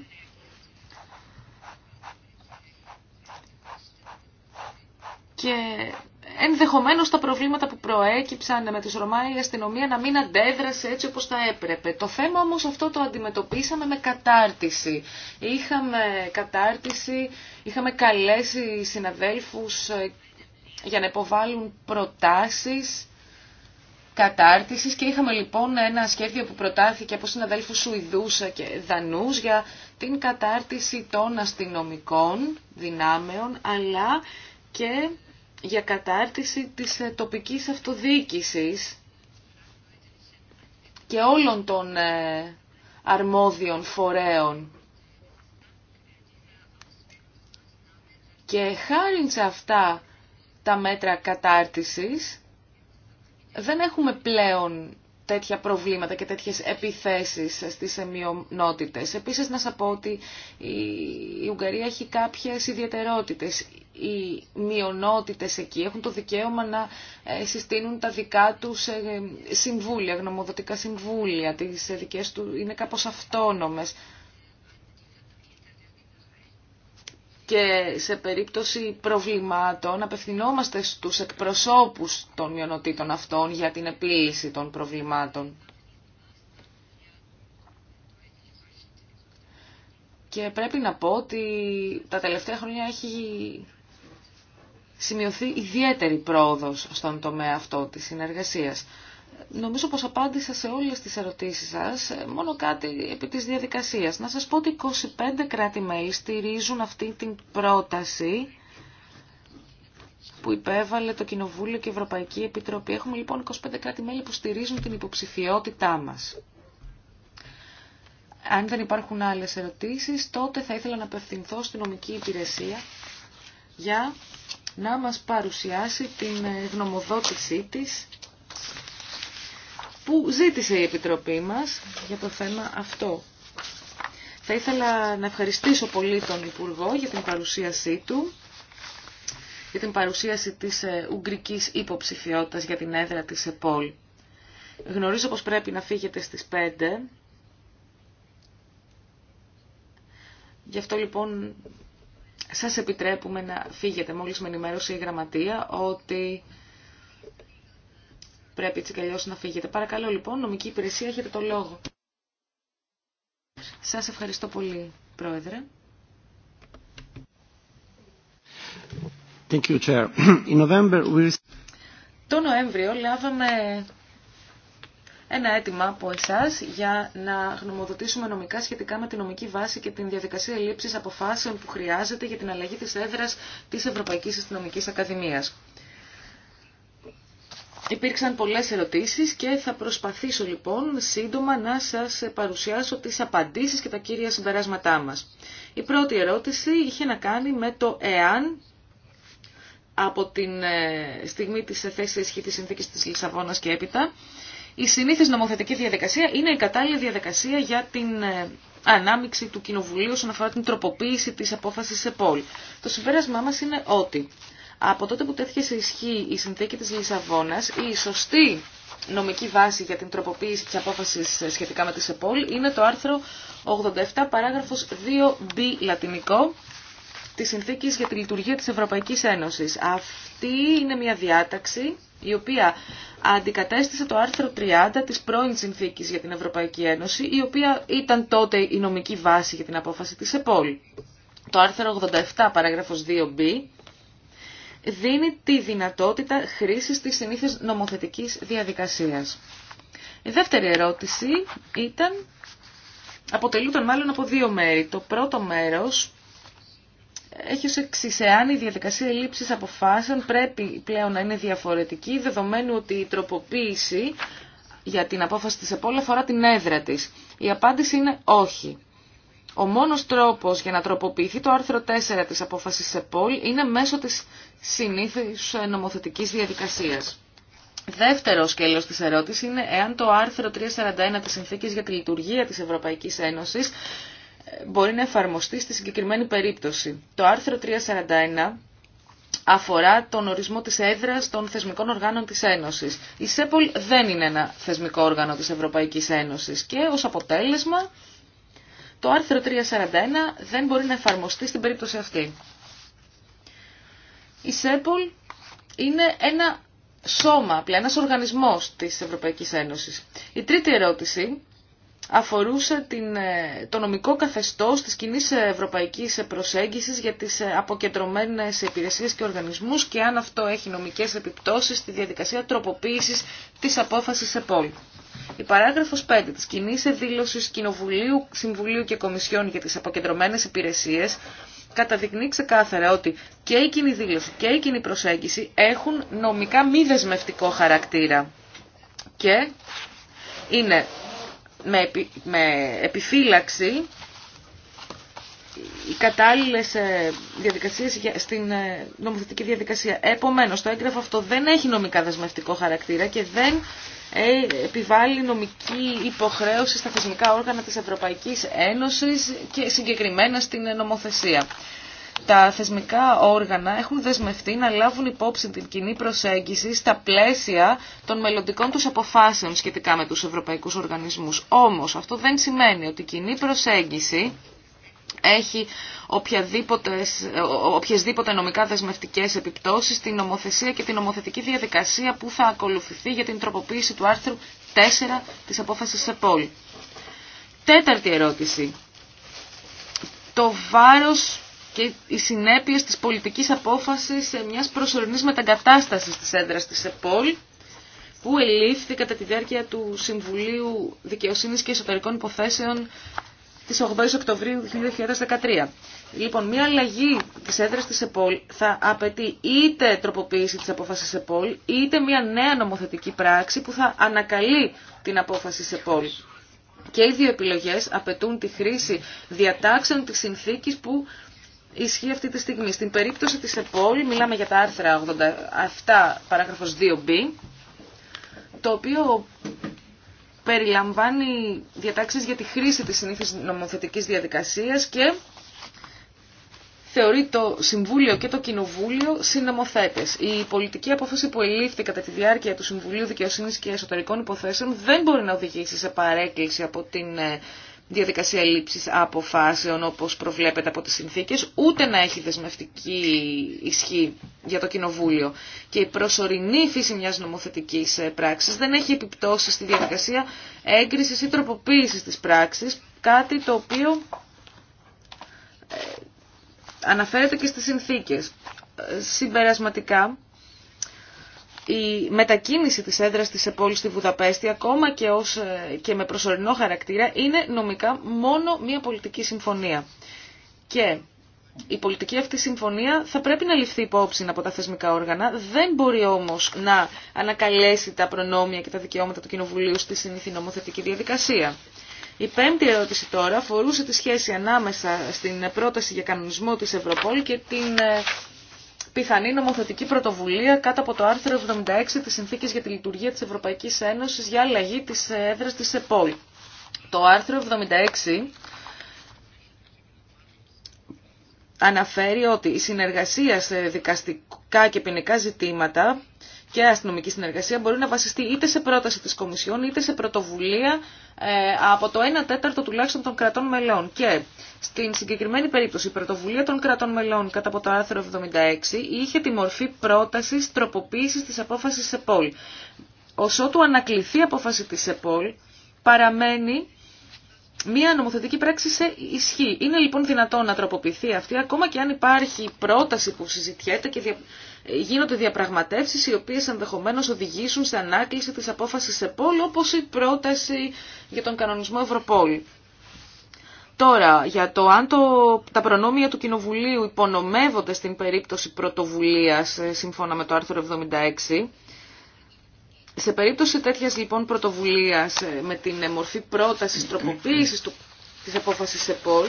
και ενδεχομένως τα προβλήματα που προέκυψαν με τους Ρωμά η αστυνομία να μην αντέδρασε έτσι όπως θα έπρεπε. Το θέμα όμως αυτό το αντιμετωπίσαμε με κατάρτιση. Είχαμε κατάρτιση, είχαμε καλέσει συναδέλφους ε, για να υποβάλουν προτάσεις κατάρτισης και είχαμε λοιπόν ένα σχέδιο που προτάθηκε από συναδέλφους Σουηδούς και Δανούς για την κατάρτιση των αστυνομικών δυνάμεων αλλά και για κατάρτιση της ε, τοπικής αυτοδιοίκησης και όλων των ε, αρμόδιων φορέων. Και χάρη σε αυτά τα μέτρα κατάρτισης δεν έχουμε πλέον τέτοια προβλήματα και τέτοιες επιθέσεις στις μειονότητες. Επίσης να σας πω ότι η Ουγγαρία έχει κάποιες ιδιαιτερότητες. Οι μειονότητες εκεί έχουν το δικαίωμα να ε, συστήνουν τα δικά τους ε, συμβούλια, γνωμοδοτικά συμβούλια, τις ε, δικές του είναι κάπως αυτόνομες. και σε περίπτωση προβλημάτων απευθυνόμαστε στους εκπροσώπους των μειονοτήτων αυτών για την επίλυση των προβλημάτων. Και πρέπει να πω ότι τα τελευταία χρόνια έχει σημειωθεί ιδιαίτερη πρόοδος στον τομέα αυτό της συνεργασίας. Νομίζω πως απάντησα σε όλες τις ερωτήσεις σας, μόνο κάτι επί της διαδικασίας. Να σας πω ότι 25 κράτη-μέλη στηρίζουν αυτή την πρόταση που υπέβαλε το Κοινοβούλιο και η Ευρωπαϊκή Επιτροπή. Έχουμε λοιπόν 25 κράτη-μέλη που στηρίζουν την υποψηφιότητά μας. Αν δεν υπάρχουν άλλες ερωτήσεις, τότε θα ήθελα να απευθυνθώ στην νομική υπηρεσία για να μας παρουσιάσει την γνωμοδότησή της που ζήτησε η Επιτροπή μας για το θέμα αυτό. Θα ήθελα να ευχαριστήσω πολύ τον Υπουργό για την παρουσίασή του, για την παρουσίαση της ε, Ουγγρικής υποψηφιότητας για την έδρα της ΕΠΟΛ. Γνωρίζω πως πρέπει να φύγετε στις 5. Γι' αυτό λοιπόν σας επιτρέπουμε να φύγετε. Μόλις με ενημέρωσε η γραμματεία ότι πρέπει έτσι καλλιώς να φύγετε. Παρακαλώ λοιπόν, νομική υπηρεσία, έχετε το λόγο. Σας ευχαριστώ πολύ, Πρόεδρε. Thank you, Chair. In November we... Το Νοέμβριο λάβαμε ένα αίτημα από εσά για να γνωμοδοτήσουμε νομικά σχετικά με τη νομική βάση και την διαδικασία λήψη αποφάσεων που χρειάζεται για την αλλαγή της έδρα τη Ευρωπαϊκή Αστυνομικής Ακαδημίας. Υπήρξαν πολλές ερωτήσεις και θα προσπαθήσω λοιπόν σύντομα να σας παρουσιάσω τις απαντήσεις και τα κύρια συμπεράσματά μας. Η πρώτη ερώτηση είχε να κάνει με το εάν από την ε, στιγμή της θέσης ισχύ της συνθήκης της Λισαβόνας και έπειτα η συνήθις νομοθετική διαδικασία είναι η κατάλληλη διαδικασία για την ε, ανάμειξη του Κοινοβουλίου όσον αφορά την τροποποίηση της απόφασης πόλη. Το συμπέρασμά μας είναι ότι από τότε που τέθηκε σε ισχύ η συνθήκη της Λισαβόνας, η σωστή νομική βάση για την τροποποίηση της απόφασης σχετικά με τη ΣΕΠΟΛ είναι το άρθρο 87 παράγραφος 2b λατινικό της συνθήκης για τη λειτουργία της Ευρωπαϊκής Ένωσης. Αυτή είναι μια διάταξη η οποία αντικατέστησε το άρθρο 30 της πρώην συνθήκης για την Ευρωπαϊκή Ένωση, η οποία ήταν τότε η νομική βάση για την απόφαση της ΕΠΟΛ. Το άρθρο 87 παράγραφος 2b δίνει τη δυνατότητα χρήσης της συνήθως νομοθετικής διαδικασίας. Η δεύτερη ερώτηση ήταν, αποτελούνταν μάλλον από δύο μέρη. Το πρώτο μέρος έχει ως εξής, εάν η διαδικασία λήψης αποφάσεων πρέπει πλέον να είναι διαφορετική, δεδομένου ότι η τροποποίηση για την απόφαση της ΕΠΟΛΑ αφορά την έδρα της. Η απάντηση είναι όχι. Ο μόνος τρόπος για να τροποποιηθεί το άρθρο 4 της απόφασης ΣΕΠΟΛ είναι μέσω της συνήθως νομοθετικής διαδικασίας. Δεύτερο σκέλος της ερώτησης είναι εάν το άρθρο 341 της Συνθήκης για τη Λειτουργία της Ευρωπαϊκής Ένωσης ε, μπορεί να εφαρμοστεί στη συγκεκριμένη περίπτωση. Το άρθρο 341 αφορά τον ορισμό της έδρας των θεσμικών οργάνων της Ένωσης. Η ΣΕΠΟΛ δεν είναι ένα θεσμικό όργανο της Ευρωπαϊκής Ένωσης και ως αποτέλεσμα το άρθρο 341 δεν μπορεί να εφαρμοστεί στην περίπτωση αυτή. Η ΣΕΠΟΛ είναι ένα σώμα, απλά ένας οργανισμός της Ευρωπαϊκής Ένωσης. Η τρίτη ερώτηση αφορούσε την, ε, το νομικό καθεστώς της κοινή ευρωπαϊκής προσέγγισης για τις ε, αποκεντρωμένες υπηρεσίες και οργανισμούς και αν αυτό έχει νομικές επιπτώσεις στη διαδικασία τροποποίησης της απόφασης ΕΠΟΛ. Η παράγραφος 5 της Κοινής Εδήλωσης Κοινοβουλίου, Συμβουλίου και Κομισιών για τις αποκεντρωμένες υπηρεσίες καταδεικνύει ξεκάθαρα ότι και η κοινή δήλωση και η κοινή προσέγγιση έχουν νομικά μη δεσμευτικό χαρακτήρα και είναι με επιφύλαξη οι κατάλληλε διαδικασίε στην ε, νομοθετική διαδικασία. Επομένω, το έγγραφο αυτό δεν έχει νομικά δεσμευτικό χαρακτήρα και δεν ε, επιβάλλει νομική υποχρέωση στα θεσμικά όργανα της Ευρωπαϊκής Ένωσης και συγκεκριμένα στην ε, νομοθεσία. Τα θεσμικά όργανα έχουν δεσμευτεί να λάβουν υπόψη την κοινή προσέγγιση στα πλαίσια των μελλοντικών τους αποφάσεων σχετικά με τους ευρωπαϊκούς οργανισμούς. Όμως αυτό δεν σημαίνει ότι η κοινή προσέγγιση έχει οποιασδήποτε νομικά δεσμευτικές επιπτώσεις στην νομοθεσία και την νομοθετική διαδικασία που θα ακολουθηθεί για την τροποποίηση του άρθρου 4 της απόφασης ΣΕΠΟΛ. Τέταρτη ερώτηση. Το βάρος και οι συνέπειες της πολιτικής απόφασης μιας προσωρινής μεταγκατάστασης της έδρας της ΕΠΟΛ που ελήφθη κατά τη διάρκεια του Συμβουλίου Δικαιοσύνης και Εσωτερικών Υποθέσεων της 8 η Οκτωβρίου 2013. Λοιπόν, μια αλλαγή τη έδρας τη ΕΠΟΛ θα απαιτεί είτε τροποποίηση της απόφασης ΕΠΟΛ, είτε μια νέα νομοθετική πράξη που θα ανακαλεί την απόφαση ΕΠΟΛ. Και οι δύο επιλογές απαιτούν τη χρήση διατάξεων τη συνθήκη που ισχύει αυτή τη στιγμή. Στην περίπτωση της ΕΠΟΛ μιλάμε για τα άρθρα 87 παραγραφο 2 2b, το οποίο περιλαμβάνει διατάξεις για τη χρήση της συνήθης νομοθετικής διαδικασίας και θεωρεί το Συμβούλιο και το Κοινοβούλιο συνομοθέτες. Η πολιτική απόφαση που ελήφθη κατά τη διάρκεια του Συμβουλίου Δικαιοσύνης και Εσωτερικών Υποθέσεων δεν μπορεί να οδηγήσει σε παρέκκληση από την ε, διαδικασία λήψης αποφάσεων όπως προβλέπεται από τις συνθήκες, ούτε να έχει δεσμευτική ισχύ για το Κοινοβούλιο. Και η προσωρινή φύση μιας νομοθετικής ε, πράξης δεν έχει επιπτώσει στη διαδικασία έγκρισης ή τροποποίησης της πράξης, κάτι το οποίο ε, αναφέρεται και στις συνθήκες. Ε, συμπερασματικά, η μετακίνηση της έδρας της ΕΠΟΛ στη Βουδαπέστη, ακόμα και, ως, ε, και με προσωρινό χαρακτήρα, είναι νομικά μόνο μια πολιτική συμφωνία. Και η πολιτική αυτή συμφωνία θα πρέπει να ληφθεί υπόψη από τα θεσμικά όργανα. Δεν μπορεί όμως να ανακαλέσει τα προνόμια και τα δικαιώματα του Κοινοβουλίου στη συνήθινη νομοθετική διαδικασία. Η πέμπτη ερώτηση τώρα αφορούσε τη σχέση ανάμεσα στην πρόταση για κανονισμό της Ευρωπόλ και την ε, πιθανή νομοθετική πρωτοβουλία κάτω από το άρθρο 76 της Συνθήκης για τη Λειτουργία της Ευρωπαϊκής Ένωσης για αλλαγή της έδρας της ΕΠΟΛ. Το άρθρο 76 αναφέρει ότι η συνεργασία σε δικαστικά και ποινικά ζητήματα και αστυνομική συνεργασία μπορεί να βασιστεί είτε σε πρόταση της Κομισιόν είτε σε πρωτοβουλία ε, από το 1 τέταρτο τουλάχιστον των κρατών μελών. Και στην συγκεκριμένη περίπτωση η πρωτοβουλία των κρατών μελών κατά από το άρθρο 76 είχε τη μορφή πρότασης τροποποίησης της απόφασης ΣΕΠΟΛ. Ως ότου ανακληθεί η απόφαση της Επόλ παραμένει Μία νομοθετική πράξη σε ισχύ. Είναι λοιπόν δυνατόν να τροποποιηθεί αυτή, ακόμα και αν υπάρχει πρόταση που συζητιέται και γίνονται διαπραγματεύσεις οι οποίες ενδεχομένως οδηγήσουν σε ανάκληση της απόφασης σε πόλ, όπως η πρόταση για τον κανονισμό Ευρωπόλ. Τώρα, για το αν το, τα προνόμια του Κοινοβουλίου υπονομεύονται στην περίπτωση πρωτοβουλίας, ε, σύμφωνα με το άρθρο 76, σε περίπτωση τέτοιας λοιπόν πρωτοβουλίας ε, με την ε, μορφή πρότασης τροποποίησης του, της απόφασης ΕΠΟΛ,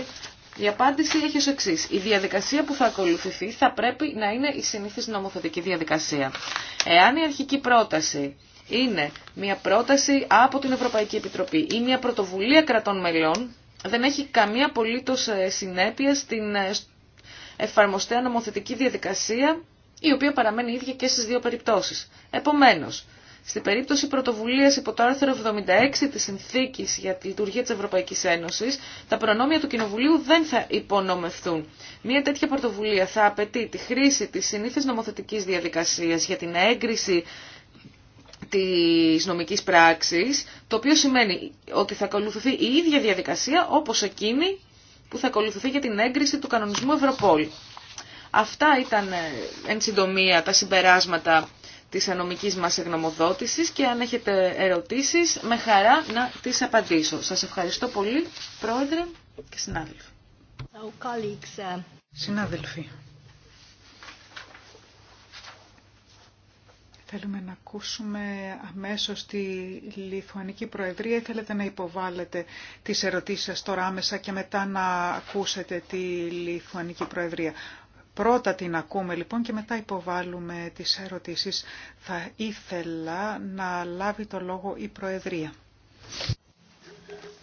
η απάντηση έχει ω εξή. Η διαδικασία που θα ακολουθηθεί θα πρέπει να είναι η συνήθι νομοθετική διαδικασία. Εάν η αρχική πρόταση είναι μια πρόταση από την Ευρωπαϊκή Επιτροπή ή μια πρωτοβουλία κρατών μελών, δεν έχει καμία απολύτως ε, συνέπεια στην ε, εφαρμοστέα νομοθετική διαδικασία, η οποία καμια απολυτω συνεπεια στην εφαρμοστεα νομοθετικη ίδια και στι δύο περιπτώσει. Επομένω. Στην περίπτωση πρωτοβουλίας υπό το άρθρο 76 της Συνθήκης για τη λειτουργία της Ευρωπαϊκής Ένωσης, τα προνόμια του Κοινοβουλίου δεν θα υπονομευθούν. Μία τέτοια πρωτοβουλία θα απαιτεί τη χρήση της συνήθι νομοθετικής διαδικασίας για την έγκριση της νομικής πράξης, το οποίο σημαίνει ότι θα ακολουθηθεί η ίδια διαδικασία όπως εκείνη που θα ακολουθηθεί για την έγκριση του κανονισμού Ευρωπόλ. Αυτά ήταν ε, εν συντομία τα συμπεράσματα της ανομικής μας εγγνωμοδότησης και αν έχετε ερωτήσεις με χαρά να τις απαντήσω. Σας ευχαριστώ πολύ Πρόεδρε και συνάδελφοι. Uh, συνάδελφοι, θέλουμε να ακούσουμε αμέσως τη Λιθουανική Προεδρία θέλετε να υποβάλλετε τις ερωτήσεις σας τώρα άμεσα και μετά να ακούσετε τη Λιθουανική Προεδρία. Πρώτα την ακούμε λοιπόν και μετά υποβάλλουμε τις ερωτήσεις. Θα ήθελα να λάβει το λόγο η Προεδρία.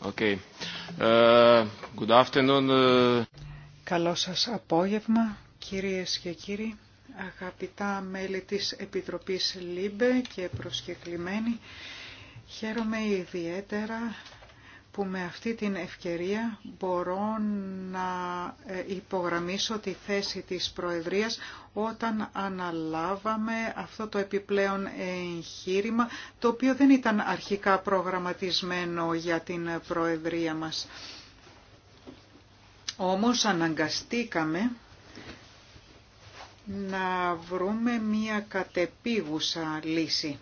Okay. Uh, good uh. Καλό σας απόγευμα κυρίες και κύριοι, αγαπητά μέλη της Επιτροπής ΛΥΜΠΕ και προσκεκλημένοι. Χαίρομαι ιδιαίτερα που με αυτή την ευκαιρία μπορώ να ε, υπογραμμίσω τη θέση της Προεδρίας όταν αναλάβαμε αυτό το επιπλέον εγχείρημα, το οποίο δεν ήταν αρχικά προγραμματισμένο για την Προεδρία μας. Όμως αναγκαστήκαμε να βρούμε μία κατεπίγουσα λύση.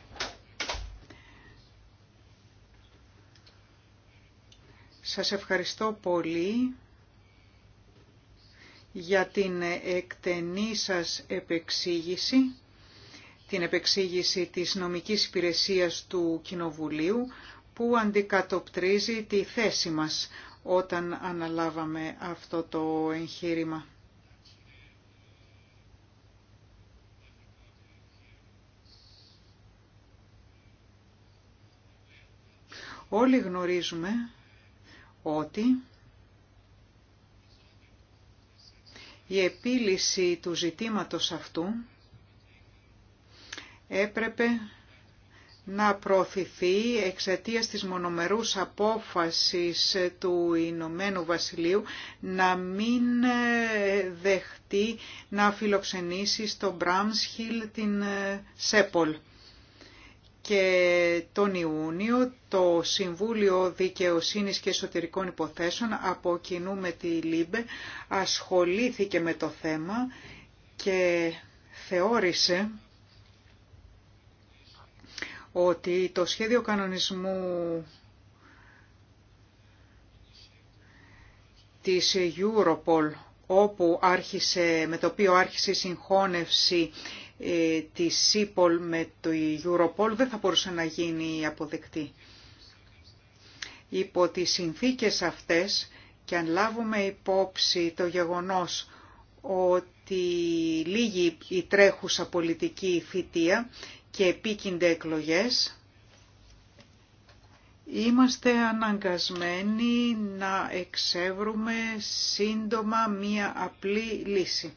Σας ευχαριστώ πολύ για την εκτενή σας επεξήγηση, την επεξήγηση της νομικής υπηρεσίας του Κοινοβουλίου που αντικατοπτρίζει τη θέση μας όταν αναλάβαμε αυτό το εγχείρημα. Όλοι γνωρίζουμε ότι η επίλυση του ζητήματος αυτού έπρεπε να προωθηθεί εξαιτίας της μονομερούς απόφασης του Ηνωμένου Βασιλείου να μην ε, δεχτεί να φιλοξενήσει στο Μπραμσχιλ την ε, ΣΕΠΟΛ και τον Ιούνιο το Συμβούλιο Δικαιοσύνης και Εσωτερικών Υποθέσεων από κοινού με τη ΛΥΜΠΕ ασχολήθηκε με το θέμα και θεώρησε ότι το σχέδιο κανονισμού της Europol όπου άρχισε, με το οποίο άρχισε η συγχώνευση ε, τη ΣΥΠΟΛ με το Europol δεν θα μπορούσε να γίνει αποδεκτή. Υπό τις συνθήκες αυτές και αν λάβουμε υπόψη το γεγονός ότι λίγη η τρέχουσα πολιτική θητεία και επίκυνται εκλογές, είμαστε αναγκασμένοι να εξεύρουμε σύντομα μία απλή λύση.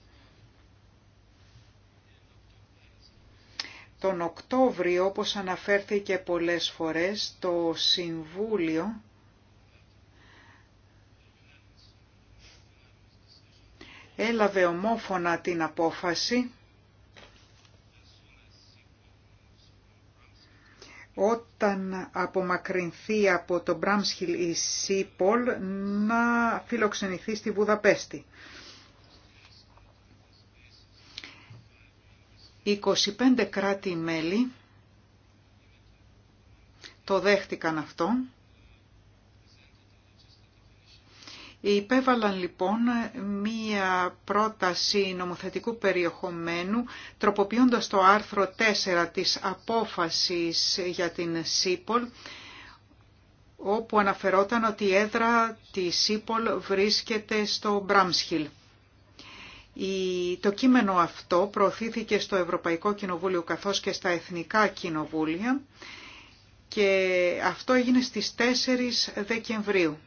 Τον Οκτώβριο, όπως αναφέρθηκε πολλές φορές, το Συμβούλιο έλαβε ομόφωνα την απόφαση όταν απομακρυνθεί από το Μπράμσχιλ η Σίπολ να φιλοξενηθεί στη Βουδαπέστη. 25 κράτη-μέλη το δέχτηκαν αυτό. Υπέβαλαν λοιπόν μία πρόταση νομοθετικού περιεχομένου τροποποιώντας το άρθρο 4 της απόφασης για την ΣΥΠΟΛ όπου αναφερόταν ότι η έδρα της ΣΥΠΟΛ βρίσκεται στο Μπράμσχιλ. Το κείμενο αυτό προωθήθηκε στο Ευρωπαϊκό Κοινοβούλιο καθώς και στα Εθνικά Κοινοβούλια και αυτό έγινε στις 4 Δεκεμβρίου.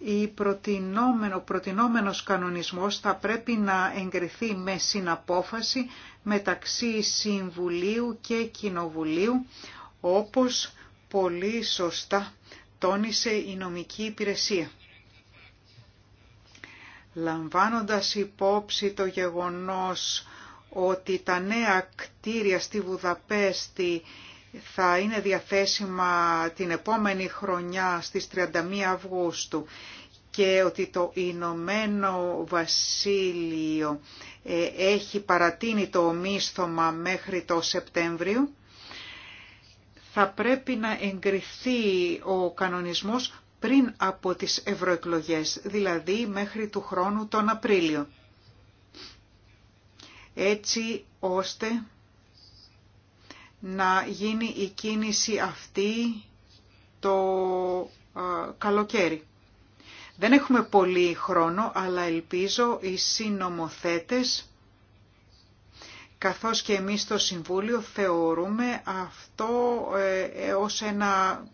Ο προτινόμενο, προτινόμενος κανονισμός θα πρέπει να εγκριθεί με συναπόφαση μεταξύ Συμβουλίου και Κοινοβουλίου, όπως πολύ σωστά τόνισε η νομική υπηρεσία λαμβάνοντας υπόψη το γεγονός ότι τα νέα κτίρια στη Βουδαπέστη θα είναι διαθέσιμα την επόμενη χρονιά στις 31 Αυγούστου και ότι το Ηνωμένο Βασίλειο ε, έχει παρατείνει το ομίσθωμα μέχρι το Σεπτέμβριο, θα πρέπει να εγκριθεί ο κανονισμός πριν από τις ευρωεκλογές, δηλαδή μέχρι του χρόνου τον Απρίλιο. Έτσι ώστε να γίνει η κίνηση αυτή το καλοκαίρι. Δεν έχουμε πολύ χρόνο, αλλά ελπίζω οι συνομοθέτες, καθώς και εμείς στο Συμβούλιο, θεωρούμε αυτό ε, ως ένα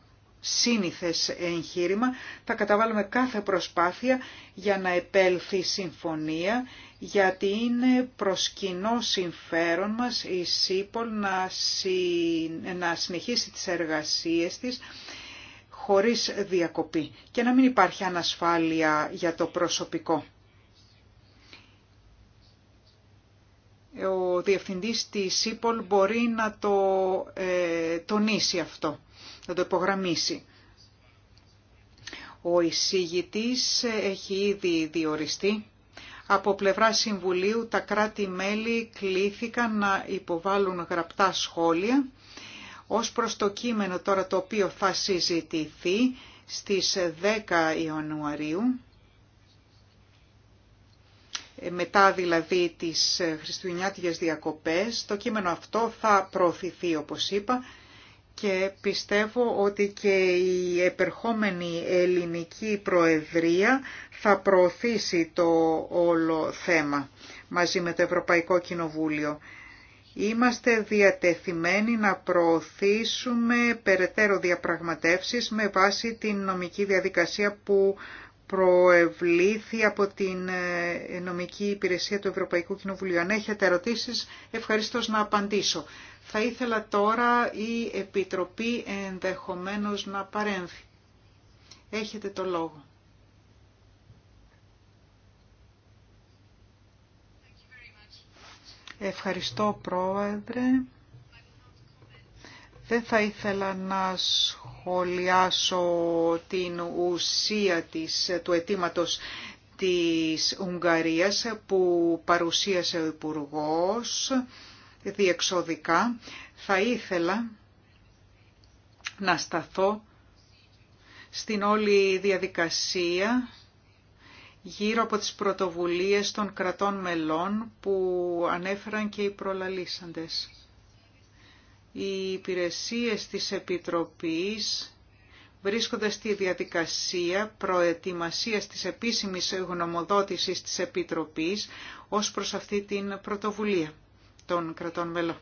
σύνηθες εγχείρημα. Θα καταβάλουμε κάθε προσπάθεια για να επέλθει συμφωνία, γιατί είναι προς κοινό συμφέρον μας η ΣΥΠΟΛ να, να συνεχίσει τις εργασίες της χωρίς διακοπή και να μην υπάρχει ανασφάλεια για το προσωπικό. Ο διευθυντής της ΣΥΠΟΛ μπορεί να το ε, τονίσει αυτό να το υπογραμμίσει. Ο εισηγητής έχει ήδη διοριστεί. Από πλευρά Συμβουλίου τα κράτη-μέλη κλήθηκαν να υποβάλουν γραπτά σχόλια ως προς το κείμενο τώρα το οποίο θα συζητηθεί στις 10 Ιανουαρίου, ε, μετά δηλαδή τις χριστουγεννιάτικες διακοπές, το κείμενο αυτό θα προωθηθεί όπως είπα και πιστεύω ότι και η επερχόμενη ελληνική προεδρία θα προωθήσει το όλο θέμα μαζί με το Ευρωπαϊκό Κοινοβούλιο. Είμαστε διατεθειμένοι να προωθήσουμε περαιτέρω διαπραγματεύσεις με βάση την νομική διαδικασία που προευλήθη από την ε, νομική υπηρεσία του Ευρωπαϊκού Κοινοβουλίου. Αν έχετε ερωτήσεις, ευχαριστώ να απαντήσω. Θα ήθελα τώρα η Επιτροπή ενδεχομένως να παρέμβει. Έχετε το λόγο. Ευχαριστώ πρόεδρε. Δεν θα ήθελα να σχολιάσω την ουσία της, του αιτήματο της Ουγγαρίας που παρουσίασε ο Υπουργός διεξοδικά. Θα ήθελα να σταθώ στην όλη διαδικασία γύρω από τις πρωτοβουλίες των κρατών μελών που ανέφεραν και οι προλαλήσαντες. Οι υπηρεσίες της Επιτροπής βρίσκονται στη διαδικασία προετοιμασίας της επίσημης γνωμοδότησης της Επιτροπής ως προς αυτή την πρωτοβουλία των κρατών μελών.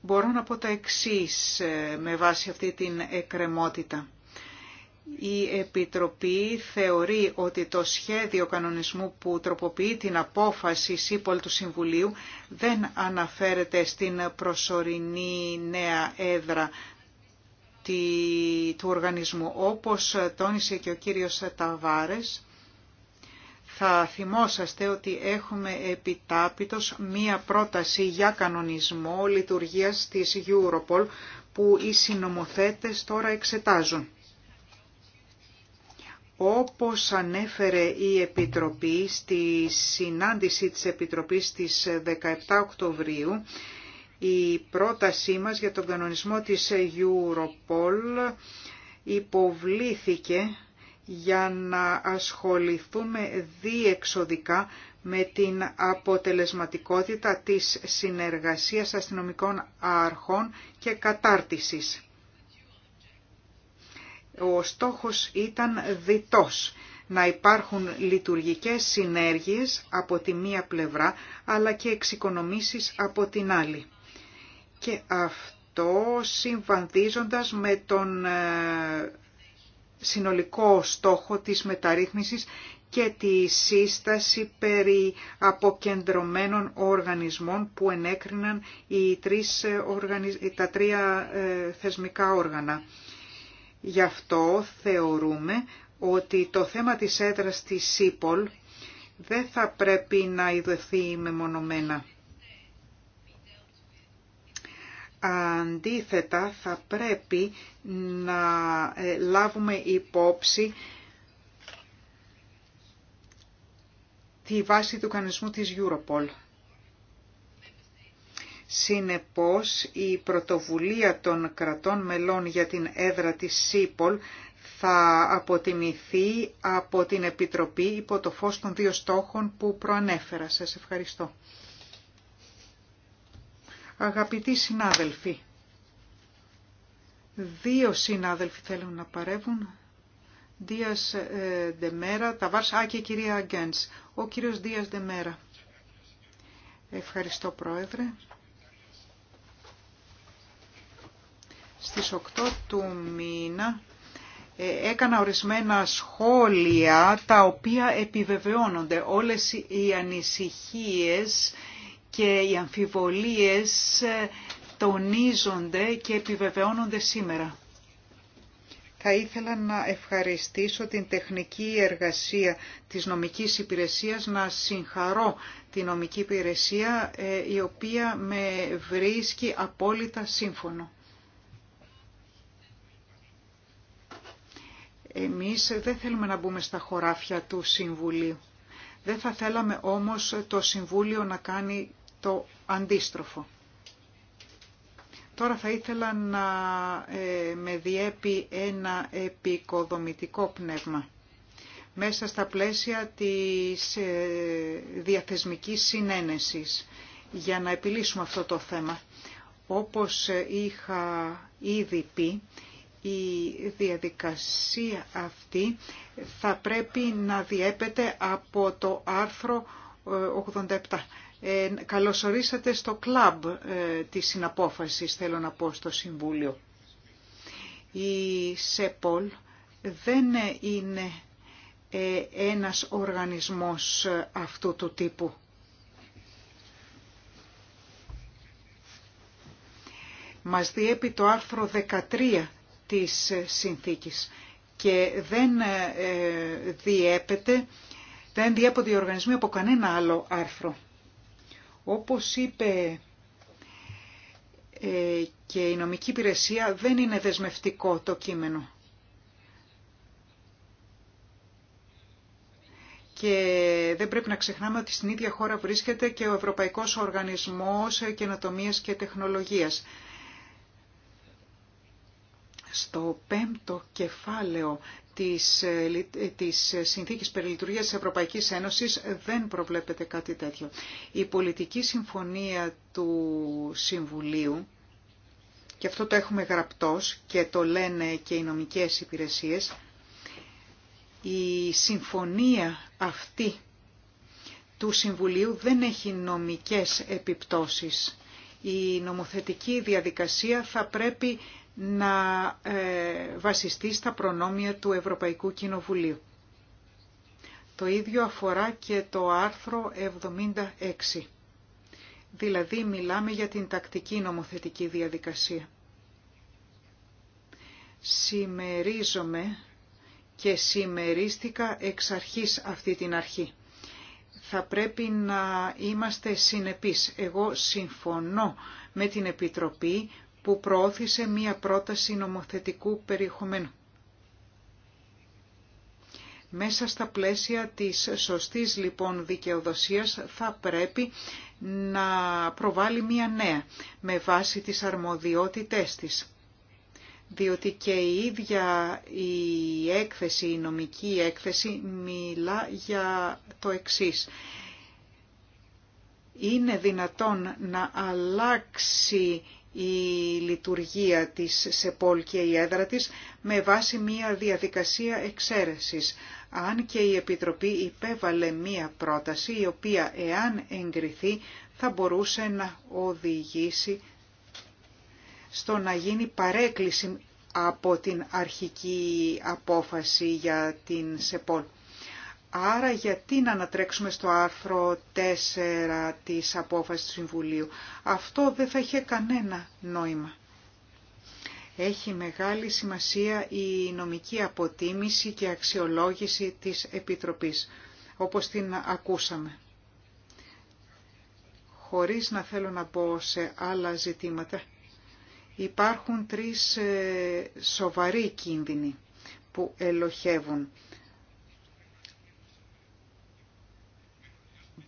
Μπορώ να πω τα εξής ε, με βάση αυτή την εκκρεμότητα. Η Επιτροπή θεωρεί ότι το σχέδιο κανονισμού που τροποποιεί την απόφαση ΣΥΠΟΛ του Συμβουλίου δεν αναφέρεται στην προσωρινή νέα έδρα του οργανισμού, όπως τόνισε και ο κύριος Ταβάρες θα θυμόσαστε ότι έχουμε επιτάπητος μία πρόταση για κανονισμό λειτουργίας της Europol που οι συνομοθέτες τώρα εξετάζουν. Όπως ανέφερε η Επιτροπή στη συνάντηση της Επιτροπής της 17 Οκτωβρίου, η πρότασή μας για τον κανονισμό της Europol υποβλήθηκε για να ασχοληθούμε διεξοδικά με την αποτελεσματικότητα της συνεργασίας αστυνομικών αρχών και κατάρτισης. Ο στόχος ήταν διτός να υπάρχουν λειτουργικές συνέργειες από τη μία πλευρά, αλλά και εξοικονομήσεις από την άλλη. Και αυτό συμφαντίζοντας με τον ε, συνολικό στόχο της μεταρρύθμισης και τη σύσταση περί αποκεντρωμένων οργανισμών που ενέκριναν οι τρεις, ε, τα τρία ε, θεσμικά όργανα. Γι' αυτό θεωρούμε ότι το θέμα της έδρας της ΣΥΠΟΛ δεν θα πρέπει να ειδωθεί μεμονωμένα. Αντίθετα, θα πρέπει να ε, λάβουμε υπόψη τη βάση του κανονισμού της Europol. Συνεπώς, η πρωτοβουλία των κρατών μελών για την έδρα της ΣΥΠΟΛ θα αποτιμηθεί από την Επιτροπή υπό το φως των δύο στόχων που προανέφερα. Σας ευχαριστώ. Αγαπητοί συνάδελφοι, δύο συνάδελφοι θέλουν να παρεύουν. Δία ε, Δεμέρα, τα Βάρσα και η κυρία Αγγέντς. Ο κύριος Δία Δεμέρα. Ευχαριστώ Πρόεδρε. Στις 8 του μήνα ε, έκανα ορισμένα σχόλια τα οποία επιβεβαιώνονται όλες οι ανησυχίες και οι αμφιβολίες ε, τονίζονται και επιβεβαιώνονται σήμερα. Θα ήθελα να ευχαριστήσω την τεχνική εργασία της νομικής υπηρεσίας, να συγχαρώ την νομική υπηρεσία ε, η οποία με βρίσκει απόλυτα σύμφωνο. Εμείς δεν θέλουμε να μπούμε στα χωράφια του Συμβουλίου. Δεν θα θέλαμε όμως το Συμβούλιο να κάνει το αντίστροφο. Τώρα θα ήθελα να ε, με διέπει ένα επικοδομητικό πνεύμα μέσα στα πλαίσια της ε, διαθεσμικής συνένεσης για να επιλύσουμε αυτό το θέμα. Όπως ε, είχα ήδη πει, η διαδικασία αυτή θα πρέπει να διέπεται από το άρθρο 87 ε, ε, καλωσορίσατε στο κλαμπ ε, της συναπόφασης, θέλω να πω, στο Συμβούλιο. Η ΣΕΠΟΛ δεν είναι ε, ένας οργανισμός ε, αυτού του τύπου. Μας διέπει το άρθρο 13 της συνθήκης και δεν διέπεται, δεν διέπονται οι οργανισμοί από κανένα άλλο άρθρο. Όπως είπε ε, και η νομική υπηρεσία δεν είναι δεσμευτικό το κείμενο. Και δεν πρέπει να ξεχνάμε ότι στην ίδια χώρα βρίσκεται και ο Ευρωπαϊκός Οργανισμός καινοτομία και Τεχνολογίας. Στο πέμπτο κεφάλαιο της, ε, της Συνθήκης Περιλειτουργίας της Ευρωπαϊκής Ένωσης δεν προβλέπεται κάτι τέτοιο. Η πολιτική συμφωνία του Συμβουλίου, και αυτό το έχουμε γραπτός και το λένε και οι νομικές υπηρεσίες, η συμφωνία αυτή του Συμβουλίου δεν έχει νομικές επιπτώσεις. Η νομοθετική διαδικασία θα πρέπει να ε, βασιστεί στα προνόμια του Ευρωπαϊκού Κοινοβουλίου. Το ίδιο αφορά και το άρθρο 76. Δηλαδή μιλάμε για την τακτική νομοθετική διαδικασία. Σημερίζομαι και σημερίστηκα εξ αρχής αυτή την αρχή. Θα πρέπει να είμαστε συνεπείς. Εγώ συμφωνώ με την Επιτροπή που προώθησε μία πρόταση νομοθετικού περιεχομένου. Μέσα στα πλαίσια της σωστής λοιπόν δικαιοδοσίας θα πρέπει να προβάλλει μία νέα με βάση τις αρμοδιότητές της. Διότι και η ίδια η έκθεση, η νομική έκθεση μιλά για το εξής. Είναι δυνατόν να αλλάξει η λειτουργία της ΣΕΠΟΛ και η έδρα της με βάση μια διαδικασία εξαίρεσης. Αν και η Επιτροπή υπέβαλε μια πρόταση η οποία εάν εγκριθεί θα μπορούσε να οδηγήσει στο να γίνει παρέκκληση από την αρχική απόφαση για την ΣΕΠΟΛ. Άρα γιατί να ανατρέξουμε στο άρθρο 4 της απόφασης του Συμβουλίου. Αυτό δεν θα είχε κανένα νόημα. Έχει μεγάλη σημασία η νομική αποτίμηση και αξιολόγηση της Επιτροπής, όπως την ακούσαμε. Χωρίς να θέλω να πω σε άλλα ζητήματα, υπάρχουν τρεις ε, σοβαροί κίνδυνοι που ελοχεύουν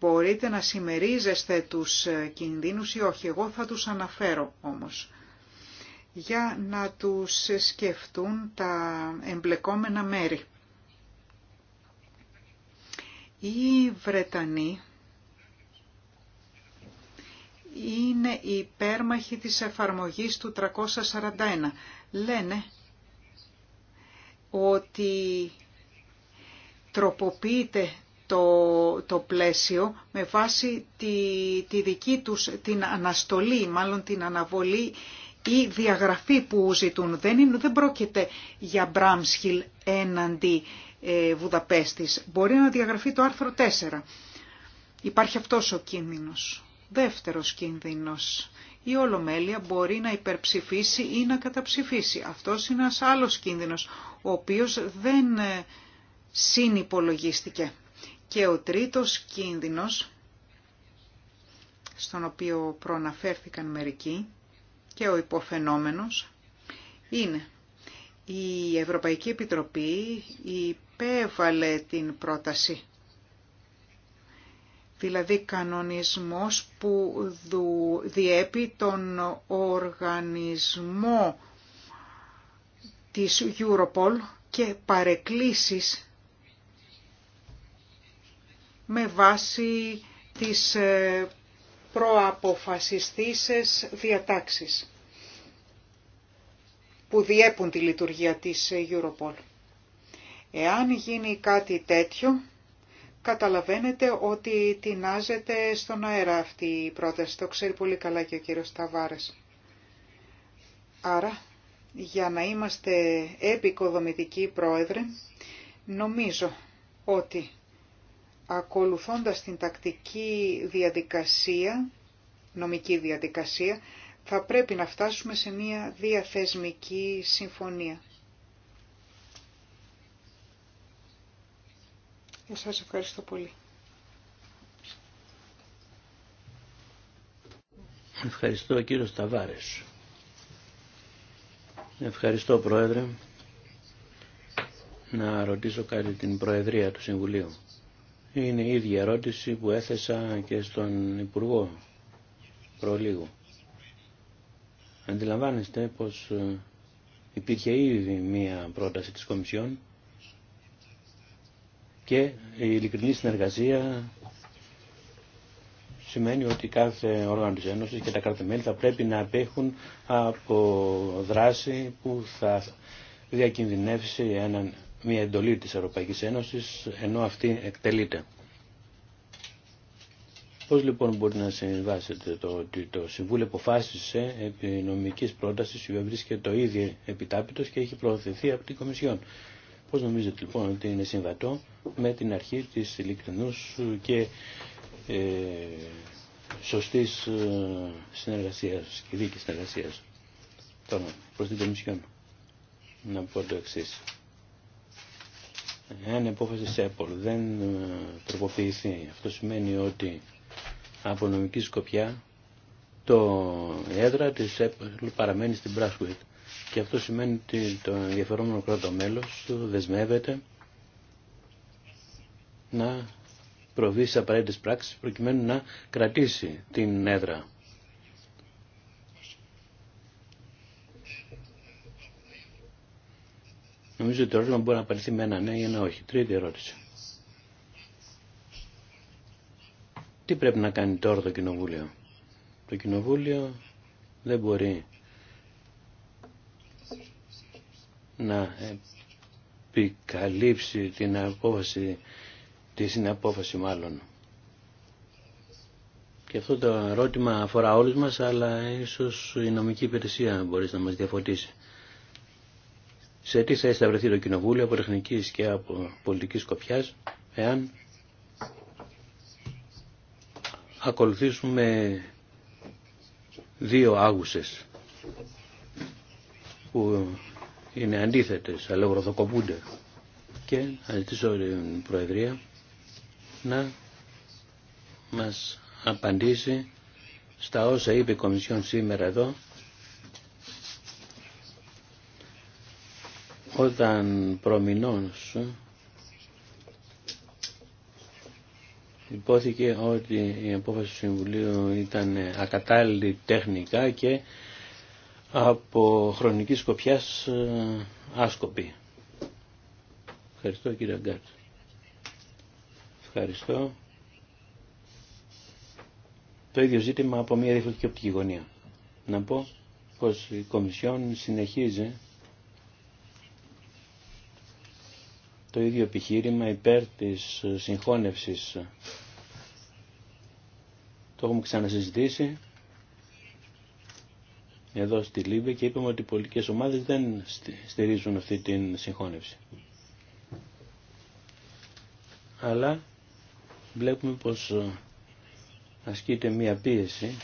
μπορείτε να συμμερίζεστε τους κινδύνους ή όχι. Εγώ θα τους αναφέρω όμως για να τους σκεφτούν τα εμπλεκόμενα μέρη. Οι Βρετανοί είναι η υπέρμαχοι της εφαρμογής του 341. Λένε ότι τροποποιείται το, το πλαίσιο με βάση τη, τη δική τους την αναστολή, μάλλον την αναβολή ή διαγραφή που ζητούν. Δεν, είναι, δεν πρόκειται για Μπράμσχιλ έναντι ε, Βουδαπέστης. Μπορεί να διαγραφεί το άρθρο 4. Υπάρχει αυτός ο κίνδυνος. Δεύτερος κίνδυνος. Η Ολομέλεια μπορεί να υπερψηφίσει ή να καταψηφίσει. Αυτός είναι ένας άλλος κίνδυνος, ο οποίος δεν ε, συνυπολογίστηκε. Και ο τρίτος κίνδυνος, στον οποίο προαναφέρθηκαν μερικοί, και ο υποφαινόμενος, είναι η Ευρωπαϊκή Επιτροπή υπέβαλε την πρόταση. Δηλαδή κανονισμός που διέπει τον οργανισμό της Europol και παρεκκλήσεις με βάση τις ε, προαποφασιστήσεις διατάξεις που διέπουν τη λειτουργία της ε, Europol. Εάν γίνει κάτι τέτοιο, καταλαβαίνετε ότι τεινάζεται στον αέρα αυτή η πρόταση. Το ξέρει πολύ καλά και ο κύριος Ταβάρες. Άρα, για να είμαστε επικοδομητικοί πρόεδρε, νομίζω ότι ακολουθώντας την τακτική διαδικασία, νομική διαδικασία, θα πρέπει να φτάσουμε σε μια διαθεσμική συμφωνία. Σας ευχαριστώ πολύ. Ευχαριστώ κύριο Σταβάρες. Ευχαριστώ Πρόεδρε. Να ρωτήσω κάτι την Προεδρία του Συμβουλίου. Είναι η ίδια ερώτηση που έθεσα και στον Υπουργό προλίγου. Αντιλαμβάνεστε πως ε, υπήρχε ήδη μία πρόταση της Κομισιόν και η ειλικρινή συνεργασία σημαίνει ότι κάθε όργανο της Ένωσης και τα κράτη-μέλη θα πρέπει να απέχουν από δράση που θα διακινδυνεύσει έναν μια εντολή της Ευρωπαϊκής Ένωσης ενώ αυτή εκτελείται. Πώς λοιπόν μπορεί να συμβάσετε το ότι το Συμβούλιο αποφάσισε επί νομικής πρότασης η βρίσκεται το ίδιο επιτάπητος και έχει προωθηθεί από την Κομισιόν. Πώς νομίζετε λοιπόν ότι είναι συμβατό με την αρχή της ειλικρινούς και ε, σωστής ε, συνεργασίας και δίκης συνεργασίας. Τώρα, προς την Κομισιόν. Να πω το εξής εάν η απόφαση ΣΕΠΟΛ δεν ε, τροποποιηθεί, αυτό σημαίνει ότι από νομική σκοπιά το έδρα της ΣΕΠΟΛ παραμένει στην Μπράσκουιτ. Και αυτό σημαίνει ότι το ενδιαφερόμενο κράτο μέλος δεσμεύεται να προβεί σε απαραίτητες πράξεις προκειμένου να κρατήσει την έδρα Νομίζω ότι το ερώτημα μπορεί να απαντηθεί με ένα ναι ή ένα όχι. Τρίτη ερώτηση. Τι πρέπει να κάνει τώρα το Κοινοβούλιο. Το Κοινοβούλιο δεν μπορεί να επικαλύψει την απόφαση, τη συναπόφαση μάλλον. Και αυτό το ερώτημα αφορά όλους μας, αλλά ίσως η νομική υπηρεσία μπορεί να μας διαφωτίσει σε τι θέση θα βρεθεί το Κοινοβούλιο από τεχνική και από πολιτική σκοπιά, εάν ακολουθήσουμε δύο άγουσες που είναι αντίθετες, αλλά Και θα ζητήσω την Προεδρία να μας απαντήσει στα όσα είπε η Κομισιόν σήμερα εδώ Όταν σου υπόθηκε ότι η απόφαση του Συμβουλίου ήταν ακατάλληλη τεχνικά και από χρονική σκοπιά ε, άσκοπη. Ευχαριστώ κύριε Αγκάτ. Ευχαριστώ. Το ίδιο ζήτημα από μια διαφορετική οπτική γωνία. Να πω πως η Κομισιόν συνεχίζει το ίδιο επιχείρημα υπέρ της συγχώνευσης. Το έχουμε ξανασυζητήσει εδώ στη Λίβη και είπαμε ότι οι πολιτικές ομάδες δεν στηρίζουν αυτή την συγχώνευση. Αλλά βλέπουμε πως ε, ασκείται μία πίεση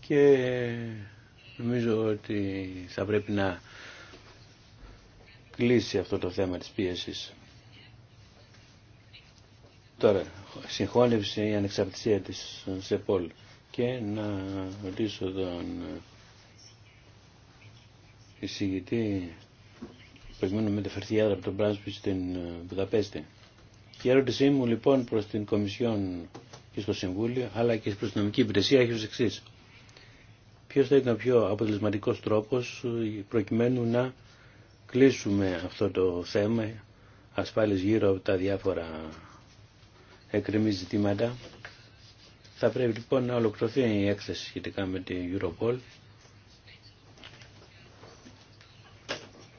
και νομίζω ότι θα πρέπει να κλείσει αυτό το θέμα της πίεσης. Τώρα, συγχώνευση ή ανεξαρτησία της ΣΕΠΟΛ και να ρωτήσω τον εισηγητή προκειμένου να μεταφερθεί από τον Πράσπη στην Βουδαπέστη. Η ερώτησή μου λοιπόν προς την Κομισιόν και στο Συμβούλιο αλλά και προς την νομική υπηρεσία έχει ως εξής ποιος θα ήταν ο πιο αποτελεσματικός τρόπος προκειμένου να κλείσουμε αυτό το θέμα ασφάλεις γύρω από τα διάφορα εκκρεμή ζητήματα. Θα πρέπει λοιπόν να ολοκληρωθεί η έκθεση σχετικά με την Europol.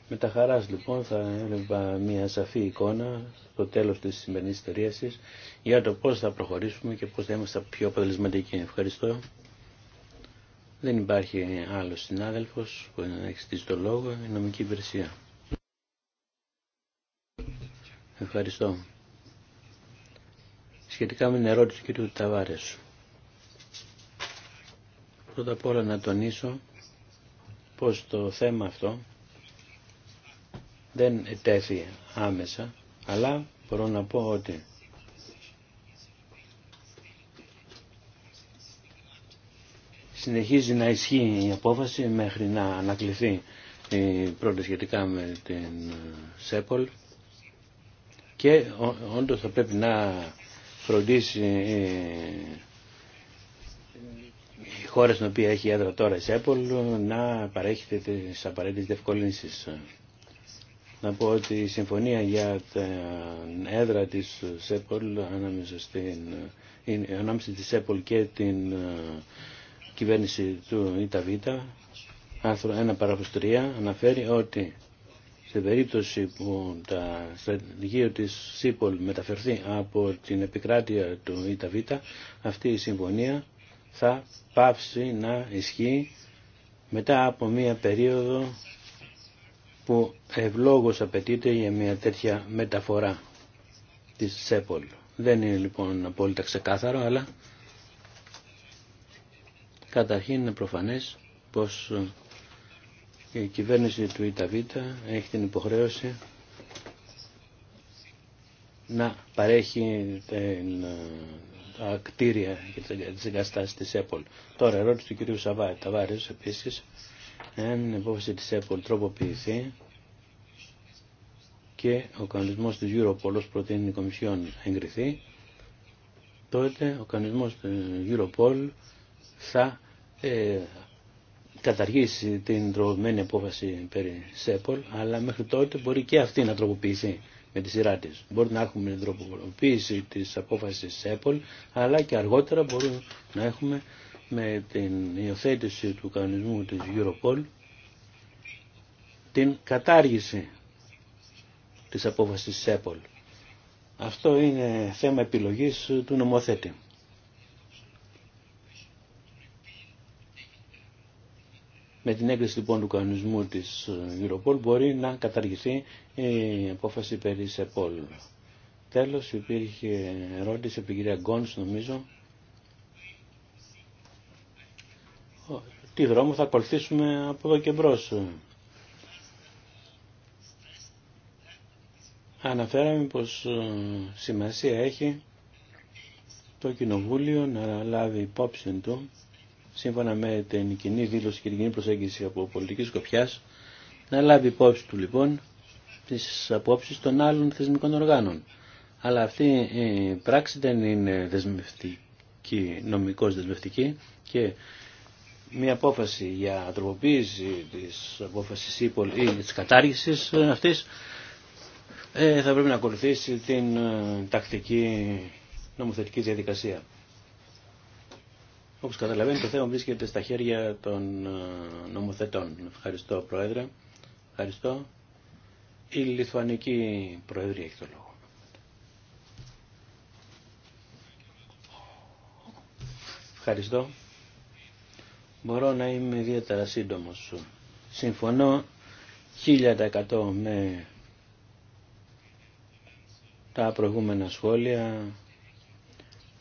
Με τα χαράς λοιπόν θα έλεγα μια σαφή εικόνα στο τέλος της σημερινής ιστορίας για το πώς θα προχωρήσουμε και πώς θα είμαστε πιο αποτελεσματικοί. Ευχαριστώ. Δεν υπάρχει άλλο συνάδελφο που να έχει στήσει το λόγο, η νομική υπηρεσία. Ευχαριστώ. Σχετικά με την ερώτηση του κ. Ταβάρες. Πρώτα απ' όλα να τονίσω πως το θέμα αυτό δεν ετέθη άμεσα, αλλά μπορώ να πω ότι συνεχίζει να ισχύει η απόφαση μέχρι να ανακληθεί η πρώτη σχετικά με την ε, ΣΕΠΟΛ και όντω θα πρέπει να φροντίσει ε, η χώρα στην οποία έχει έδρα τώρα η ΣΕΠΟΛ να παρέχεται τις απαραίτητες διευκολύνσεις. Να πω ότι η συμφωνία για την έδρα της ΣΕΠΟΛ ανάμεσα, στην, ε, ανάμεσα της ΣΕΠΟΛ και την κυβέρνηση του ΙΤΑΒ, άρθρο 1 παράγραφος 3, αναφέρει ότι σε περίπτωση που τα στρατηγείο της ΣΥΠΟΛ μεταφερθεί από την επικράτεια του ΙΤΑΒ, αυτή η συμφωνία θα πάψει να ισχύει μετά από μία περίοδο που ευλόγως απαιτείται για μια τέτοια μεταφορά της ΣΕΠΟΛ. Δεν είναι λοιπόν απόλυτα ξεκάθαρο, αλλά Καταρχήν είναι προφανές πως ε, η κυβέρνηση του ΙΤΑΒ έχει την υποχρέωση να παρέχει ε, τα κτίρια και τις εγκαστάσεις της ΕΠΟΛ. Τώρα ερώτηση του κ. Ταβάρης επίσης, εάν η υπόφαση της ΕΠΟΛ τροποποιηθεί και ο κανονισμός της Europol ως προτείνει η Κομισιόν εγκριθεί, τότε ο κανονισμός της Europol θα ε, καταργήσει την τροποποιημένη απόφαση περί ΣΕΠΟΛ, αλλά μέχρι τότε μπορεί και αυτή να τροποποιηθεί με τη σειρά τη. Μπορεί να έχουμε την τροποποίηση τη απόφαση ΣΕΠΟΛ, αλλά και αργότερα μπορούμε να έχουμε με την υιοθέτηση του κανονισμού της Europol την κατάργηση της απόφασης ΣΕΠΟΛ. Αυτό είναι θέμα επιλογής του νομοθέτη. Με την έγκριση λοιπόν του κανονισμού της ε, Europol μπορεί να καταργηθεί η απόφαση περί ΣΕΠΟΛ. Τέλος υπήρχε ερώτηση από την κυρία Γκόνς νομίζω. Τι δρόμο θα ακολουθήσουμε από εδώ και μπρος. Αναφέραμε πως ε, σημασία έχει το Κοινοβούλιο να λάβει υπόψη του σύμφωνα με την κοινή δήλωση και την κοινή προσέγγιση από πολιτική σκοπιά, να λάβει υπόψη του λοιπόν τις απόψει των άλλων θεσμικών οργάνων. Αλλά αυτή η πράξη δεν είναι δεσμευτική, νομικώς δεσμευτική και μια απόφαση για τροποποίηση της απόφασης ή της κατάργησης αυτής ε, θα πρέπει να ακολουθήσει την ε, τακτική νομοθετική διαδικασία. Όπως καταλαβαίνετε, το θέμα βρίσκεται στα χέρια των ε, νομοθετών. Ευχαριστώ Πρόεδρε. Ευχαριστώ. Η Λιθουανική Προεδρία έχει το λόγο. Ευχαριστώ. Μπορώ να είμαι ιδιαίτερα σύντομος. Συμφωνώ 1000% με τα προηγούμενα σχόλια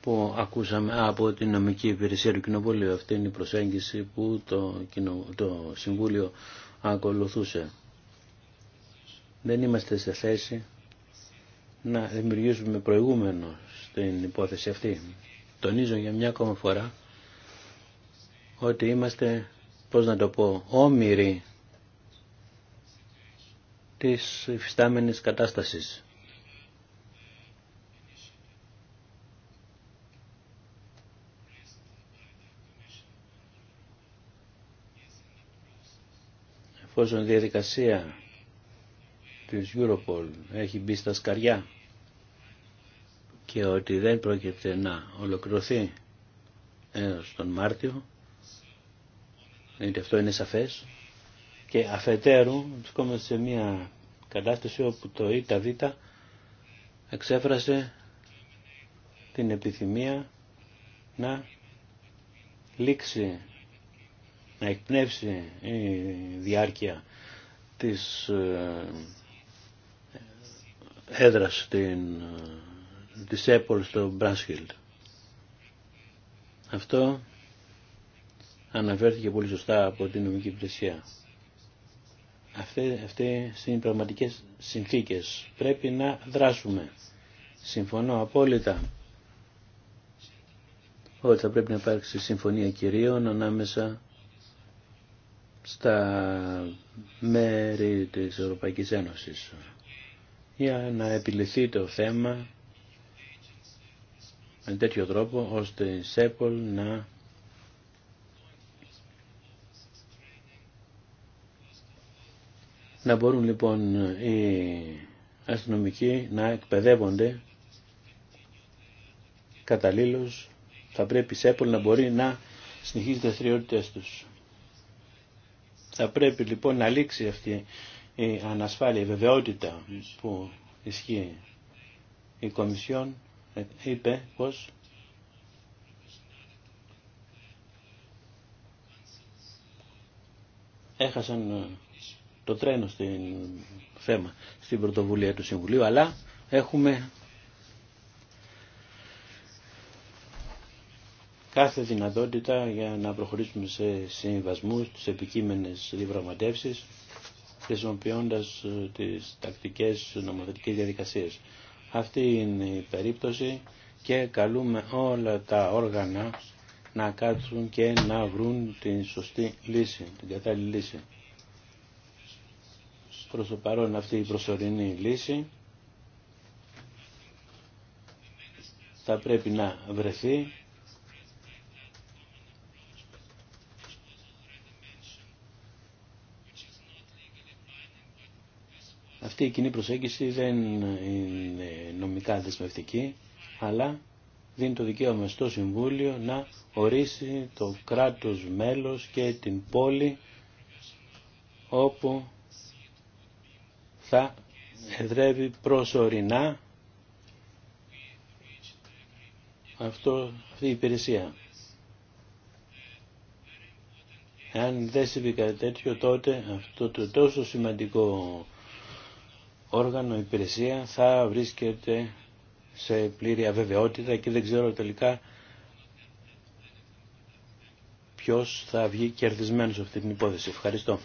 που ακούσαμε από την νομική υπηρεσία του Κοινοβουλίου. Αυτή είναι η προσέγγιση που το, κοινο, το Συμβούλιο ακολουθούσε. Δεν είμαστε σε θέση να δημιουργήσουμε προηγούμενο στην υπόθεση αυτή. Τονίζω για μια ακόμα φορά ότι είμαστε, πώς να το πω, όμοιροι της υφιστάμενης κατάστασης. πως η διαδικασία της Europol έχει μπει στα σκαριά και ότι δεν πρόκειται να ολοκληρωθεί έως τον Μάρτιο, γιατί αυτό είναι σαφές, και αφετέρου βρισκόμαστε σε μια κατάσταση όπου το ΙΤΑΒ εξέφρασε την επιθυμία να λήξει να εκπνεύσει η διάρκεια της ε, έδρας τη ε, της Apple στο Μπράσχιλτ. Αυτό αναφέρθηκε πολύ σωστά από την νομική υπηρεσία. Αυτές, είναι οι πραγματικές συνθήκες. Πρέπει να δράσουμε. Συμφωνώ απόλυτα ότι θα πρέπει να υπάρξει συμφωνία κυρίων ανάμεσα στα μέρη της Ευρωπαϊκής Ένωσης για να επιληθεί το θέμα με τέτοιο τρόπο ώστε η ΣΕΠΟΛ να να μπορούν λοιπόν οι αστυνομικοί να εκπαιδεύονται καταλήλως θα πρέπει η ΣΕΠΟΛ να μπορεί να συνεχίζει τις δραστηριότητε τους. Θα πρέπει λοιπόν να λήξει αυτή η ανασφάλεια, η βεβαιότητα που ισχύει. Η Κομισιόν είπε πως έχασαν το τρένο στην θέμα, στην πρωτοβουλία του Συμβουλίου, αλλά έχουμε κάθε δυνατότητα για να προχωρήσουμε σε συμβασμού τους επικείμενες διαπραγματεύσεις, χρησιμοποιώντα ε, τις τακτικές νομοθετικές διαδικασίες. Αυτή είναι η περίπτωση και καλούμε όλα τα όργανα να κάτσουν και να βρουν την σωστή λύση, την κατάλληλη λύση. Προς το παρόν αυτή η προσωρινή λύση θα πρέπει να βρεθεί Αυτή η κοινή προσέγγιση δεν είναι νομικά δεσμευτική, αλλά δίνει το δικαίωμα στο Συμβούλιο να ορίσει το κράτος μέλος και την πόλη όπου θα εδρεύει προσωρινά αυτό, αυτή η υπηρεσία. Εάν δεν συμβεί κάτι τέτοιο, τότε αυτό το τόσο σημαντικό όργανο, υπηρεσία θα βρίσκεται σε πλήρη αβεβαιότητα και δεν ξέρω τελικά ποιος θα βγει κερδισμένος αυτή την υπόθεση. Ευχαριστώ.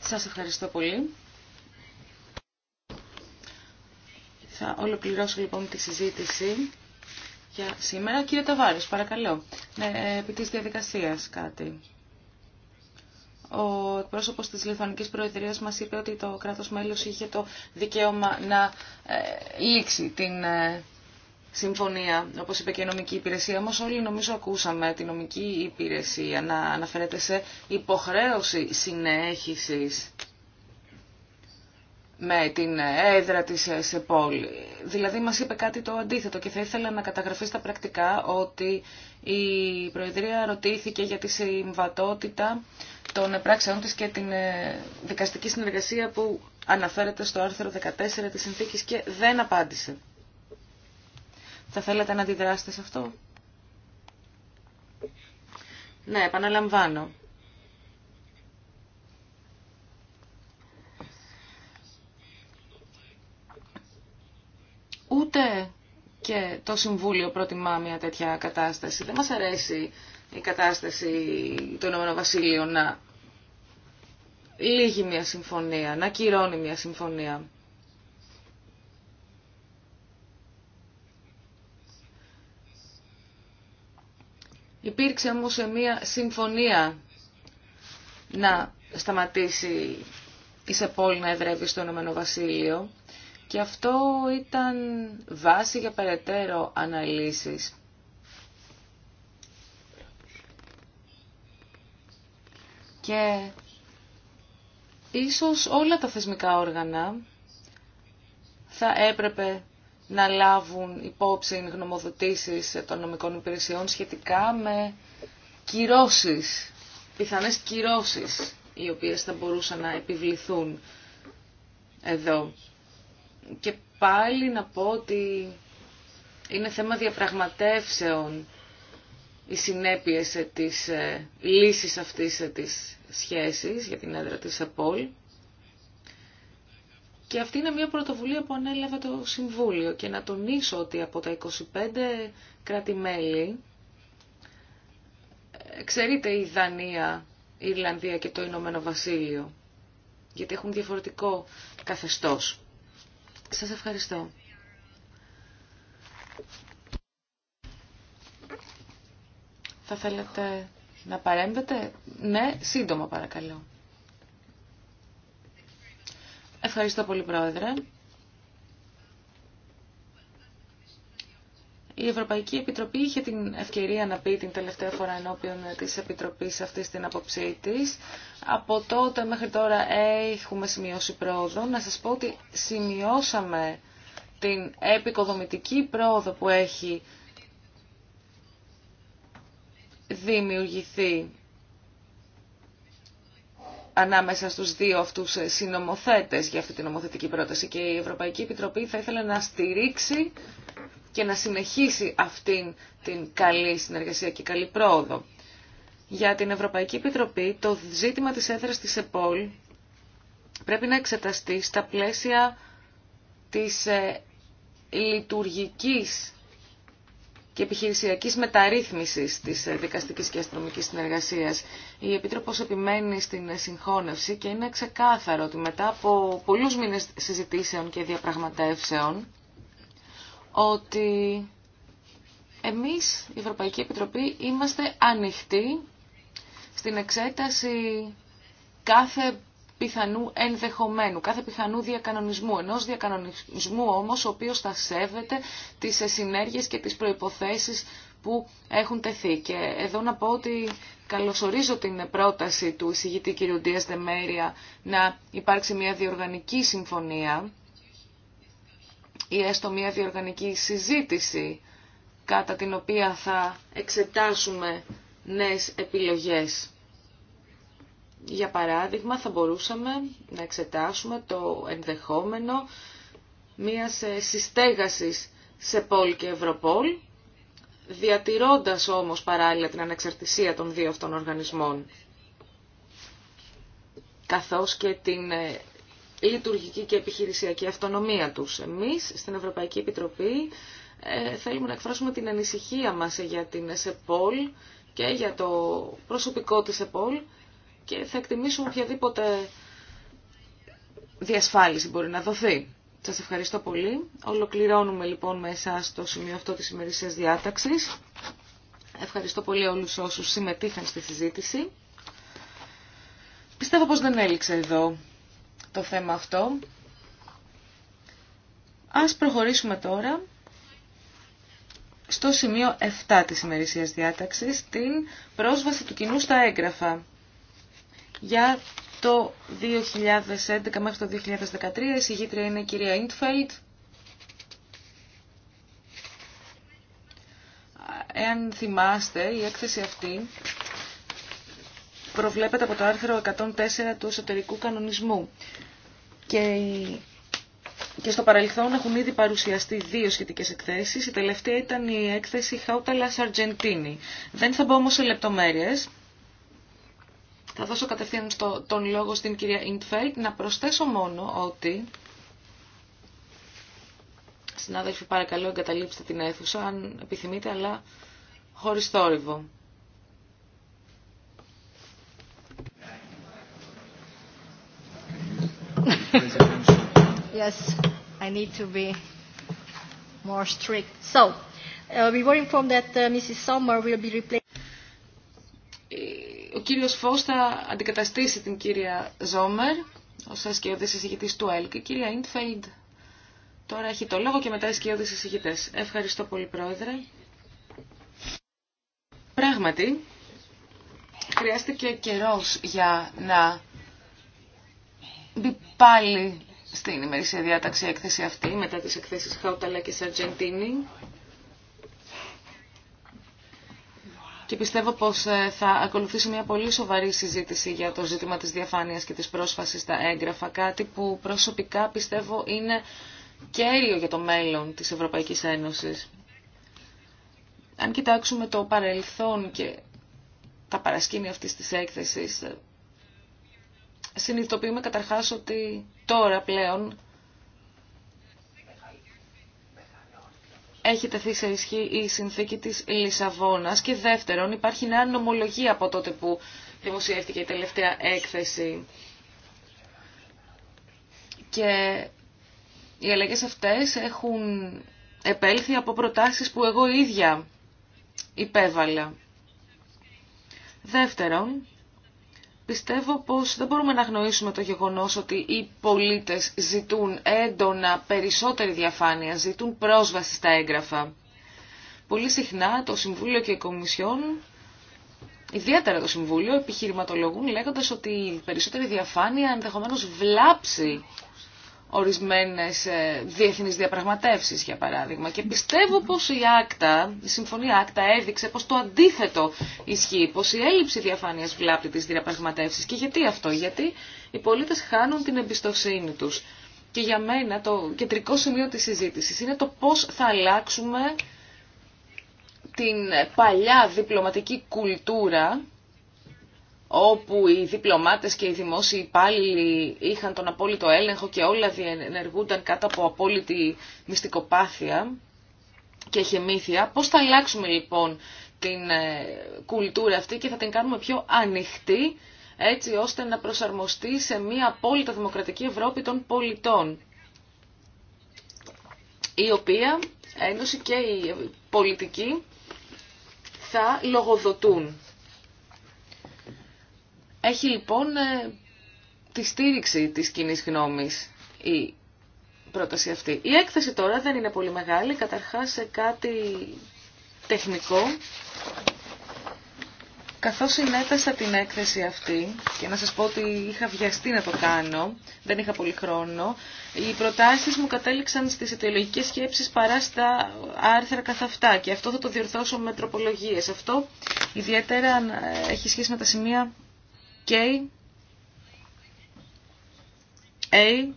Σας ευχαριστώ πολύ. Θα ολοκληρώσω λοιπόν τη συζήτηση για σήμερα. Κύριε Ταβάρης, παρακαλώ, ναι, επί της διαδικασίας κάτι. Ο εκπρόσωπος της Λιθουανικής Προεδρίας μας είπε ότι το κράτος μέλος είχε το δικαίωμα να ε, λήξει την ε, συμφωνία, όπως είπε και η νομική υπηρεσία. Όμως όλοι νομίζω ακούσαμε τη νομική υπηρεσία να αναφέρεται σε υποχρέωση συνέχισης με την έδρα της σε πόλη. Δηλαδή μας είπε κάτι το αντίθετο και θα ήθελα να καταγραφεί στα πρακτικά ότι η Προεδρία ρωτήθηκε για τη συμβατότητα των πράξεών της και την ε, δικαστική συνεργασία που αναφέρεται στο άρθρο 14 της συνθήκης και δεν απάντησε. Θα θέλατε να αντιδράσετε σε αυτό. Ναι, επαναλαμβάνω. Ούτε και το Συμβούλιο προτιμά μια τέτοια κατάσταση. Δεν μας αρέσει η κατάσταση του Ηνωμένου Βασίλειου να λύγει μια συμφωνία, να κυρώνει μια συμφωνία. Υπήρξε όμως μια συμφωνία να σταματήσει η Σεπόλ να εδρεύει στο Ηνωμένο Βασίλειο και αυτό ήταν βάση για περαιτέρω αναλύσεις. Και ίσως όλα τα θεσμικά όργανα θα έπρεπε να λάβουν υπόψη γνωμοδοτήσεις των νομικών υπηρεσιών σχετικά με κυρώσεις, πιθανές κυρώσεις οι οποίες θα μπορούσαν να επιβληθούν εδώ και πάλι να πω ότι είναι θέμα διαπραγματεύσεων οι συνέπειες της ε, λύσης αυτής ε, της σχέσης για την έδρα της ΕΠΟΛ. Και αυτή είναι μια πρωτοβουλία που ανέλαβε το Συμβούλιο και να τονίσω ότι από τα 25 κράτη-μέλη, ε, ξέρετε η Δανία, η Ιρλανδία και το Ηνωμένο Βασίλειο, γιατί έχουν διαφορετικό καθεστώς. Σας ευχαριστώ. Θα θέλετε να παρέμβετε. Ναι, σύντομα παρακαλώ. Ευχαριστώ πολύ, Πρόεδρε. η Ευρωπαϊκή Επιτροπή είχε την ευκαιρία να πει την τελευταία φορά ενώπιον της Επιτροπής αυτή την αποψή της. Από τότε μέχρι τώρα έχουμε σημειώσει πρόοδο. Να σας πω ότι σημειώσαμε την επικοδομητική πρόοδο που έχει δημιουργηθεί ανάμεσα στους δύο αυτούς συνομοθέτες για αυτή την νομοθετική πρόταση και η Ευρωπαϊκή Επιτροπή θα ήθελε να στηρίξει και να συνεχίσει αυτήν την καλή συνεργασία και καλή πρόοδο. Για την Ευρωπαϊκή Επιτροπή το ζήτημα της έδρας της ΕΠΟΛ πρέπει να εξεταστεί στα πλαίσια της ε, λειτουργικής και επιχειρησιακής μεταρρύθμισης της ε, δικαστικής και αστυνομικής συνεργασίας. Η Επίτροπος επιμένει στην ε, συγχώνευση και είναι ξεκάθαρο ότι μετά από πολλούς μήνες συζητήσεων και διαπραγματεύσεων ότι εμείς, η Ευρωπαϊκή Επιτροπή, είμαστε ανοιχτοί στην εξέταση κάθε πιθανού ενδεχομένου, κάθε πιθανού διακανονισμού, ενός διακανονισμού όμως ο οποίος θα σέβεται τις συνέργειες και τις προϋποθέσεις που έχουν τεθεί. Και εδώ να πω ότι καλωσορίζω την πρόταση του εισηγητή κ. Ντίας Δεμέρια να υπάρξει μια διοργανική συμφωνία ή έστω μια διοργανική συζήτηση κατά την οποία θα εξετάσουμε νέες επιλογές. Για παράδειγμα, θα μπορούσαμε να εξετάσουμε το ενδεχόμενο μιας ε, συστέγασης σε Πολ και Ευρωπόλ, διατηρώντας όμως παράλληλα την ανεξαρτησία των δύο αυτών οργανισμών, καθώς και την ε, λειτουργική και επιχειρησιακή αυτονομία τους. Εμείς στην Ευρωπαϊκή Επιτροπή ε, θέλουμε να εκφράσουμε την ανησυχία μας για την ΕΣΕΠΟΛ και για το προσωπικό της ΕΠΟΛ και θα εκτιμήσουμε οποιαδήποτε διασφάλιση μπορεί να δοθεί. Σας ευχαριστώ πολύ. Ολοκληρώνουμε λοιπόν με εσάς το σημείο αυτό της ημερησίας διάταξης. Ευχαριστώ πολύ όλους όσους συμμετείχαν στη συζήτηση. Πιστεύω πως δεν έληξε εδώ το θέμα αυτό. Ας προχωρήσουμε τώρα στο σημείο 7 της ημερησίας διάταξης, την πρόσβαση του κοινού στα έγγραφα. Για το 2011 μέχρι το 2013 η συγγήτρια είναι η κυρία Ιντφέλτ. Εάν θυμάστε, η έκθεση αυτή προβλέπεται από το άρθρο 104 του εσωτερικού κανονισμού. Και, και στο παρελθόν έχουν ήδη παρουσιαστεί δύο σχετικές εκθέσεις. Η τελευταία ήταν η έκθεση Χάουταλα Αργεντίνη. Δεν θα μπω όμως σε λεπτομέρειες. Θα δώσω κατευθείαν στο, τον λόγο στην κυρία Ιντφέλτ να προσθέσω μόνο ότι... Συνάδελφοι, παρακαλώ εγκαταλείψτε την αίθουσα αν επιθυμείτε, αλλά χωρίς θόρυβο. Yes, I need to be more strict. So, uh, we were informed that uh, Mrs. Sommer will be replaced. Ο κύριος Φως θα αντικαταστήσει την κυρία Ζόμερ, ο σκιώδης εισηγητής του ΑΕΛ και η κυρία Ιντφέιντ Τώρα έχει το λόγο και μετά οι σκιώδεις εισηγητές. Ευχαριστώ πολύ πρόεδρε. Πράγματι, χρειάστηκε καιρός για να μπει πάλι στην ημερήσια διάταξη έκθεση αυτή μετά τις εκθέσεις Χαουταλά και Σαρτζεντίνη. Και πιστεύω πως ε, θα ακολουθήσει μια πολύ σοβαρή συζήτηση για το ζήτημα της διαφάνειας και της πρόσφασης στα έγγραφα, κάτι που προσωπικά πιστεύω είναι κέριο για το μέλλον της Ευρωπαϊκής Ένωσης. Αν κοιτάξουμε το παρελθόν και τα παρασκήνια αυτής της έκθεσης, συνειδητοποιούμε καταρχάς ότι τώρα πλέον έχει τεθεί σε ισχύ η συνθήκη της Λισαβόνας και δεύτερον υπάρχει νέα νομολογία από τότε που δημοσιεύτηκε η τελευταία έκθεση. Και οι αλλαγές αυτές έχουν επέλθει από προτάσεις που εγώ ίδια υπέβαλα. Δεύτερον, Πιστεύω πως δεν μπορούμε να γνωρίσουμε το γεγονός ότι οι πολίτες ζητούν έντονα περισσότερη διαφάνεια, ζητούν πρόσβαση στα έγγραφα. Πολύ συχνά το Συμβούλιο και η Κομισιόν, ιδιαίτερα το Συμβούλιο, επιχειρηματολογούν λέγοντας ότι η περισσότερη διαφάνεια ενδεχομένως βλάψει ορισμένες ε, διεθνείς διαπραγματεύσεις, για παράδειγμα. Και πιστεύω πως η άκτα, η συμφωνία άκτα έδειξε πως το αντίθετο ισχύει, πως η έλλειψη διαφάνειας βλάπτει τις διαπραγματεύσεις. Και γιατί αυτό, γιατί οι πολίτες χάνουν την εμπιστοσύνη τους. Και για μένα το κεντρικό σημείο της συζήτησης είναι το πώς θα αλλάξουμε την παλιά διπλωματική κουλτούρα όπου οι διπλωμάτες και οι δημόσιοι υπάλληλοι είχαν τον απόλυτο έλεγχο και όλα διενεργούνταν κάτω από απόλυτη μυστικοπάθεια και χεμήθεια. Πώς θα αλλάξουμε λοιπόν την ε, κουλτούρα αυτή και θα την κάνουμε πιο ανοιχτή έτσι ώστε να προσαρμοστεί σε μια απόλυτα δημοκρατική Ευρώπη των πολιτών η οποία ένωση και οι πολιτική θα λογοδοτούν. Έχει λοιπόν ε, τη στήριξη της κοινή γνώμης η πρόταση αυτή. Η έκθεση τώρα δεν είναι πολύ μεγάλη, καταρχάς σε κάτι τεχνικό. Καθώς συνέτασα την έκθεση αυτή, και να σας πω ότι είχα βιαστεί να το κάνω, δεν είχα πολύ χρόνο, οι προτάσεις μου κατέληξαν στις αιτιολογικές σκέψεις παρά στα άρθρα καθ' αυτά και αυτό θα το διορθώσω με τροπολογίες. Αυτό ιδιαίτερα ε, έχει σχέση με τα σημεία και, A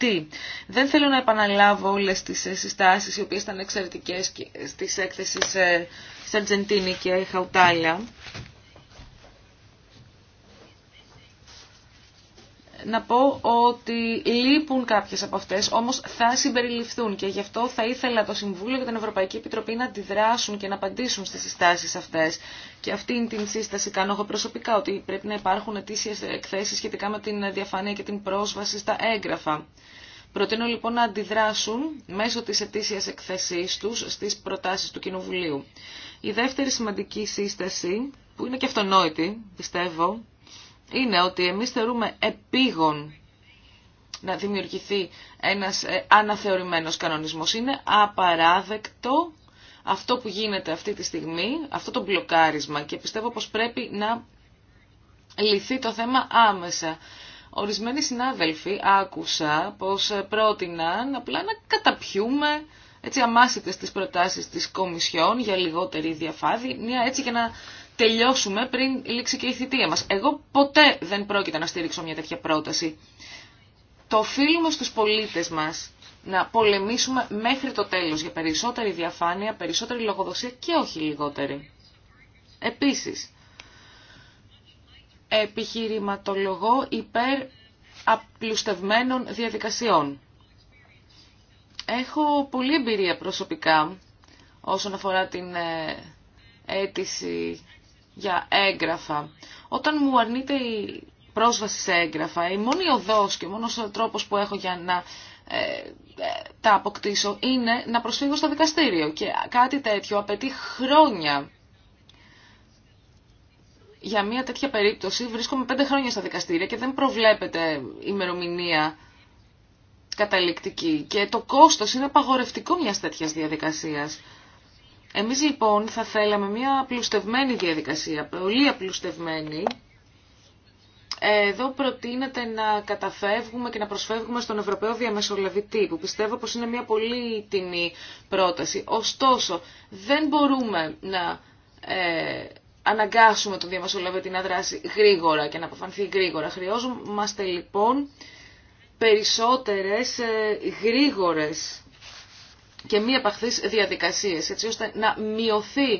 T. Δεν θέλω να επαναλάβω όλες τις ε, συστάσεις οι οποίες ήταν εξαιρετικές ε, στις έκθεσεις ε, Σαρτζεντίνη και Χαουτάλια. να πω ότι λείπουν κάποιες από αυτές, όμως θα συμπεριληφθούν και γι' αυτό θα ήθελα το Συμβούλιο και την Ευρωπαϊκή Επιτροπή να αντιδράσουν και να απαντήσουν στις συστάσεις αυτές. Και αυτή είναι την σύσταση κάνω εγώ προσωπικά, ότι πρέπει να υπάρχουν αιτήσιες εκθέσεις σχετικά με την διαφάνεια και την πρόσβαση στα έγγραφα. Προτείνω λοιπόν να αντιδράσουν μέσω της αιτήσιας εκθεσής τους στις προτάσεις του Κοινοβουλίου. Η δεύτερη σημαντική σύσταση, που είναι και αυτονόητη, πιστεύω, είναι ότι εμείς θεωρούμε επίγον να δημιουργηθεί ένας ε, αναθεωρημένος κανονισμός. Είναι απαράδεκτο αυτό που γίνεται αυτή τη στιγμή, αυτό το μπλοκάρισμα και πιστεύω πως πρέπει να λυθεί το θέμα άμεσα. Ορισμένοι συνάδελφοι άκουσα πως πρότειναν απλά να καταπιούμε έτσι αμάσιτες τις προτάσεις της Κομισιόν για λιγότερη διαφάδη, μια έτσι για να τελειώσουμε πριν λήξει και η θητεία μας. Εγώ ποτέ δεν πρόκειται να στήριξω μια τέτοια πρόταση. Το οφείλουμε στους πολίτες μας να πολεμήσουμε μέχρι το τέλος για περισσότερη διαφάνεια, περισσότερη λογοδοσία και όχι λιγότερη. Επίσης, επιχειρηματολογώ υπέρ απλουστευμένων διαδικασιών. Έχω πολλή εμπειρία προσωπικά όσον αφορά την ε, αίτηση για έγγραφα. Όταν μου αρνείται η πρόσβαση σε έγγραφα, η μόνη οδός και ο μόνος τρόπος που έχω για να ε, ε, τα αποκτήσω είναι να προσφύγω στο δικαστήριο και κάτι τέτοιο απαιτεί χρόνια. Για μια τέτοια περίπτωση βρίσκομαι πέντε χρόνια στα δικαστήρια και δεν προβλέπεται ημερομηνία καταληκτική και το κόστος είναι απαγορευτικό μιας τέτοιας διαδικασίας. Εμείς λοιπόν θα θέλαμε μια απλουστευμένη διαδικασία, πολύ απλουστευμένη. Εδώ προτείνεται να καταφεύγουμε και να προσφεύγουμε στον Ευρωπαίο Διαμεσολαβητή, που πιστεύω πως είναι μια πολύ τιμή πρόταση. Ωστόσο, δεν μπορούμε να ε, αναγκάσουμε τον Διαμεσολαβητή να δράσει γρήγορα και να αποφανθεί γρήγορα. Χρειάζομαστε λοιπόν περισσότερες ε, και μη επαχθείς διαδικασίες, έτσι ώστε να μειωθεί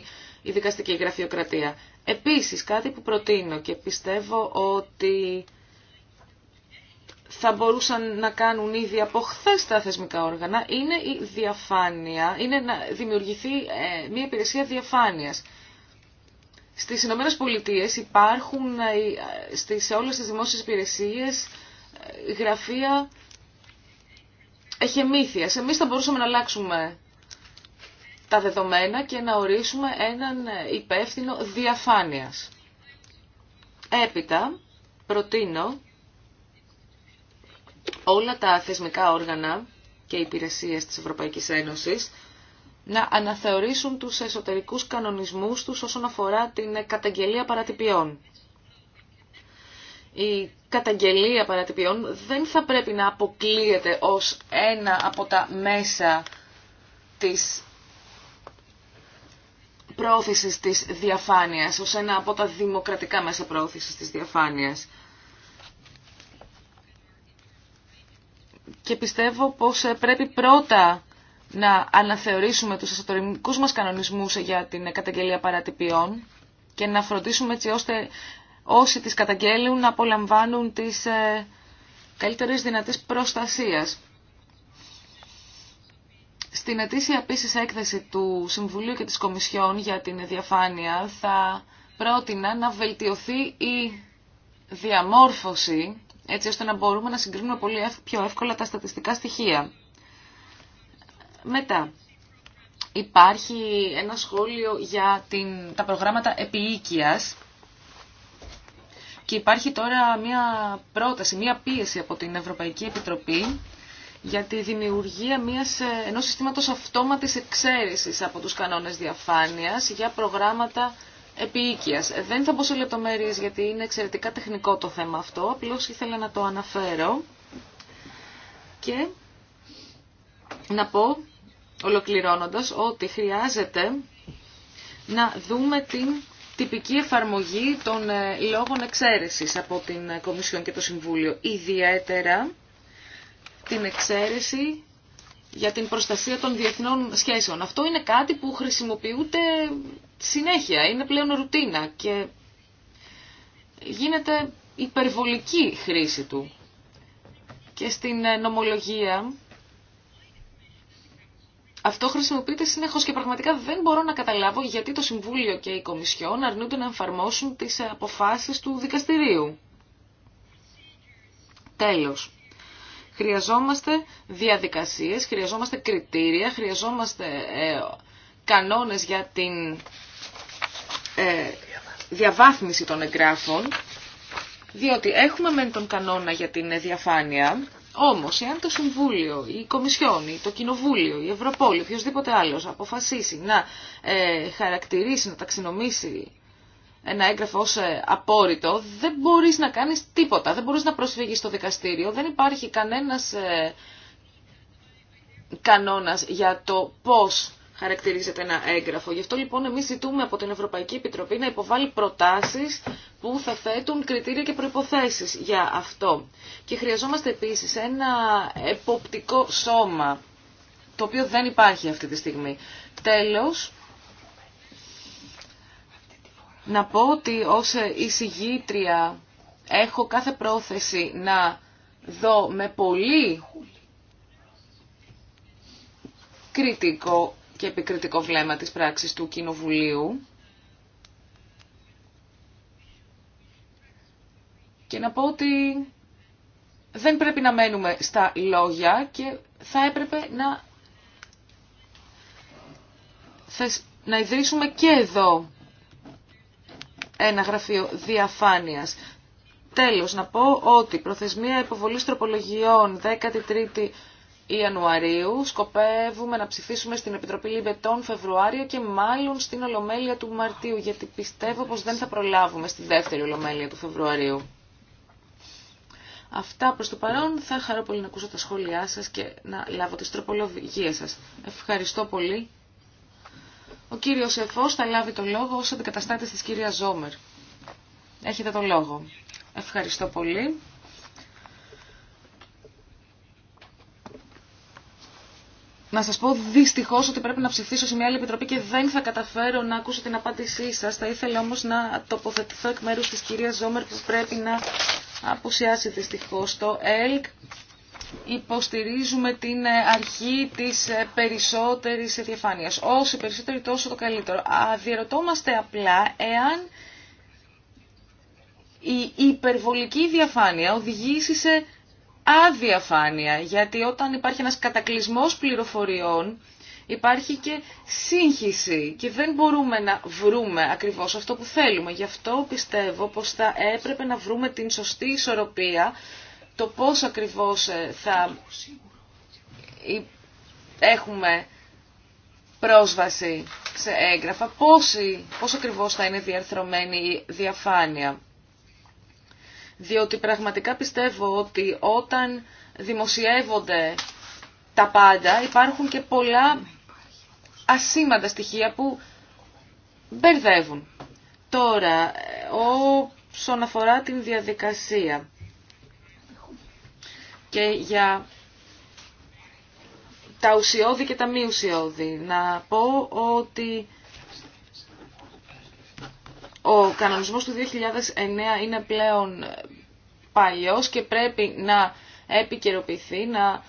η δικαστική γραφειοκρατία. Επίσης, κάτι που προτείνω και πιστεύω ότι θα μπορούσαν να κάνουν ήδη από χθε τα θεσμικά όργανα, είναι η διαφάνεια, είναι να δημιουργηθεί ε, μια υπηρεσία διαφάνειας. Στις Ηνωμένες Πολιτείες υπάρχουν ε, ε, στις, σε όλες τις δημόσιες υπηρεσίες γραφεία έχει θα μπορούσαμε να αλλάξουμε τα δεδομένα και να ορίσουμε έναν υπεύθυνο διαφάνειας. Έπειτα, προτείνω όλα τα θεσμικά όργανα και υπηρεσίες της Ευρωπαϊκής Ένωσης να αναθεωρήσουν τους εσωτερικούς κανονισμούς τους όσον αφορά την καταγγελία παρατυπιών. Η καταγγελία παρατυπιών δεν θα πρέπει να αποκλείεται ως ένα από τα μέσα της πρόθεσης της διαφάνειας, ως ένα από τα δημοκρατικά μέσα πρόθεσης της διαφάνειας. Και πιστεύω πως ε, πρέπει πρώτα να αναθεωρήσουμε τους εσωτερικούς μας κανονισμούς για την καταγγελία παρατυπιών και να φροντίσουμε έτσι ώστε όσοι τις καταγγέλουν να απολαμβάνουν τις ε, καλύτερες δυνατές προστασίες. Στην ετήσια επίση έκθεση του Συμβουλίου και της Κομισιόν για την διαφάνεια θα πρότεινα να βελτιωθεί η διαμόρφωση έτσι ώστε να μπορούμε να συγκρίνουμε πολύ πιο εύκολα τα στατιστικά στοιχεία. Μετά, υπάρχει ένα σχόλιο για την, τα προγράμματα επιοίκειας και υπάρχει τώρα μια πρόταση, μια πίεση από την Ευρωπαϊκή Επιτροπή για τη δημιουργία μιας, ε, ενός συστήματος αυτόματης εξαίρεσης από τους κανόνες διαφάνειας για προγράμματα επίοικειας. Ε, δεν θα πω σε λεπτομέρειες γιατί είναι εξαιρετικά τεχνικό το θέμα αυτό, απλώς ήθελα να το αναφέρω και να πω, ολοκληρώνοντας, ότι χρειάζεται να δούμε την τυπική εφαρμογή των ε, λόγων εξαίρεσης από την ε, Κομισιόν και το Συμβούλιο. Ιδιαίτερα την εξαίρεση για την προστασία των διεθνών σχέσεων. Αυτό είναι κάτι που χρησιμοποιούνται συνέχεια, είναι πλέον ρουτίνα και γίνεται υπερβολική χρήση του. Και στην ε, νομολογία αυτό χρησιμοποιείται συνεχώ και πραγματικά δεν μπορώ να καταλάβω γιατί το Συμβούλιο και η Κομισιόν αρνούνται να εφαρμόσουν τι αποφάσει του δικαστηρίου. Τέλο. Χρειαζόμαστε διαδικασίε, χρειαζόμαστε κριτήρια, χρειαζόμαστε ε, κανόνε για την ε, διαβάθμιση των εγγράφων, διότι έχουμε μεν τον κανόνα για την διαφάνεια, όμως, εάν το Συμβούλιο, η Κομισιόν, το Κοινοβούλιο, η Ευρωπόλη, οποιοδήποτε άλλος αποφασίσει να ε, χαρακτηρίσει, να ταξινομήσει ένα έγγραφο ως ε, απόρριτο, δεν μπορείς να κάνεις τίποτα, δεν μπορείς να προσφύγεις στο δικαστήριο, δεν υπάρχει κανένας ε, κανόνας για το πώς χαρακτηρίζεται ένα έγγραφο. Γι' αυτό λοιπόν εμείς ζητούμε από την Ευρωπαϊκή Επιτροπή να υποβάλει προτάσεις που θα θέτουν κριτήρια και προϋποθέσεις για αυτό. Και χρειαζόμαστε επίσης ένα εποπτικό σώμα, το οποίο δεν υπάρχει αυτή τη στιγμή. Τέλος, να πω ότι ως εισηγήτρια έχω κάθε πρόθεση να δω με πολύ κριτικό και επικριτικό βλέμμα της πράξης του Κοινοβουλίου. Και να πω ότι δεν πρέπει να μένουμε στα λόγια και θα έπρεπε να, να ιδρύσουμε και εδώ ένα γραφείο διαφάνειας. Τέλος, να πω ότι προθεσμία υποβολής τροπολογιών 13η Ιανουαρίου. Σκοπεύουμε να ψηφίσουμε στην Επιτροπή Λίμπε τον Φεβρουάριο και μάλλον στην Ολομέλεια του Μαρτίου, γιατί πιστεύω πως δεν θα προλάβουμε στην δεύτερη Ολομέλεια του Φεβρουαρίου. Αυτά προς το παρόν. Θα χαρώ πολύ να ακούσω τα σχόλιά σας και να λάβω τις τροπολογίες σας. Ευχαριστώ πολύ. Ο κύριος Εφός θα λάβει το λόγο ως αντικαταστάτης της κυρία Ζόμερ. Έχετε το λόγο. Ευχαριστώ πολύ. να σας πω δυστυχώ ότι πρέπει να ψηφίσω σε μια άλλη επιτροπή και δεν θα καταφέρω να ακούσω την απάντησή σας. Θα ήθελα όμως να τοποθετηθώ εκ μέρους της κυρίας Ζόμερ που πρέπει να απουσιάσει δυστυχώ το ΕΛΚ. Υποστηρίζουμε την αρχή της περισσότερης διαφάνειας. Όσο περισσότερη τόσο το καλύτερο. Διερωτώμαστε απλά εάν η υπερβολική διαφάνεια οδηγήσει σε αδιαφάνεια, γιατί όταν υπάρχει ένας κατακλυσμός πληροφοριών, υπάρχει και σύγχυση και δεν μπορούμε να βρούμε ακριβώς αυτό που θέλουμε. Γι' αυτό πιστεύω πως θα έπρεπε να βρούμε την σωστή ισορροπία, το πώς ακριβώς ε, θα έχουμε πρόσβαση σε έγγραφα, πόση, πώς ακριβώς θα είναι διαρθρωμένη η διαφάνεια διότι πραγματικά πιστεύω ότι όταν δημοσιεύονται τα πάντα υπάρχουν και πολλά ασήμαντα στοιχεία που μπερδεύουν. Τώρα, όσον αφορά την διαδικασία και για τα ουσιώδη και τα μη ουσιώδη, να πω ότι ο κανονισμός του 2009 είναι πλέον παλιός και πρέπει να επικαιροποιηθεί, να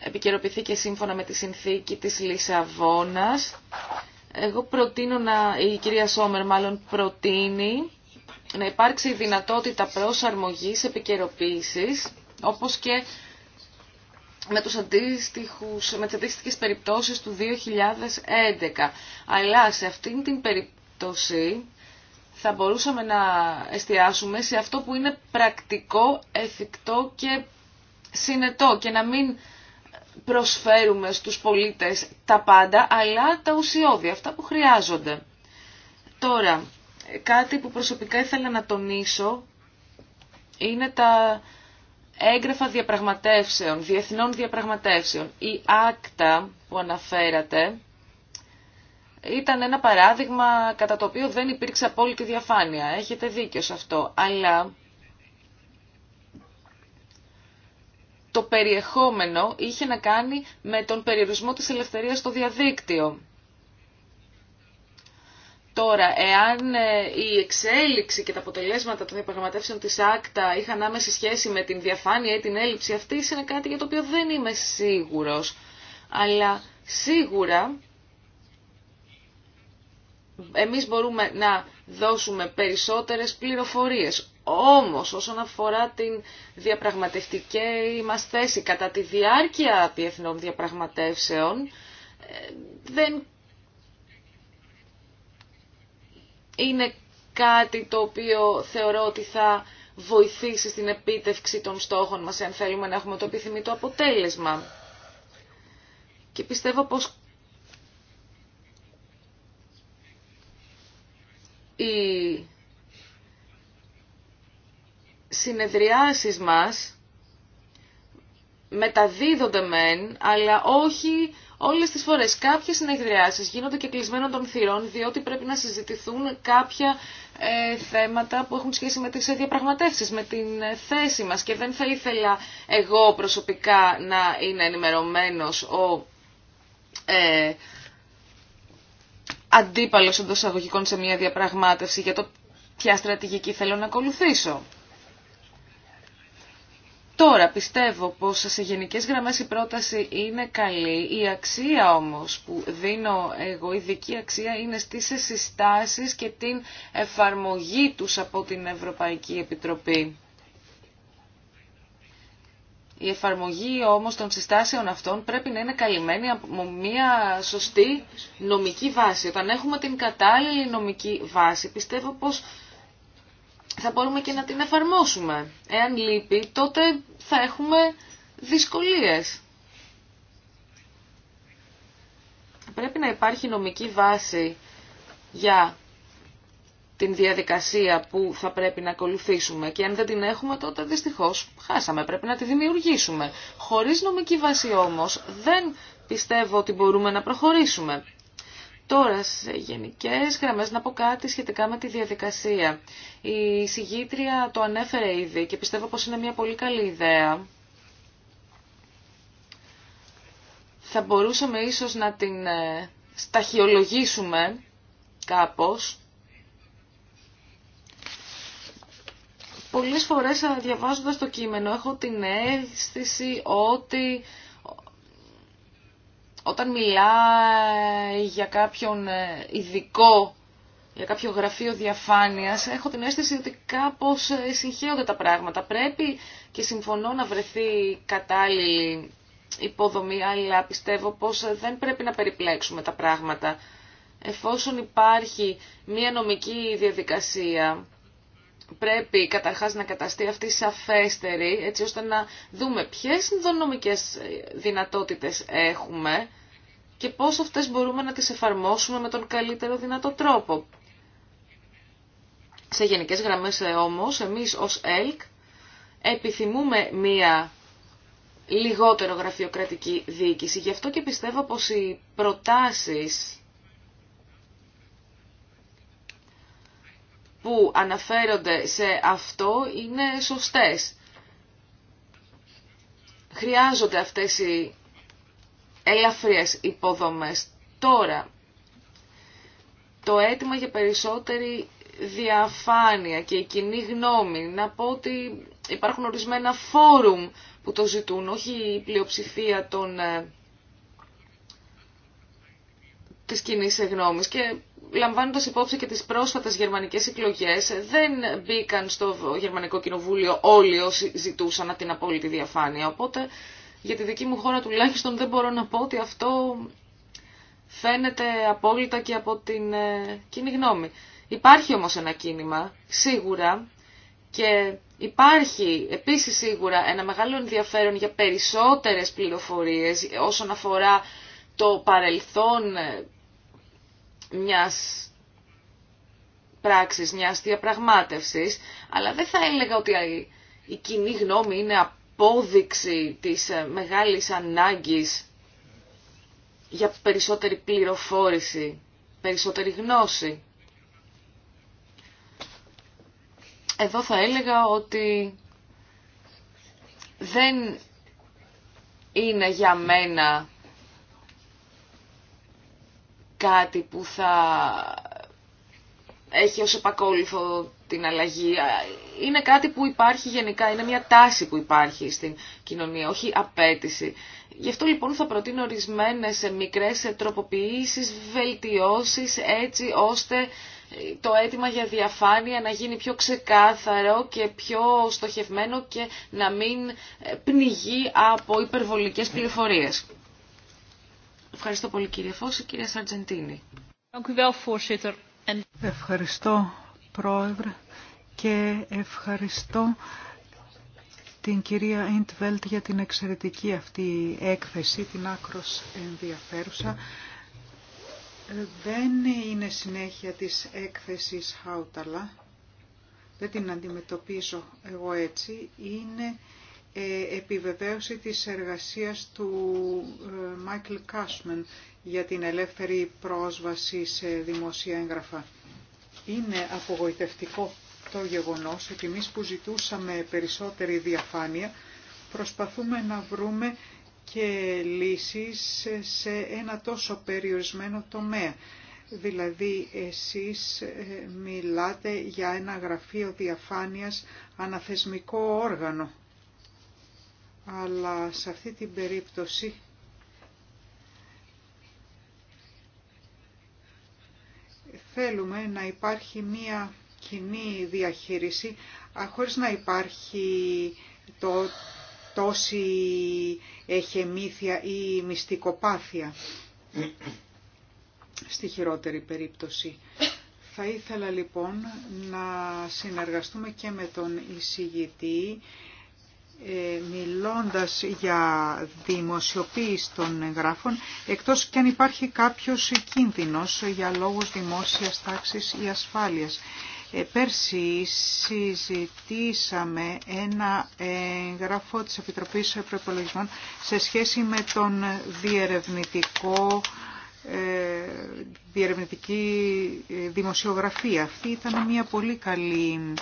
επικαιροποιηθεί και σύμφωνα με τη συνθήκη της Λισαβόνας. Εγώ προτείνω να, η κυρία Σόμερ μάλλον προτείνει να υπάρξει δυνατότητα προσαρμογής, επικαιροποίησης, όπως και με, τους αντίστοιχους, με τις αντίστοιχες περιπτώσεις του 2011. Αλλά σε αυτήν την περίπτωση θα μπορούσαμε να εστιάσουμε σε αυτό που είναι πρακτικό, εφικτό και συνετό και να μην προσφέρουμε στους πολίτες τα πάντα, αλλά τα ουσιώδη, αυτά που χρειάζονται. Τώρα, κάτι που προσωπικά ήθελα να τονίσω είναι τα έγγραφα διαπραγματεύσεων, διεθνών διαπραγματεύσεων. Η άκτα που αναφέρατε ήταν ένα παράδειγμα κατά το οποίο δεν υπήρξε απόλυτη διαφάνεια. Έχετε δίκιο σε αυτό. Αλλά το περιεχόμενο είχε να κάνει με τον περιορισμό της ελευθερίας στο διαδίκτυο. Τώρα, εάν ε, η εξέλιξη και τα αποτελέσματα των διαπραγματεύσεων της ΑΚΤΑ είχαν άμεση σχέση με την διαφάνεια ή την έλλειψη αυτή, είναι κάτι για το οποίο δεν είμαι σίγουρος. Αλλά σίγουρα εμείς μπορούμε να δώσουμε περισσότερες πληροφορίες. Όμως όσον αφορά την διαπραγματευτική μας θέση κατά τη διάρκεια διεθνών διαπραγματεύσεων ε, δεν είναι κάτι το οποίο θεωρώ ότι θα βοηθήσει στην επίτευξη των στόχων μας, αν θέλουμε να έχουμε το επιθυμητό αποτέλεσμα. Και πιστεύω πως συνεδριάσεις μας μεταδίδονται μεν, αλλά όχι όλες τις φορές. Κάποιες συνεδριάσεις γίνονται και κλεισμένων των θυρών, διότι πρέπει να συζητηθούν κάποια ε, θέματα που έχουν σχέση με τις ε, διαπραγματεύσεις, με την ε, θέση μας. Και δεν θα ήθελα εγώ προσωπικά να είναι ενημερωμένος ο... Ε, αντίπαλος εντό αγωγικών σε μια διαπραγμάτευση για το ποια στρατηγική θέλω να ακολουθήσω. Τώρα πιστεύω πως σε γενικές γραμμές η πρόταση είναι καλή. Η αξία όμως που δίνω εγώ, η δική αξία, είναι στις συστάσεις και την εφαρμογή τους από την Ευρωπαϊκή Επιτροπή. Η εφαρμογή όμως των συστάσεων αυτών πρέπει να είναι καλυμμένη από μια σωστή νομική βάση. Όταν έχουμε την κατάλληλη νομική βάση πιστεύω πως θα μπορούμε και να την εφαρμόσουμε. Εάν λείπει, τότε θα έχουμε δυσκολίες. Πρέπει να υπάρχει νομική βάση για την διαδικασία που θα πρέπει να ακολουθήσουμε και αν δεν την έχουμε τότε δυστυχώς χάσαμε, πρέπει να τη δημιουργήσουμε. Χωρίς νομική βάση όμως δεν πιστεύω ότι μπορούμε να προχωρήσουμε. Τώρα, σε γενικές γραμμές, να πω κάτι σχετικά με τη διαδικασία. Η συγγήτρια το ανέφερε ήδη και πιστεύω πως είναι μια πολύ καλή ιδέα. Θα μπορούσαμε ίσως να την ε, σταχυολογήσουμε κάπως. Πολλές φορές διαβάζοντας το κείμενο έχω την αίσθηση ότι όταν μιλάει για κάποιον ε, ειδικό, για κάποιο γραφείο διαφάνειας, έχω την αίσθηση ότι κάπως ε, συγχέονται τα πράγματα. Πρέπει και συμφωνώ να βρεθεί κατάλληλη υποδομή, αλλά πιστεύω πως ε, δεν πρέπει να περιπλέξουμε τα πράγματα. Εφόσον υπάρχει μία νομική διαδικασία, πρέπει καταρχάς να καταστεί αυτή σαφέστερη, έτσι ώστε να δούμε ποιες νομικές δυνατότητες έχουμε και πώς αυτές μπορούμε να τις εφαρμόσουμε με τον καλύτερο δυνατό τρόπο. Σε γενικές γραμμές ε, όμως, εμείς ως ΕΛΚ επιθυμούμε μία λιγότερο γραφειοκρατική διοίκηση. Γι' αυτό και πιστεύω πως οι προτάσεις που αναφέρονται σε αυτό είναι σωστές. Χρειάζονται αυτές οι ελαφριές υποδομές. Τώρα, το αίτημα για περισσότερη διαφάνεια και η κοινή γνώμη, να πω ότι υπάρχουν ορισμένα φόρουμ που το ζητούν, όχι η πλειοψηφία των, ε, της κοινή γνώμης και λαμβάνοντας υπόψη και τις πρόσφατες γερμανικές εκλογές, δεν μπήκαν στο Γερμανικό Κοινοβούλιο όλοι όσοι ζητούσαν την απόλυτη διαφάνεια. Οπότε για τη δική μου χώρα τουλάχιστον δεν μπορώ να πω ότι αυτό φαίνεται απόλυτα και από την ε, κοινή γνώμη. Υπάρχει όμως ένα κίνημα, σίγουρα, και υπάρχει επίσης σίγουρα ένα μεγάλο ενδιαφέρον για περισσότερες πληροφορίες όσον αφορά το παρελθόν ε, μιας πράξης, μιας διαπραγμάτευσης, αλλά δεν θα έλεγα ότι η κοινή γνώμη είναι απόδειξη της ε, μεγάλης ανάγκης για περισσότερη πληροφόρηση, περισσότερη γνώση. Εδώ θα έλεγα ότι δεν είναι για μένα κάτι που θα έχει ως επακόλουθο την αλλαγή. Είναι κάτι που υπάρχει γενικά, είναι μια τάση που υπάρχει στην κοινωνία, όχι απέτηση. Γι' αυτό λοιπόν θα προτείνω ορισμένε μικρέ τροποποιήσει, βελτιώσεις έτσι ώστε ε, το αίτημα για διαφάνεια να γίνει πιο ξεκάθαρο και πιο στοχευμένο και να μην ε, πνιγεί από υπερβολικές πληροφορίες. Ευχαριστώ πολύ κύριε Φώση, κυρία Σαρτζεντίνη. Ευχαριστώ Πρόεδρε και ευχαριστώ την κυρία Ιντβέλτ για την εξαιρετική αυτή έκθεση, την άκρος ενδιαφέρουσα. Δεν είναι συνέχεια της έκθεσης Χάουταλα, δεν την αντιμετωπίζω εγώ έτσι, είναι ε, επιβεβαίωση της εργασίας του ε, Μάικλ Κάσμεν για την ελεύθερη πρόσβαση σε δημοσία έγγραφα. Είναι απογοητευτικό το γεγονός ότι εμεί που ζητούσαμε περισσότερη διαφάνεια προσπαθούμε να βρούμε και λύσεις σε ένα τόσο περιορισμένο τομέα. Δηλαδή εσείς ε, μιλάτε για ένα γραφείο διαφάνειας αναθεσμικό όργανο. Αλλά σε αυτή την περίπτωση θέλουμε να υπάρχει μία κοινή διαχείριση χωρίς να υπάρχει το, τόση εχεμήθεια ή μυστικοπάθεια στη χειρότερη περίπτωση. Θα ήθελα λοιπόν να συνεργαστούμε και με τον εισηγητή ε, μιλώντας για δημοσιοποίηση των εγγράφων, εκτός και αν υπάρχει κάποιος κίνδυνος για λόγους δημόσιας τάξης ή ασφάλειας. Ε, πέρσι συζητήσαμε ένα εγγραφό της Επιτροπής Προπολογισμών σε σχέση με τον διερευνητικό ε, διερευνητική δημοσιογραφία. Αυτή ήταν μια πολύ καλή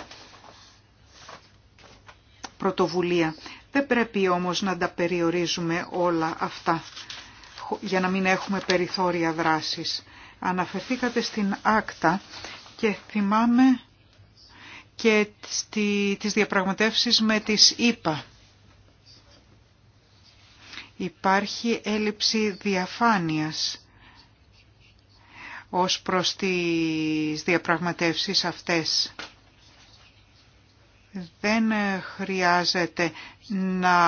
πρωτοβουλία. Δεν πρέπει όμως να τα περιορίζουμε όλα αυτά για να μην έχουμε περιθώρια δράσης. Αναφερθήκατε στην άκτα και θυμάμαι και τις διαπραγματεύσεις με τις ΙΠΑ. Υπάρχει έλλειψη διαφάνειας ως προς τις διαπραγματεύσεις αυτές δεν ε, χρειάζεται να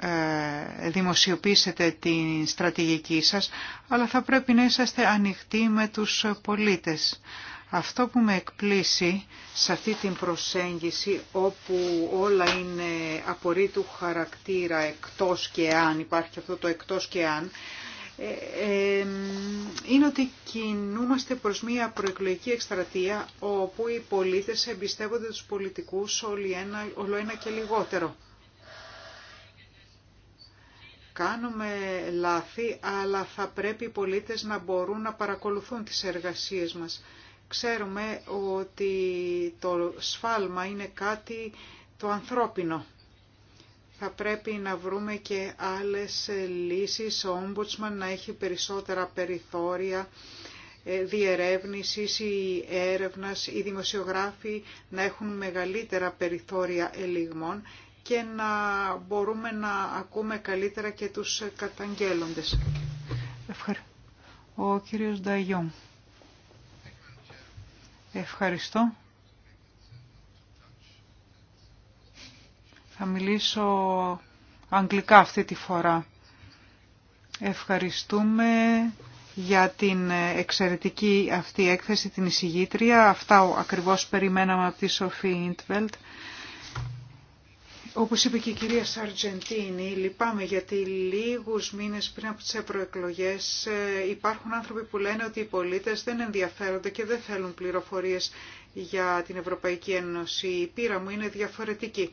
ε, δημοσιοποιήσετε την στρατηγική σας, αλλά θα πρέπει να είσαστε ανοιχτοί με τους πολίτες. Αυτό που με εκπλήσει σε αυτή την προσέγγιση όπου όλα είναι απορρίτου χαρακτήρα εκτός και αν, υπάρχει αυτό το εκτός και αν, ε, ε, είναι ότι κινούμαστε προς μια προεκλογική εκστρατεία όπου οι πολίτες εμπιστεύονται τους πολιτικούς όλο ένα, και λιγότερο. Κάνουμε λάθη, αλλά θα πρέπει οι πολίτες να μπορούν να παρακολουθούν τις εργασίες μας. Ξέρουμε ότι το σφάλμα είναι κάτι το ανθρώπινο θα πρέπει να βρούμε και άλλες λύσεις. Ο Ombudsman να έχει περισσότερα περιθώρια ε, διερεύνησης ή έρευνας, οι δημοσιογράφοι να έχουν μεγαλύτερα περιθώρια ελιγμών και να μπορούμε να ακούμε καλύτερα και τους καταγγέλλοντες. Ευχαριστώ. Ο κύριος Ευχαριστώ. Θα μιλήσω αγγλικά αυτή τη φορά. Ευχαριστούμε για την εξαιρετική αυτή έκθεση, την εισηγήτρια. Αυτά ακριβώς περιμέναμε από τη Σοφή Ιντβελτ. Όπως είπε και η κυρία Σαρτζεντίνη, λυπάμαι γιατί λίγους μήνες πριν από τις ευρωεκλογές ε, υπάρχουν άνθρωποι που λένε ότι οι πολίτες δεν ενδιαφέρονται και δεν θέλουν πληροφορίες για την Ευρωπαϊκή Ένωση. Η πείρα μου είναι διαφορετική.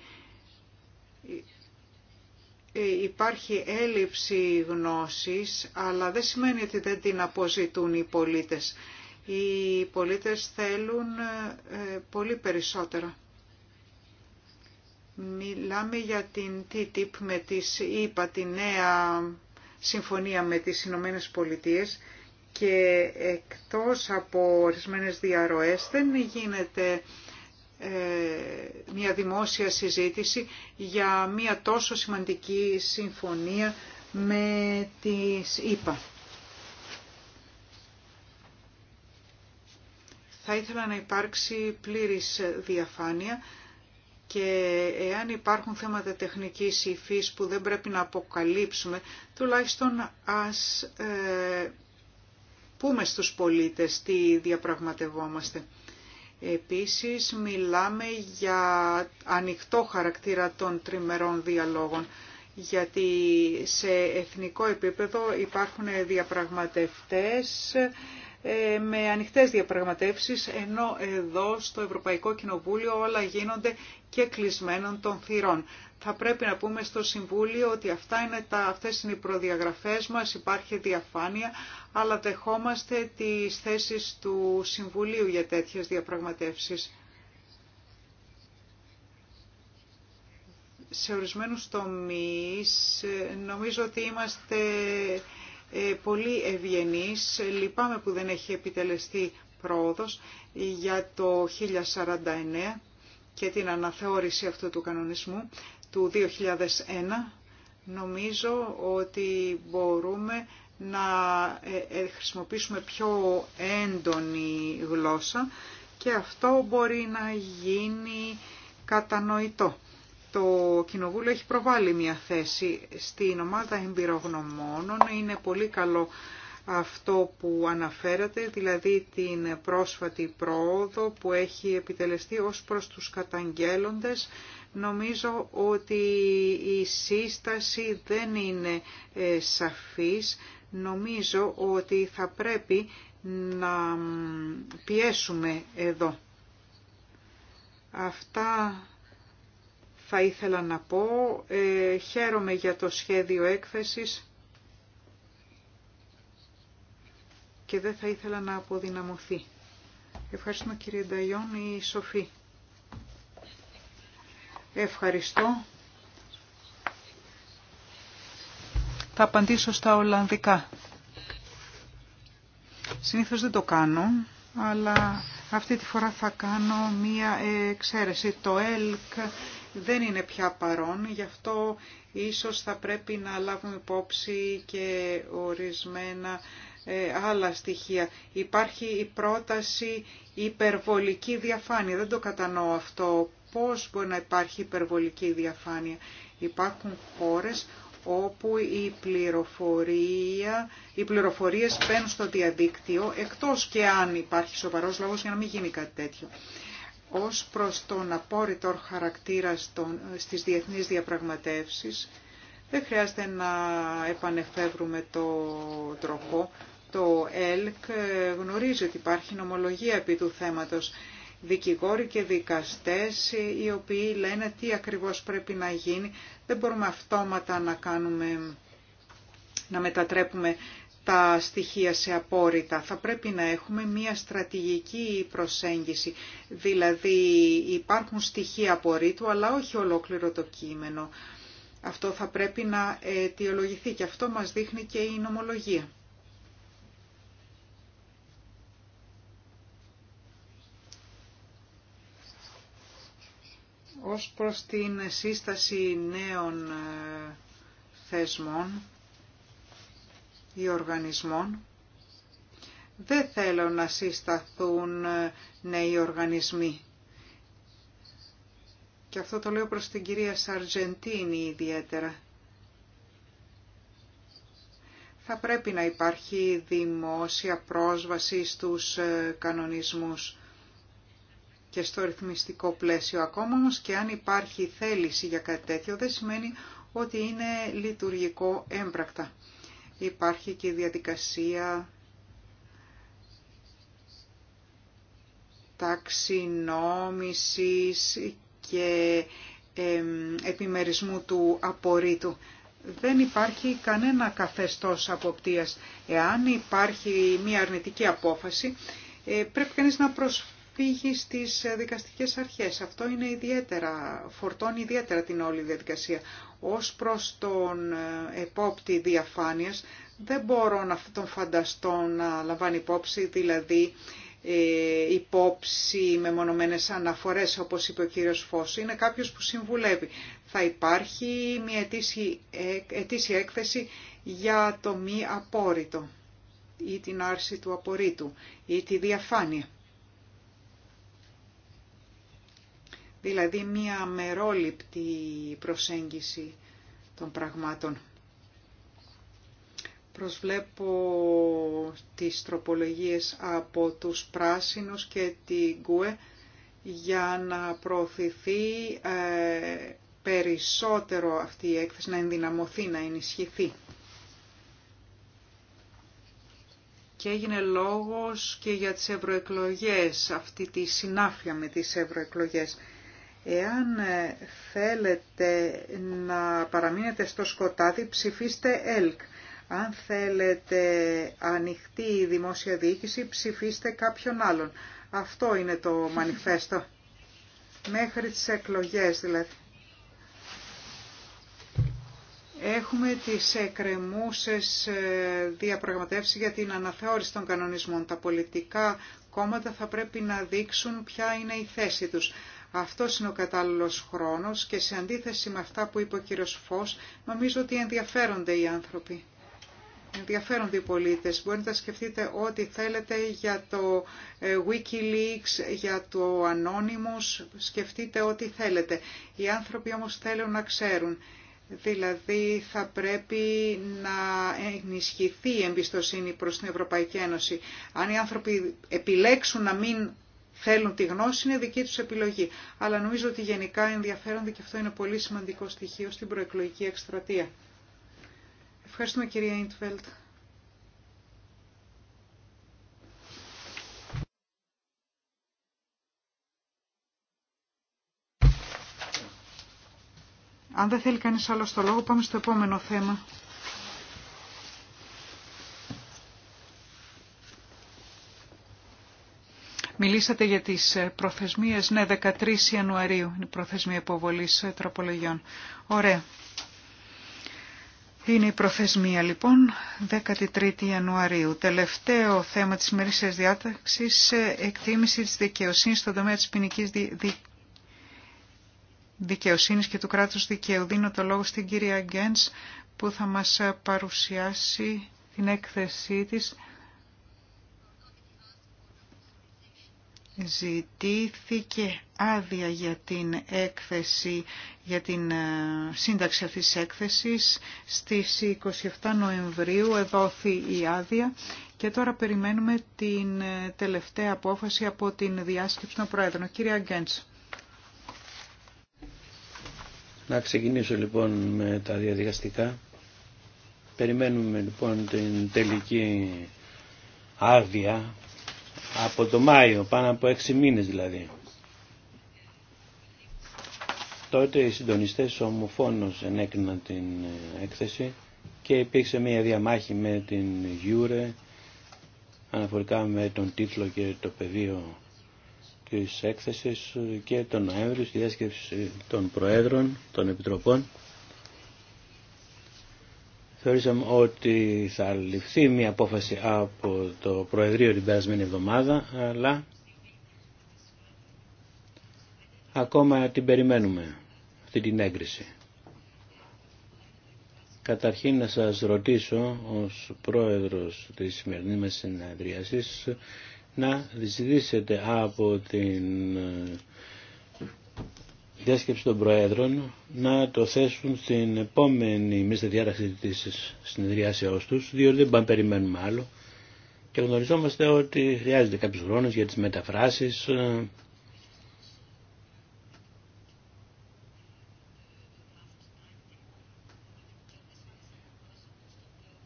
Ε, υπάρχει έλλειψη γνώσης, αλλά δεν σημαίνει ότι δεν την αποζητούν οι πολίτες. Οι πολίτες θέλουν ε, πολύ περισσότερα. Μιλάμε για την TTIP με τις ΗΠΑ, τη νέα συμφωνία με τις Ηνωμένες Πολιτείες και εκτός από ορισμένες διαρροές δεν γίνεται ε, μια δημόσια συζήτηση για μια τόσο σημαντική συμφωνία με τις ΗΠΑ. Θα ήθελα να υπάρξει πλήρης διαφάνεια και εάν υπάρχουν θέματα τεχνικής υφής που δεν πρέπει να αποκαλύψουμε, τουλάχιστον ας ε, πούμε στους πολίτες τι διαπραγματευόμαστε. Επίσης μιλάμε για ανοιχτό χαρακτήρα των τριμερών διαλόγων γιατί σε εθνικό επίπεδο υπάρχουν διαπραγματευτές ε, με ανοιχτές διαπραγματεύσεις, ενώ εδώ στο Ευρωπαϊκό Κοινοβούλιο όλα γίνονται και κλεισμένων των θυρών. Θα πρέπει να πούμε στο Συμβούλιο ότι αυτά είναι τα, αυτές είναι οι προδιαγραφές μας, υπάρχει διαφάνεια, αλλά δεχόμαστε τις θέσεις του Συμβουλίου για τέτοιες διαπραγματεύσεις. σε ορισμένους τομείς νομίζω ότι είμαστε ε, πολύ ευγενείς. Λυπάμαι που δεν έχει επιτελεστεί πρόοδος για το 1049 και την αναθεώρηση αυτού του κανονισμού του 2001. Νομίζω ότι μπορούμε να ε, ε, χρησιμοποιήσουμε πιο έντονη γλώσσα και αυτό μπορεί να γίνει κατανοητό το Κοινοβούλιο έχει προβάλει μια θέση στην ομάδα εμπειρογνωμόνων. Είναι πολύ καλό αυτό που αναφέρατε, δηλαδή την πρόσφατη πρόοδο που έχει επιτελεστεί ως προς τους καταγγέλλοντες. Νομίζω ότι η σύσταση δεν είναι ε, σαφής. Νομίζω ότι θα πρέπει να πιέσουμε εδώ. Αυτά θα ήθελα να πω. Ε, χαίρομαι για το σχέδιο έκθεσης και δεν θα ήθελα να αποδυναμωθεί. Ευχαριστούμε κύριε Νταϊόν ή Σοφή. Ευχαριστώ. Θα απαντήσω στα Ολλανδικά. Συνήθως δεν το κάνω, αλλά αυτή τη φορά θα κάνω μία εξαίρεση. Το ΕΛΚ δεν είναι πια παρόν, γι' αυτό ίσως θα πρέπει να λάβουμε υπόψη και ορισμένα ε, άλλα στοιχεία. Υπάρχει η πρόταση υπερβολική διαφάνεια. Δεν το κατανοώ αυτό. Πώς μπορεί να υπάρχει υπερβολική διαφάνεια. Υπάρχουν χώρες όπου η πληροφορία, οι πληροφορίες μπαίνουν στο διαδίκτυο, εκτός και αν υπάρχει σοβαρός λόγος για να μην γίνει κάτι τέτοιο ως προς τον απόρριτο χαρακτήρα στον, στις διεθνείς διαπραγματεύσεις, δεν χρειάζεται να επανεφεύρουμε το τροχό. Το ΕΛΚ ε, γνωρίζει ότι υπάρχει νομολογία επί του θέματος. Δικηγόροι και δικαστές ε, οι οποίοι λένε τι ακριβώς πρέπει να γίνει. Δεν μπορούμε αυτόματα να κάνουμε να μετατρέπουμε τα στοιχεία σε απόρριτα. Θα πρέπει να έχουμε μία στρατηγική προσέγγιση. Δηλαδή υπάρχουν στοιχεία απορρίτου, αλλά όχι ολόκληρο το κείμενο. Αυτό θα πρέπει να αιτιολογηθεί και αυτό μας δείχνει και η νομολογία. Ως προς την σύσταση νέων ε, θεσμών, ή οργανισμών. Δεν θέλω να συσταθούν ε, νέοι οργανισμοί. Και αυτό το λέω προς την κυρία Σαρτζεντίνη ιδιαίτερα. Θα πρέπει να υπάρχει δημόσια πρόσβαση στους ε, κανονισμούς και στο ρυθμιστικό πλαίσιο. Ακόμα όμως και αν υπάρχει θέληση για κάτι τέτοιο δεν σημαίνει ότι είναι λειτουργικό έμπρακτα. Υπάρχει και η διαδικασία ταξινόμησης και επιμερισμού του απορρίτου. Δεν υπάρχει κανένα καθεστώς αποπτίας. Εάν υπάρχει μία αρνητική απόφαση, ε, πρέπει κανείς να προσφύγει στις δικαστικές αρχές. Αυτό είναι ιδιαίτερα, φορτώνει ιδιαίτερα την όλη διαδικασία. Ως προς τον ε, επόπτη διαφάνειας δεν μπορώ να τον φανταστώ να λαμβάνει υπόψη, δηλαδή ε, υπόψη με μονομένες αναφορές όπως είπε ο κύριος Φως. Είναι κάποιος που συμβουλεύει. Θα υπάρχει μια ετήσια ε, έκθεση για το μη απόρριτο ή την άρση του απορρίτου ή τη διαφάνεια. δηλαδή μία μερόληπτη προσέγγιση των πραγμάτων. Προσβλέπω τις τροπολογίες από τους πράσινους και την ΚΟΕ για να προωθηθεί ε, περισσότερο αυτή η έκθεση, να ενδυναμωθεί, να ενισχυθεί. Και έγινε λόγος και για τις ευρωεκλογές, αυτή τη συνάφεια με τις ευρωεκλογές. Εάν ε, θέλετε να παραμείνετε στο σκοτάδι, ψηφίστε ΕΛΚ. Αν θέλετε ανοιχτή δημόσια διοίκηση, ψηφίστε κάποιον άλλον. Αυτό είναι το μανιφέστο. Μέχρι τις εκλογές δηλαδή. Έχουμε τις εκκρεμούσες ε, διαπραγματεύσεις για την αναθεώρηση των κανονισμών. Τα πολιτικά κόμματα θα πρέπει να δείξουν ποια είναι η θέση τους. Αυτό είναι ο κατάλληλο χρόνος και σε αντίθεση με αυτά που είπε ο κύριο Φω, νομίζω ότι ενδιαφέρονται οι άνθρωποι. Ενδιαφέρονται οι πολίτες. Μπορείτε να σκεφτείτε ό,τι θέλετε για το ε, Wikileaks, για το Anonymous, σκεφτείτε ό,τι θέλετε. Οι άνθρωποι όμως θέλουν να ξέρουν. Δηλαδή θα πρέπει να ενισχυθεί η εμπιστοσύνη προς την Ευρωπαϊκή Ένωση. Αν οι άνθρωποι επιλέξουν να μην θέλουν τη γνώση, είναι δική τους επιλογή. Αλλά νομίζω ότι γενικά ενδιαφέρονται και αυτό είναι πολύ σημαντικό στοιχείο στην προεκλογική εκστρατεία. Ευχαριστούμε κυρία Ιντφέλτ. Αν δεν θέλει κανείς άλλο το λόγο, πάμε στο επόμενο θέμα. Μιλήσατε για τις ε, προθεσμίες, ναι, 13 Ιανουαρίου είναι η προθεσμία υποβολής ε, τροπολογιών. Ωραία. Είναι η προθεσμία λοιπόν 13 Ιανουαρίου. Τελευταίο θέμα της ημερήσιας διάταξης, ε, εκτίμηση της δικαιοσύνης στον τομέα της ποινική δικαιοσύνης και του κράτους δικαίου. Δίνω το λόγο στην κυρία Γκέντς που θα μας παρουσιάσει την έκθεσή της Ζητήθηκε άδεια για την έκθεση, για την ε, σύνταξη αυτής της έκθεσης. Στις 27 Νοεμβρίου εδόθη η άδεια και τώρα περιμένουμε την ε, τελευταία απόφαση από την διάσκεψη των Πρόεδρων. Κύριε Αγγέντς. Να ξεκινήσω λοιπόν με τα διαδικαστικά. Περιμένουμε λοιπόν την τελική άδεια από το Μάιο, πάνω από έξι μήνες δηλαδή. Τότε οι συντονιστές ομοφόνος ενέκριναν την ε, έκθεση και υπήρξε μια διαμάχη με την Γιούρε αναφορικά με τον τίτλο και το πεδίο της έκθεσης ε, και τον Νοέμβριο στη διάσκεψη των Προέδρων των Επιτροπών θεωρήσαμε ότι θα ληφθεί μια απόφαση από το Προεδρείο την περασμένη εβδομάδα, αλλά ακόμα την περιμένουμε, αυτή την έγκριση. Καταρχήν να σας ρωτήσω ως πρόεδρος της σημερινής μας συνεδρίασης να ζητήσετε από την διάσκεψη των Προέδρων να το θέσουν στην επόμενη μισή διάταξη της συνεδριάσεώς τους, διότι δεν να περιμένουμε άλλο. Και γνωριζόμαστε ότι χρειάζεται κάποιους χρόνους για τις μεταφράσεις.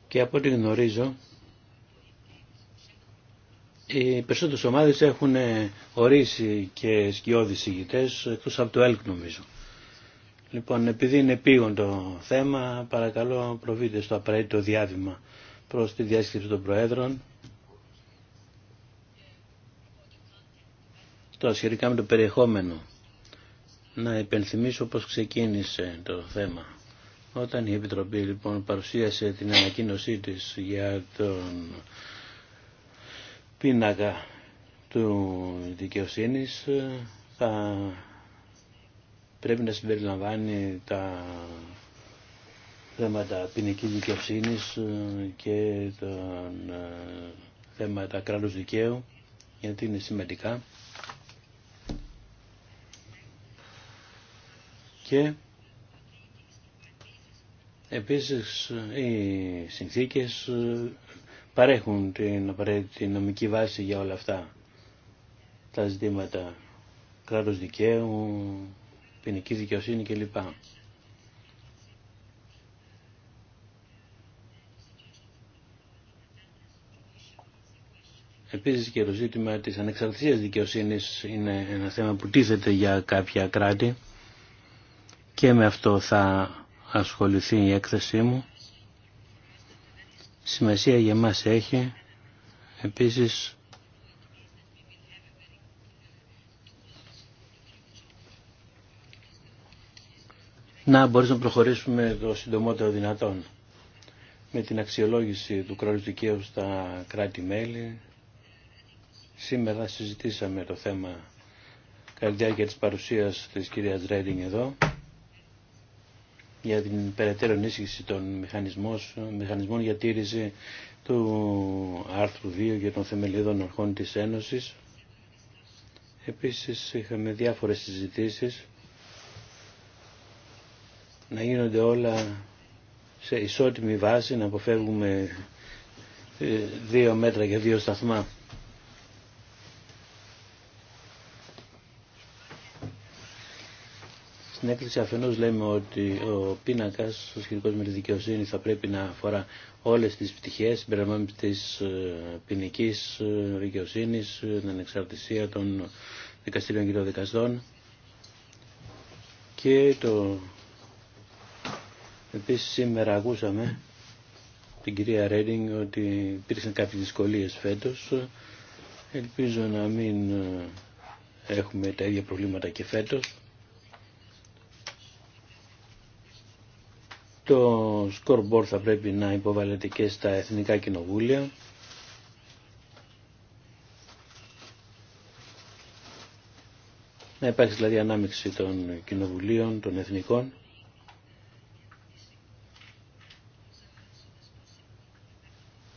Και από ό,τι γνωρίζω, οι περισσότερες ομάδες έχουν ορίσει και σκιώδεις ηγητές, εκτός από το ΕΛΚ νομίζω. Λοιπόν, επειδή είναι πήγον το θέμα, παρακαλώ προβείτε στο απαραίτητο διάβημα προς τη διάσκεψη των Προέδρων. Τώρα, σχετικά με το περιεχόμενο, να υπενθυμίσω πώς ξεκίνησε το θέμα. Όταν η Επιτροπή λοιπόν παρουσίασε την ανακοίνωσή της για τον πίνακα του δικαιοσύνης ε, θα πρέπει να συμπεριλαμβάνει τα θέματα ποινική δικαιοσύνης ε, και τα ε, θέματα κράτους δικαίου γιατί είναι σημαντικά και επίσης οι συνθήκες παρέχουν την απαραίτητη νομική βάση για όλα αυτά τα ζητήματα κράτους δικαίου, ποινική δικαιοσύνη κλπ. Επίσης και το ζήτημα της ανεξαρτησίας δικαιοσύνης είναι ένα θέμα που τίθεται για κάποια κράτη και με αυτό θα ασχοληθεί η έκθεσή μου. Σημασία για μας έχει επίσης να μπορείς να προχωρήσουμε το συντομότερο δυνατόν με την αξιολόγηση του κράτους δικαίου στα κράτη-μέλη. Σήμερα συζητήσαμε το θέμα κατά τη της παρουσίας της κυρίας Ρέντινγκ εδώ για την περαιτέρω ενίσχυση των μηχανισμών για τήρηση του άρθρου 2 για των θεμελιδών αρχών της Ένωσης. Επίσης είχαμε διάφορες συζητήσεις να γίνονται όλα σε ισότιμη βάση, να αποφεύγουμε ε, δύο μέτρα και δύο σταθμά. Στην έκκληση αφενό λέμε ότι ο πίνακα ο σχετικός με τη δικαιοσύνη θα πρέπει να αφορά όλες τις πτυχές συμπεριλαμβάνει τη ε, ποινική ε, δικαιοσύνη ε, την ανεξαρτησία των δικαστήριων και των δικαστών και το επίσης σήμερα ακούσαμε την κυρία Ρέντινγκ ότι υπήρξαν κάποιες δυσκολίες φέτος ελπίζω να μην έχουμε τα ίδια προβλήματα και φέτος Το scoreboard θα πρέπει να υποβάλλεται και στα εθνικά κοινοβούλια. Να υπάρχει δηλαδή ανάμειξη των κοινοβουλίων, των εθνικών.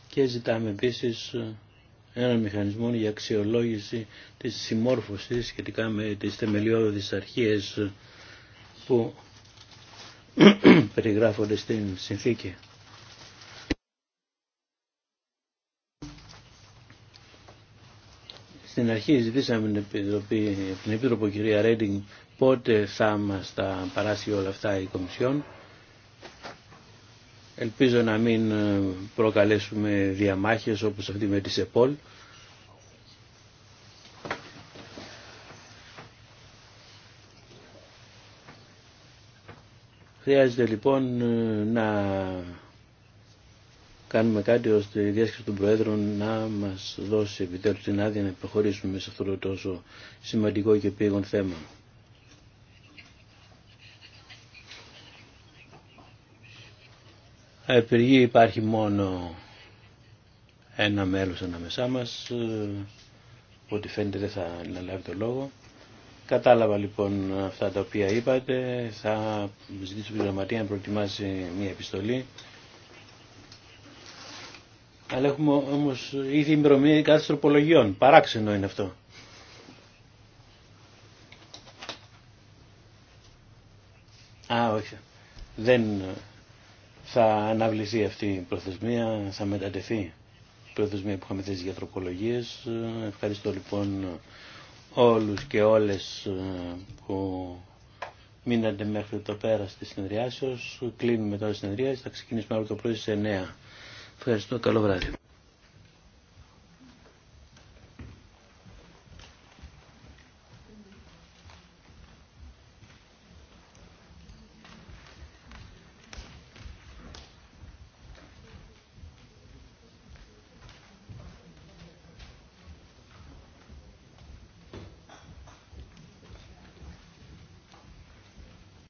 Και ζητάμε επίσης ένα μηχανισμό για αξιολόγηση της συμμόρφωσης σχετικά με τις θεμελιώδεις αρχίες που περιγράφονται στην συνθήκη. Στην αρχή ζητήσαμε την Επίτροπο κυρία Ρέντινγκ πότε θα μας τα παράσει όλα αυτά η Κομισιόν. Ελπίζω να μην προκαλέσουμε διαμάχες όπως αυτή με τη ΣΕΠΟΛ. Χρειάζεται λοιπόν ε, να κάνουμε κάτι ώστε η διάσκεψη των Προέδρων να μας δώσει επιτέλους την άδεια να προχωρήσουμε σε αυτό το τόσο σημαντικό και επίγον θέμα. Επειδή υπάρχει μόνο ένα μέλος ανάμεσά μας, ε, ό,τι φαίνεται δεν θα αναλάβει το λόγο. Κατάλαβα λοιπόν αυτά τα οποία είπατε. Θα ζητήσω την γραμματεία να προετοιμάσει μια επιστολή. Αλλά έχουμε όμως ήδη ημερομηνία κάθε τροπολογιών. Παράξενο είναι αυτό. Α, όχι. Δεν θα αναβληθεί αυτή η προθεσμία, θα μετατεθεί η προθεσμία που είχαμε θέσει για τροπολογίες. Ευχαριστώ λοιπόν όλους και όλες ε, που μείνατε μέχρι το πέρας της συνεδριάσεως. Κλείνουμε τώρα τη συνεδρία, θα ξεκινήσουμε αύριο το πρωί στις 9. Ευχαριστώ, καλό βράδυ.